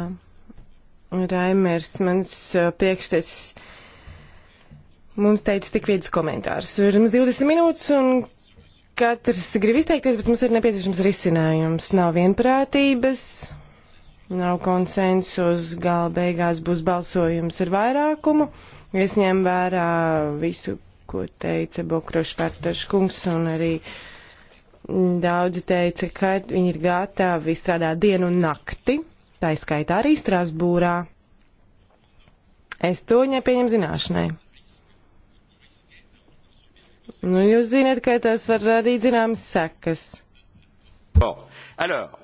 Raimers, mans priekšteicis, mums teica tik viedus komentārus. Ir mums 20 minūtes un katrs grib izteikties, bet mums ir nepieciešams risinājums. Nav vienprātības, nav konsensus, gala beigās būs balsojums ar vairākumu. Es ņemu vērā visu, ko teica Bokrošs Pērtaškungs un arī daudzi teica, ka viņi ir gatavi strādāt dienu un nakti, tā izskaitā arī Strasbūrā. Es to nepieņem zināšanai. Nu, jūs zināt, ka tas var radīt zināmas sekas. Bon. Alors,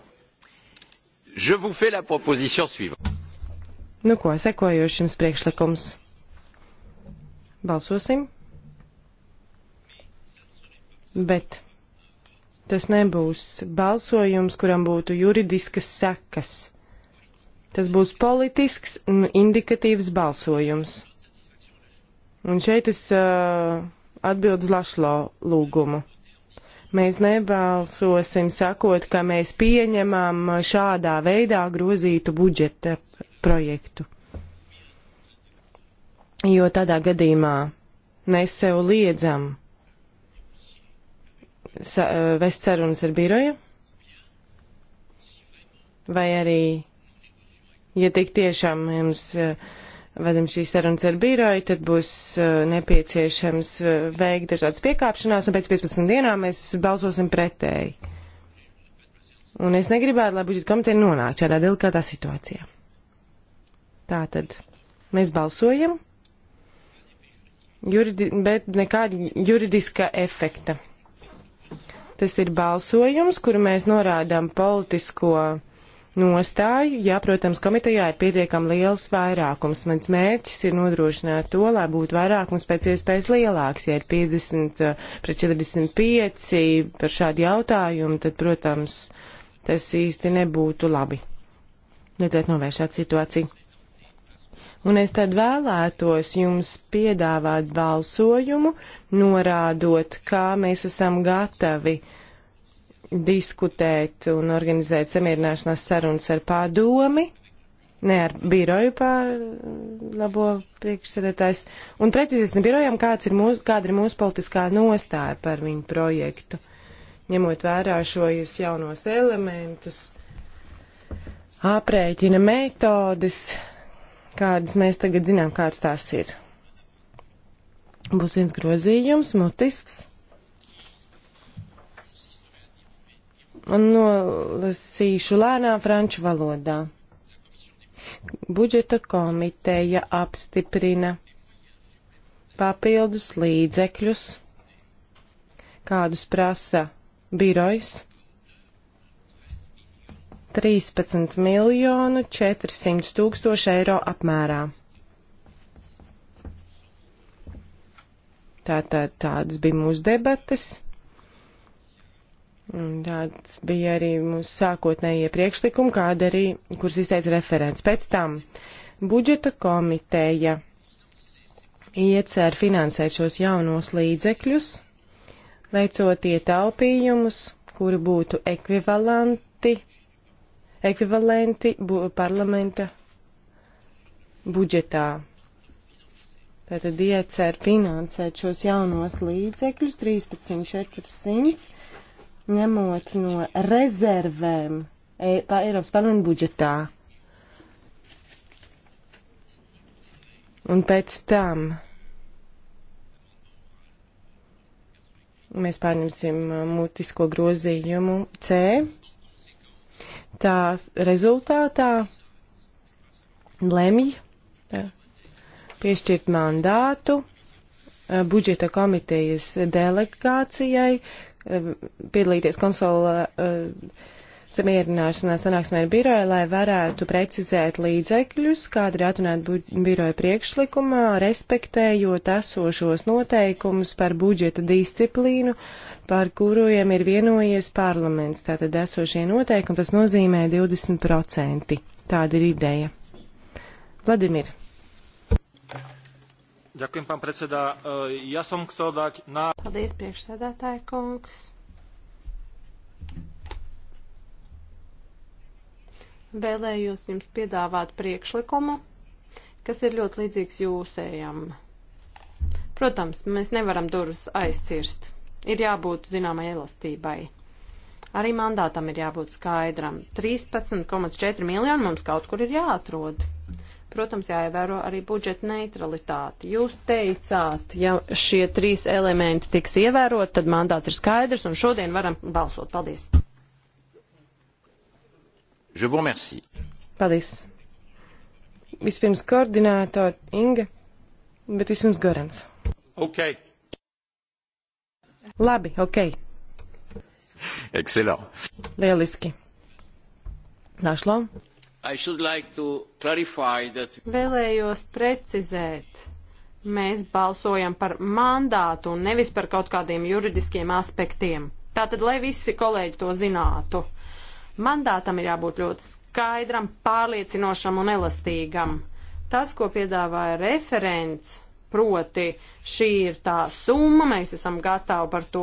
je vous fais la proposition suivante. Nu ko, sekojoši jums priekšlikums. Balsosim. Bet tas nebūs balsojums, kuram būtu juridiskas sekas. Tas būs politisks un indikatīvs balsojums. Un šeit es uh, atbildes Lašlo lūgumu. Mēs nebalsosim sakot, ka mēs pieņemam šādā veidā grozītu budžeta projektu. Jo tādā gadījumā mēs sev liedzam sa, eh, vest sarunas ar biroju, vai arī, ja tik tiešām mums uh, eh, vedam šīs sarunas ar biroju, tad būs uh, nepieciešams uh, veikt dažādas piekāpšanās, un pēc 15 dienām mēs balsosim pretēji. Un es negribētu, lai budžeta komiteja nonāk šādā delikātā situācijā. Tā tad mēs balsojam, juridi, bet nekāda juridiska efekta. Tas ir balsojums, kuru mēs norādām politisko nostāju, ja, protams, komitejā ir pietiekami liels vairākums. Mans mērķis ir nodrošināt to, lai būtu vairākums pēc iespējas lielāks. Ja ir 50 eh, pret 45 par šādu jautājumu, tad, protams, tas īsti nebūtu labi. Vajadzētu novērst šādu situāciju. Un es tad vēlētos jums piedāvāt balsojumu, norādot, kā mēs esam gatavi uh, diskutēt un organizēt samierināšanās sarunas ar pārdomi, ne ar biroju pārlabo priekšsēdētājs, un precīzēsim birojam, kāds ir mūsu, kāda ir mūsu politiskā nostāja par viņu projektu, ņemot vērā šos jaunos elementus, aprēķina metodes, kādas mēs tagad zinām, kādas tās ir. Būs viens grozījums, mutisks nolasīšu lēnā franču valodā. Budžeta komiteja apstiprina papildus līdzekļus, kādus prasa birojs. 13 miljonu 400 tūkstoši eiro apmērā. Tātad tā, tādas bija mūsu debates. Un tāds bija arī mūsu sākotnējie priekšlikumi, kāda arī, kurus izteica referents. Pēc tam budžeta komiteja iecer finansēt šos jaunos līdzekļus, veicot ietaupījumus, kuri būtu ekvivalenti, ekvivalenti bu parlamenta budžetā. Tātad iecer finansēt šos jaunos līdzekļus 13 400 ņemot no rezervēm e pa Eiropas parlamenta budžetā. Un pēc tam mēs pārņemsim uh, mutisko grozījumu C. Tās rezultātā lemj uh, piešķirt mandātu uh, budžeta komitejas delegācijai Um, piedalīties konsola uh, samierināšanā sanāksmē ar biroju, lai varētu precizēt līdzekļus, kāda ir atrunāta biroja priekšlikumā, respektējot esošos noteikumus par budžeta disciplīnu, par kuriem ir vienojies parlaments. Tātad esošie noteikumi, tas nozīmē 20%. Tāda ir ideja. Vladimir. Ďakujem, pán predsedá. E, ja som chcel dať na... Paldies, priekšsēdētāji kungs. Vēlējos jums piedāvāt priekšlikumu, kas ir ļoti līdzīgs jūsējam. Protams, mēs nevaram durvis aizcirst. Ir jābūt zināmai elastībai. Arī mandātam ir jābūt skaidram. 13,4 miljoni mums kaut kur ir jāatrod protams, jāievēro arī budžeta neutralitāte. Jūs teicāt, ja šie trīs elementi tiks ievērot, tad mandāts ir skaidrs un šodien varam balsot. Paldies! Je vous remercie. Paldies. Vispirms koordinātori Inga, bet vispirms Gorans. Ok. Labi, ok. Excellent. Lieliski. Našlo? like that... Vēlējos precizēt. Mēs balsojam par mandātu un nevis par kaut kādiem juridiskiem aspektiem. Tātad, lai visi kolēģi to zinātu, mandātam ir jābūt ļoti skaidram, pārliecinošam un elastīgam. Tas, ko piedāvāja referents, proti šī ir tā summa, mēs esam gatavi par to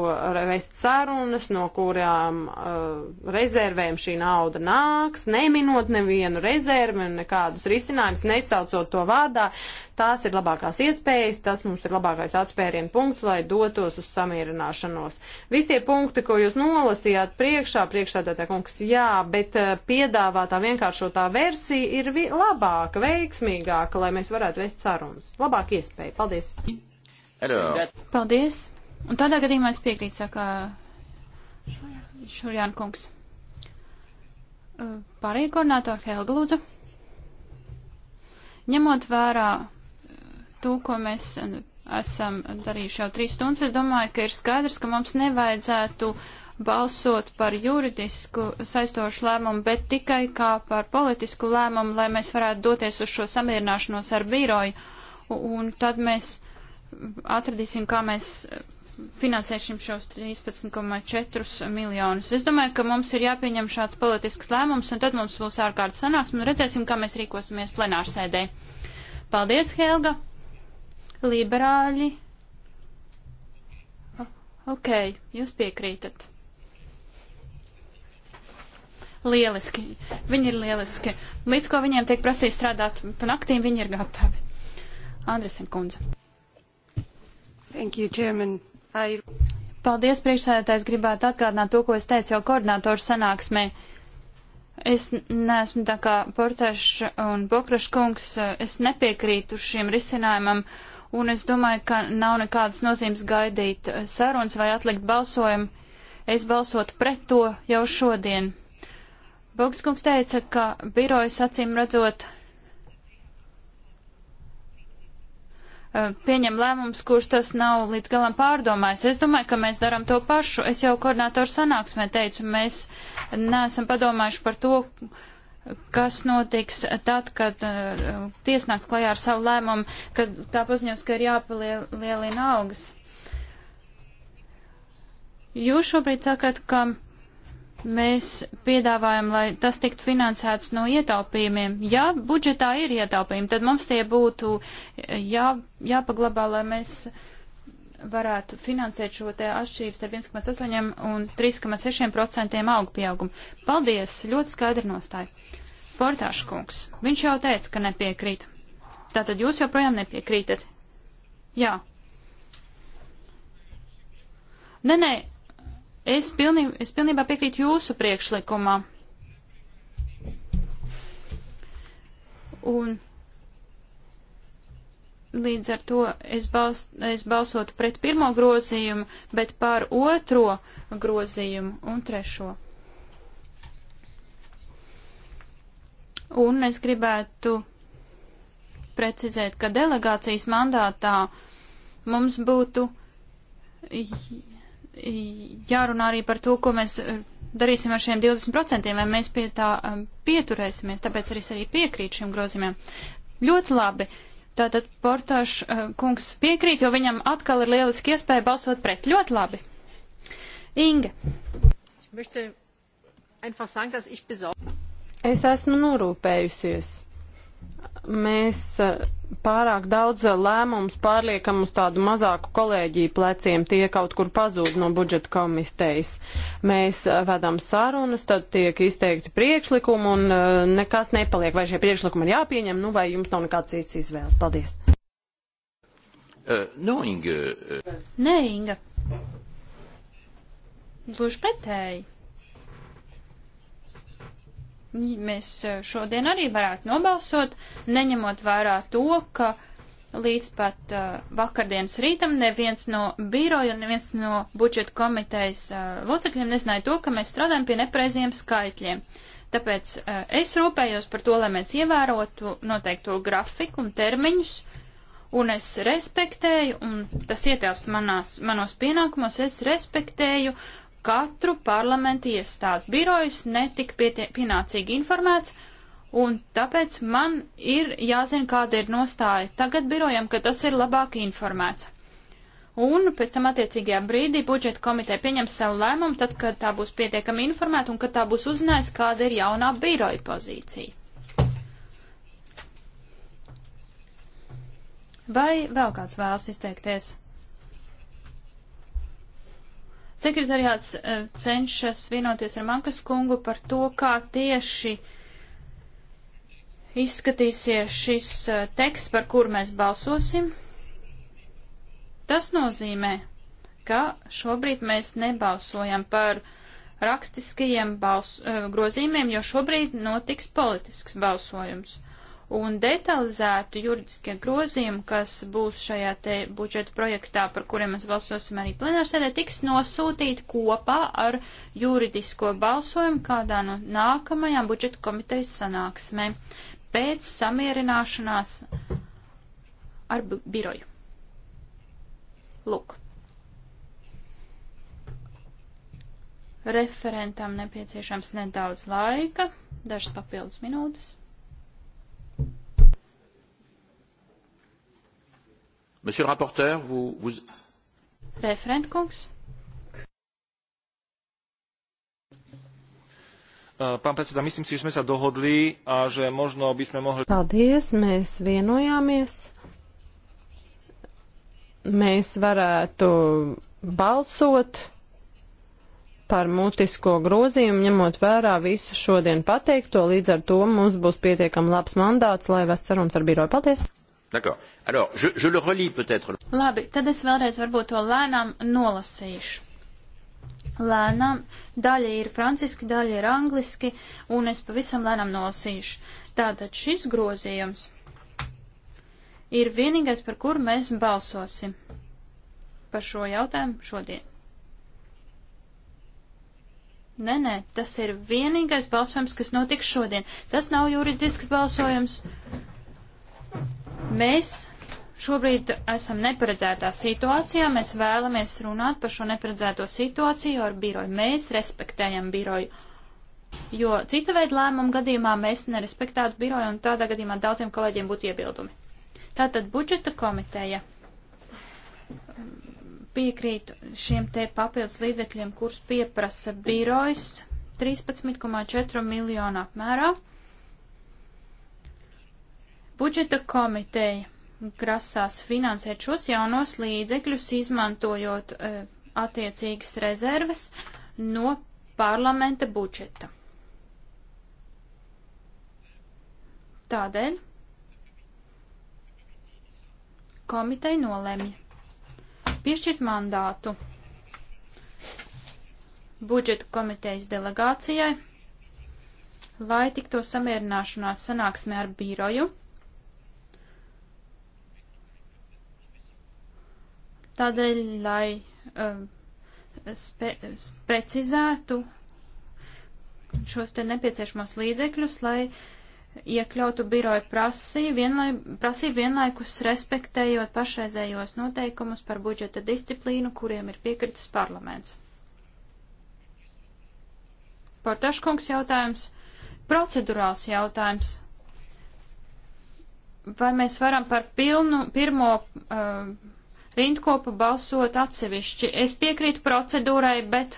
vest sarunas, no kurām uh, rezervēm šī nauda nāks, neminot nevienu rezervi un nekādus risinājumus, nesaucot to vārdā. Tās ir labākās iespējas, tas mums ir labākais atspērienu punkts, lai dotos uz samierināšanos. Visi tie punkti, ko jūs nolasījāt priekšā, priekšā tā kungs, jā, bet uh, piedāvātā vienkāršotā versija ir labāka, veiksmīgāka, lai mēs varētu vest sarunas. Labāk iespēja. Paldies! Hello. Paldies! Un tādā gadījumā es piekrītu, saka Šurjāna kungs. Uh, pārējie koordinātori Helga lūdzu. Ņemot vērā uh, to, ko mēs uh, esam darījuši jau trīs stundas, es domāju, ka ir skaidrs, ka mums nevajadzētu balsot par juridisku saistošu lēmumu, bet tikai kā par politisku lēmumu, lai mēs varētu doties uz šo samierināšanos ar bīroju un tad mēs atradīsim, kā mēs finansēsim šos 13,4 miljonus. Es domāju, ka mums ir jāpieņem šāds politisks lēmums, un tad mums būs ārkārtas sanāksme, un redzēsim, kā mēs rīkosimies plenārsēdē. Paldies, Helga! Liberāļi! Ok, jūs piekrītat. Lieliski. Viņi ir lieliski. Līdz ko viņiem tiek prasīts strādāt pa naktīm, viņi ir gatavi. Andresen kundze. Thank you, Chairman. I... Paldies, priekšsēdētājs. Gribētu atgādināt to, ko es teicu jau koordinātoru sanāksmē. Es neesmu tā kā Portašs un Bokrašs kungs, es nepiekrītu šiem risinājumam, un es domāju, ka nav nekādas nozīmes gaidīt sarunas vai atlikt balsojumu. Es balsotu pret to jau šodien. Bogskungs teica, ka birojas acīm redzot Eh, pieņem lēmums, kurš tas nav līdz galam pārdomājis. Es domāju, ka mēs darām to pašu. Es jau koordinātoru sanāksmē teicu, mēs neesam padomājuši par to, kas notiks tad, kad uh, tiesnāks klajā ar savu lēmumu, kad tā paziņos, ka ir jāpalielina algas. Jūs šobrīd sakat, ka Mēs piedāvājam, lai tas tiktu finansēts no ietaupījumiem. Ja budžetā ir ietaupījumi, tad mums tie būtu eh, jā, jāpaglabā, lai mēs varētu finansēt šo te atšķirības starp 1,8 un 3,6% augu pieaugumu. Paldies, ļoti skaidri nostāja. Portāšu kungs, viņš jau teica, ka nepiekrīt. Tātad jūs joprojām nepiekrītat. Jā. Nē, nē, Es, pilnība, es pilnībā piekrītu jūsu priekšlikumā. Un līdz ar to es, bals, es balsotu pret pirmo grozījumu, bet pār otro grozījumu un trešo. Un es gribētu precizēt, ka delegācijas mandātā mums būtu jārunā arī par to, ko mēs eh, darīsim ar šiem 20%, vai mēs pie tā eh, pieturēsimies, tāpēc arī es arī piekrītu šiem grozījumiem. Ļoti labi. Tātad portāšu eh, kungs piekrīt, jo viņam atkal ir lieliski iespēja balsot pret. Ļoti labi. Inga. Es esmu norūpējusies mēs eh, pārāk daudz lēmumus pārliekam uz tādu mazāku kolēģiju pleciem, tie kaut kur pazūd no budžeta komistejas. Mēs eh, vedam sarunas, tad tiek izteikti priekšlikumi un eh, nekas nepaliek. Vai šie priekšlikumi ir jāpieņem, nu vai jums nav nekāds cits izvēles? Paldies. Uh, no Inga. Nē, Inga. Gluži pretēji mēs e, šodien arī varētu nobalsot, neņemot vērā to, ka līdz pat uh, vakardienas rītam neviens no biroja un neviens no budžeta komitejas uh, locekļiem nezināja to, ka mēs strādājam pie nepareiziem skaitļiem. Tāpēc uh, es rūpējos par to, lai mēs ievērotu noteikto grafiku un termiņus, un es respektēju, un tas ietilpst manos pienākumos, es respektēju uh, katru parlamentu iestādu birojas netika pienācīgi informēts, un tāpēc man ir jāzina, kāda ir nostāja tagad birojam, ka tas ir labāk informēts. Un pēc tam attiecīgajā brīdī budžeta komiteja pieņems savu lēmumu, tad, kad tā būs pietiekami informēta un kad tā būs uzzinājusi, kāda ir jaunā biroja pozīcija. Vai vēl kāds vēlas izteikties? Sekretariāts eh, cenšas vienoties ar Mankas kungu par to, kā tieši izskatīsies šis eh, teksts, par kur mēs balsosim. Tas nozīmē, ka šobrīd mēs nebalsojam par rakstiskajiem bals, eh, grozījumiem, jo šobrīd notiks politisks balsojums un detalizētu juridiskie grozījumi, kas būs šajā te budžeta projektā, par kuriem mēs balsosim arī plenārsēdē, tiks nosūtīti kopā ar juridisko balsojumu kādā no nākamajām budžeta komitejas sanāksmē pēc samierināšanās ar biroju. Lūk. Referentam nepieciešams nedaudz laika, dažas papildus minūtes. Monsieur le rapporteur, vous... vous... Referent kungs. Eh, pán predseda, myslím si, že sme sa dohodli a že možno by sme mohli... Paldies, mēs vienojāmies. Mēs varētu balsot par mutisko grozījumu, ņemot vērā visu šodien pateikto. Līdz ar to mums būs pietiekami labs mandāts, lai vest sarunas ar biroju. Paldies! D'accord. Alors, je, je le relis peut-être. Labi, tad es vēlreiz varbūt to lēnām nolasīšu. Lēnām, daļa ir franciski, daļa ir angliski, un es pavisam lēnām nolasīšu. Tātad šis grozījums ir vienīgais, par kuru mēs balsosim par šo jautājumu šodien. Nē, nē, tas ir vienīgais balsojums, kas notiks šodien. Tas nav juridisks balsojums. Mēs šobrīd esam neparedzētā situācijā, mēs vēlamies runāt par šo neparedzēto situāciju ar biroju. Mēs respektējam biroju, jo cita veida lēmumu gadījumā mēs nerespektētu biroju un tādā gadījumā daudziem kolēģiem būtu iebildumi. Tātad budžeta komiteja piekrīt šiem te papildus līdzekļiem, kurus pieprasa birojs 13,4 miljonu apmērā. Budžeta komiteja grasās finansēt šos jaunos līdzekļus, izmantojot e, attiecīgas rezerves no parlamenta budžeta. Tādēļ komiteja nolēma piešķirt mandātu budžeta komitejas delegācijai, lai tikto samierināšanās sanāksmē ar biroju Tādēļ, lai um, spe, precizētu šos te nepieciešamos līdzekļus, lai iekļautu biroja prasību, vienlai, prasību vienlaikus respektējot pašreizējos noteikumus par budžeta disciplīnu, kuriem ir piekritis parlaments. Portaškungs jautājums, procedurāls jautājums. Vai mēs varam par pilnu, pirmo uh, rindkopu balsot atsevišķi. Es piekrītu procedūrai, bet.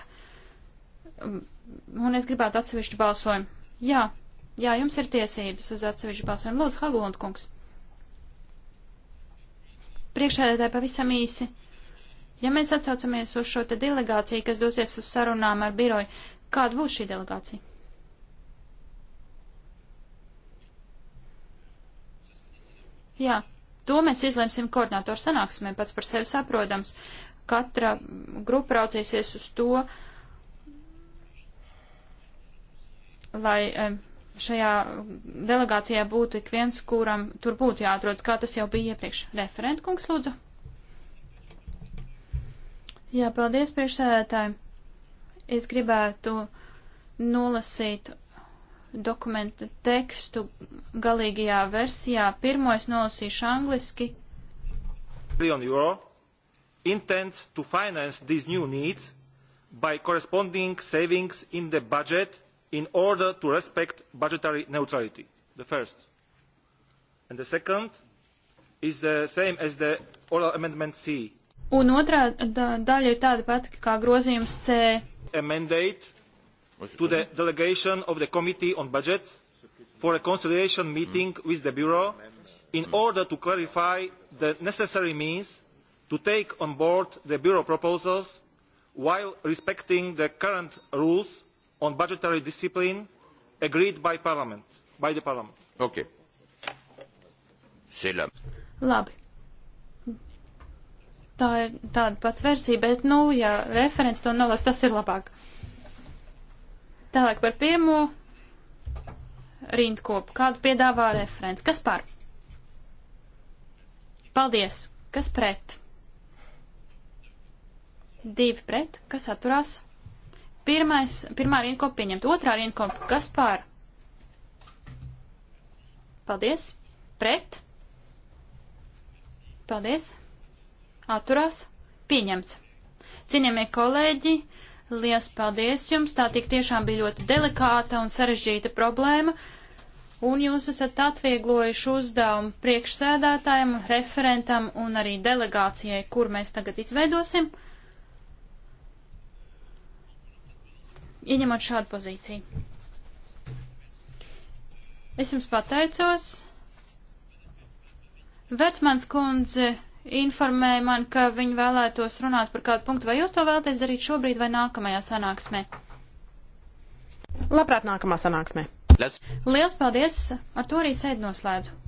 Um, un es gribētu atsevišķu balsojumu. Jā, jā, jums ir tiesības uz atsevišķu balsojumu. Lūdzu, Haglund kungs. Priekšēdētāji pavisam īsi. Ja mēs atsaucamies uz šo te delegāciju, kas dosies uz sarunām ar biroju, kāda būs šī delegācija? Jā, To mēs izlemsim koordinātoru sanāksmē, pats par sevi saprotams. Katra grupa raucīsies uz to, lai šajā delegācijā būtu ik viens, kuram tur būtu jāatrodas, kā tas jau bija iepriekš. Referentkungs, lūdzu. Jā, paldies priekšsēdētāji. Es gribētu nolasīt dokumenta tekstu galīgajā versijā. Pirmo es nolasīšu angliski. Euro intends to finance these new needs by corresponding savings in the budget in order to respect budgetary neutrality. The first. And the second is the same as the oral amendment C. Un otrā da daļa ir tāda pati kā grozījums C. A mandate to the delegation of the Committee on Budgets for a conciliation meeting mm. with the Bureau in hmm. order to clarify the necessary means to take on board the Bureau proposals while respecting the current rules on budgetary discipline agreed by Parliament. By the Parliament. Okay. C'est là. Labi. Tā ir tāda pat versija, bet, nu, ja referents to nolas, tas ir labāk. Uh, Tālāk par pirmo rindkopu. Kādu piedāvā referents? Kas par? Paldies. Kas pret? Divi pret. Kas atturās? Pirmais, pirmā rindkopa pieņemt. Otrā rindkopa. Kas par? Paldies. Pret. Paldies. Atturās. Pieņemts. Cienījamie kolēģi, Lielas paldies jums! Tā tik tiešām bija ļoti delikāta un sarežģīta problēma. Un jūs esat atvieglojuši uzdevumu priekšsēdētājiem, referentam un arī delegācijai, kur mēs tagad izveidosim. Ieņemot šādu pozīciju. Es jums pateicos. Vertmans kundze informēja man, ka viņi vēlētos runāt par kādu punktu. Vai jūs to vēlaties darīt šobrīd vai nākamajā sanāksmē? Labprāt, nākamā sanāksmē. Liels paldies! Ar to arī sēdi noslēdzu.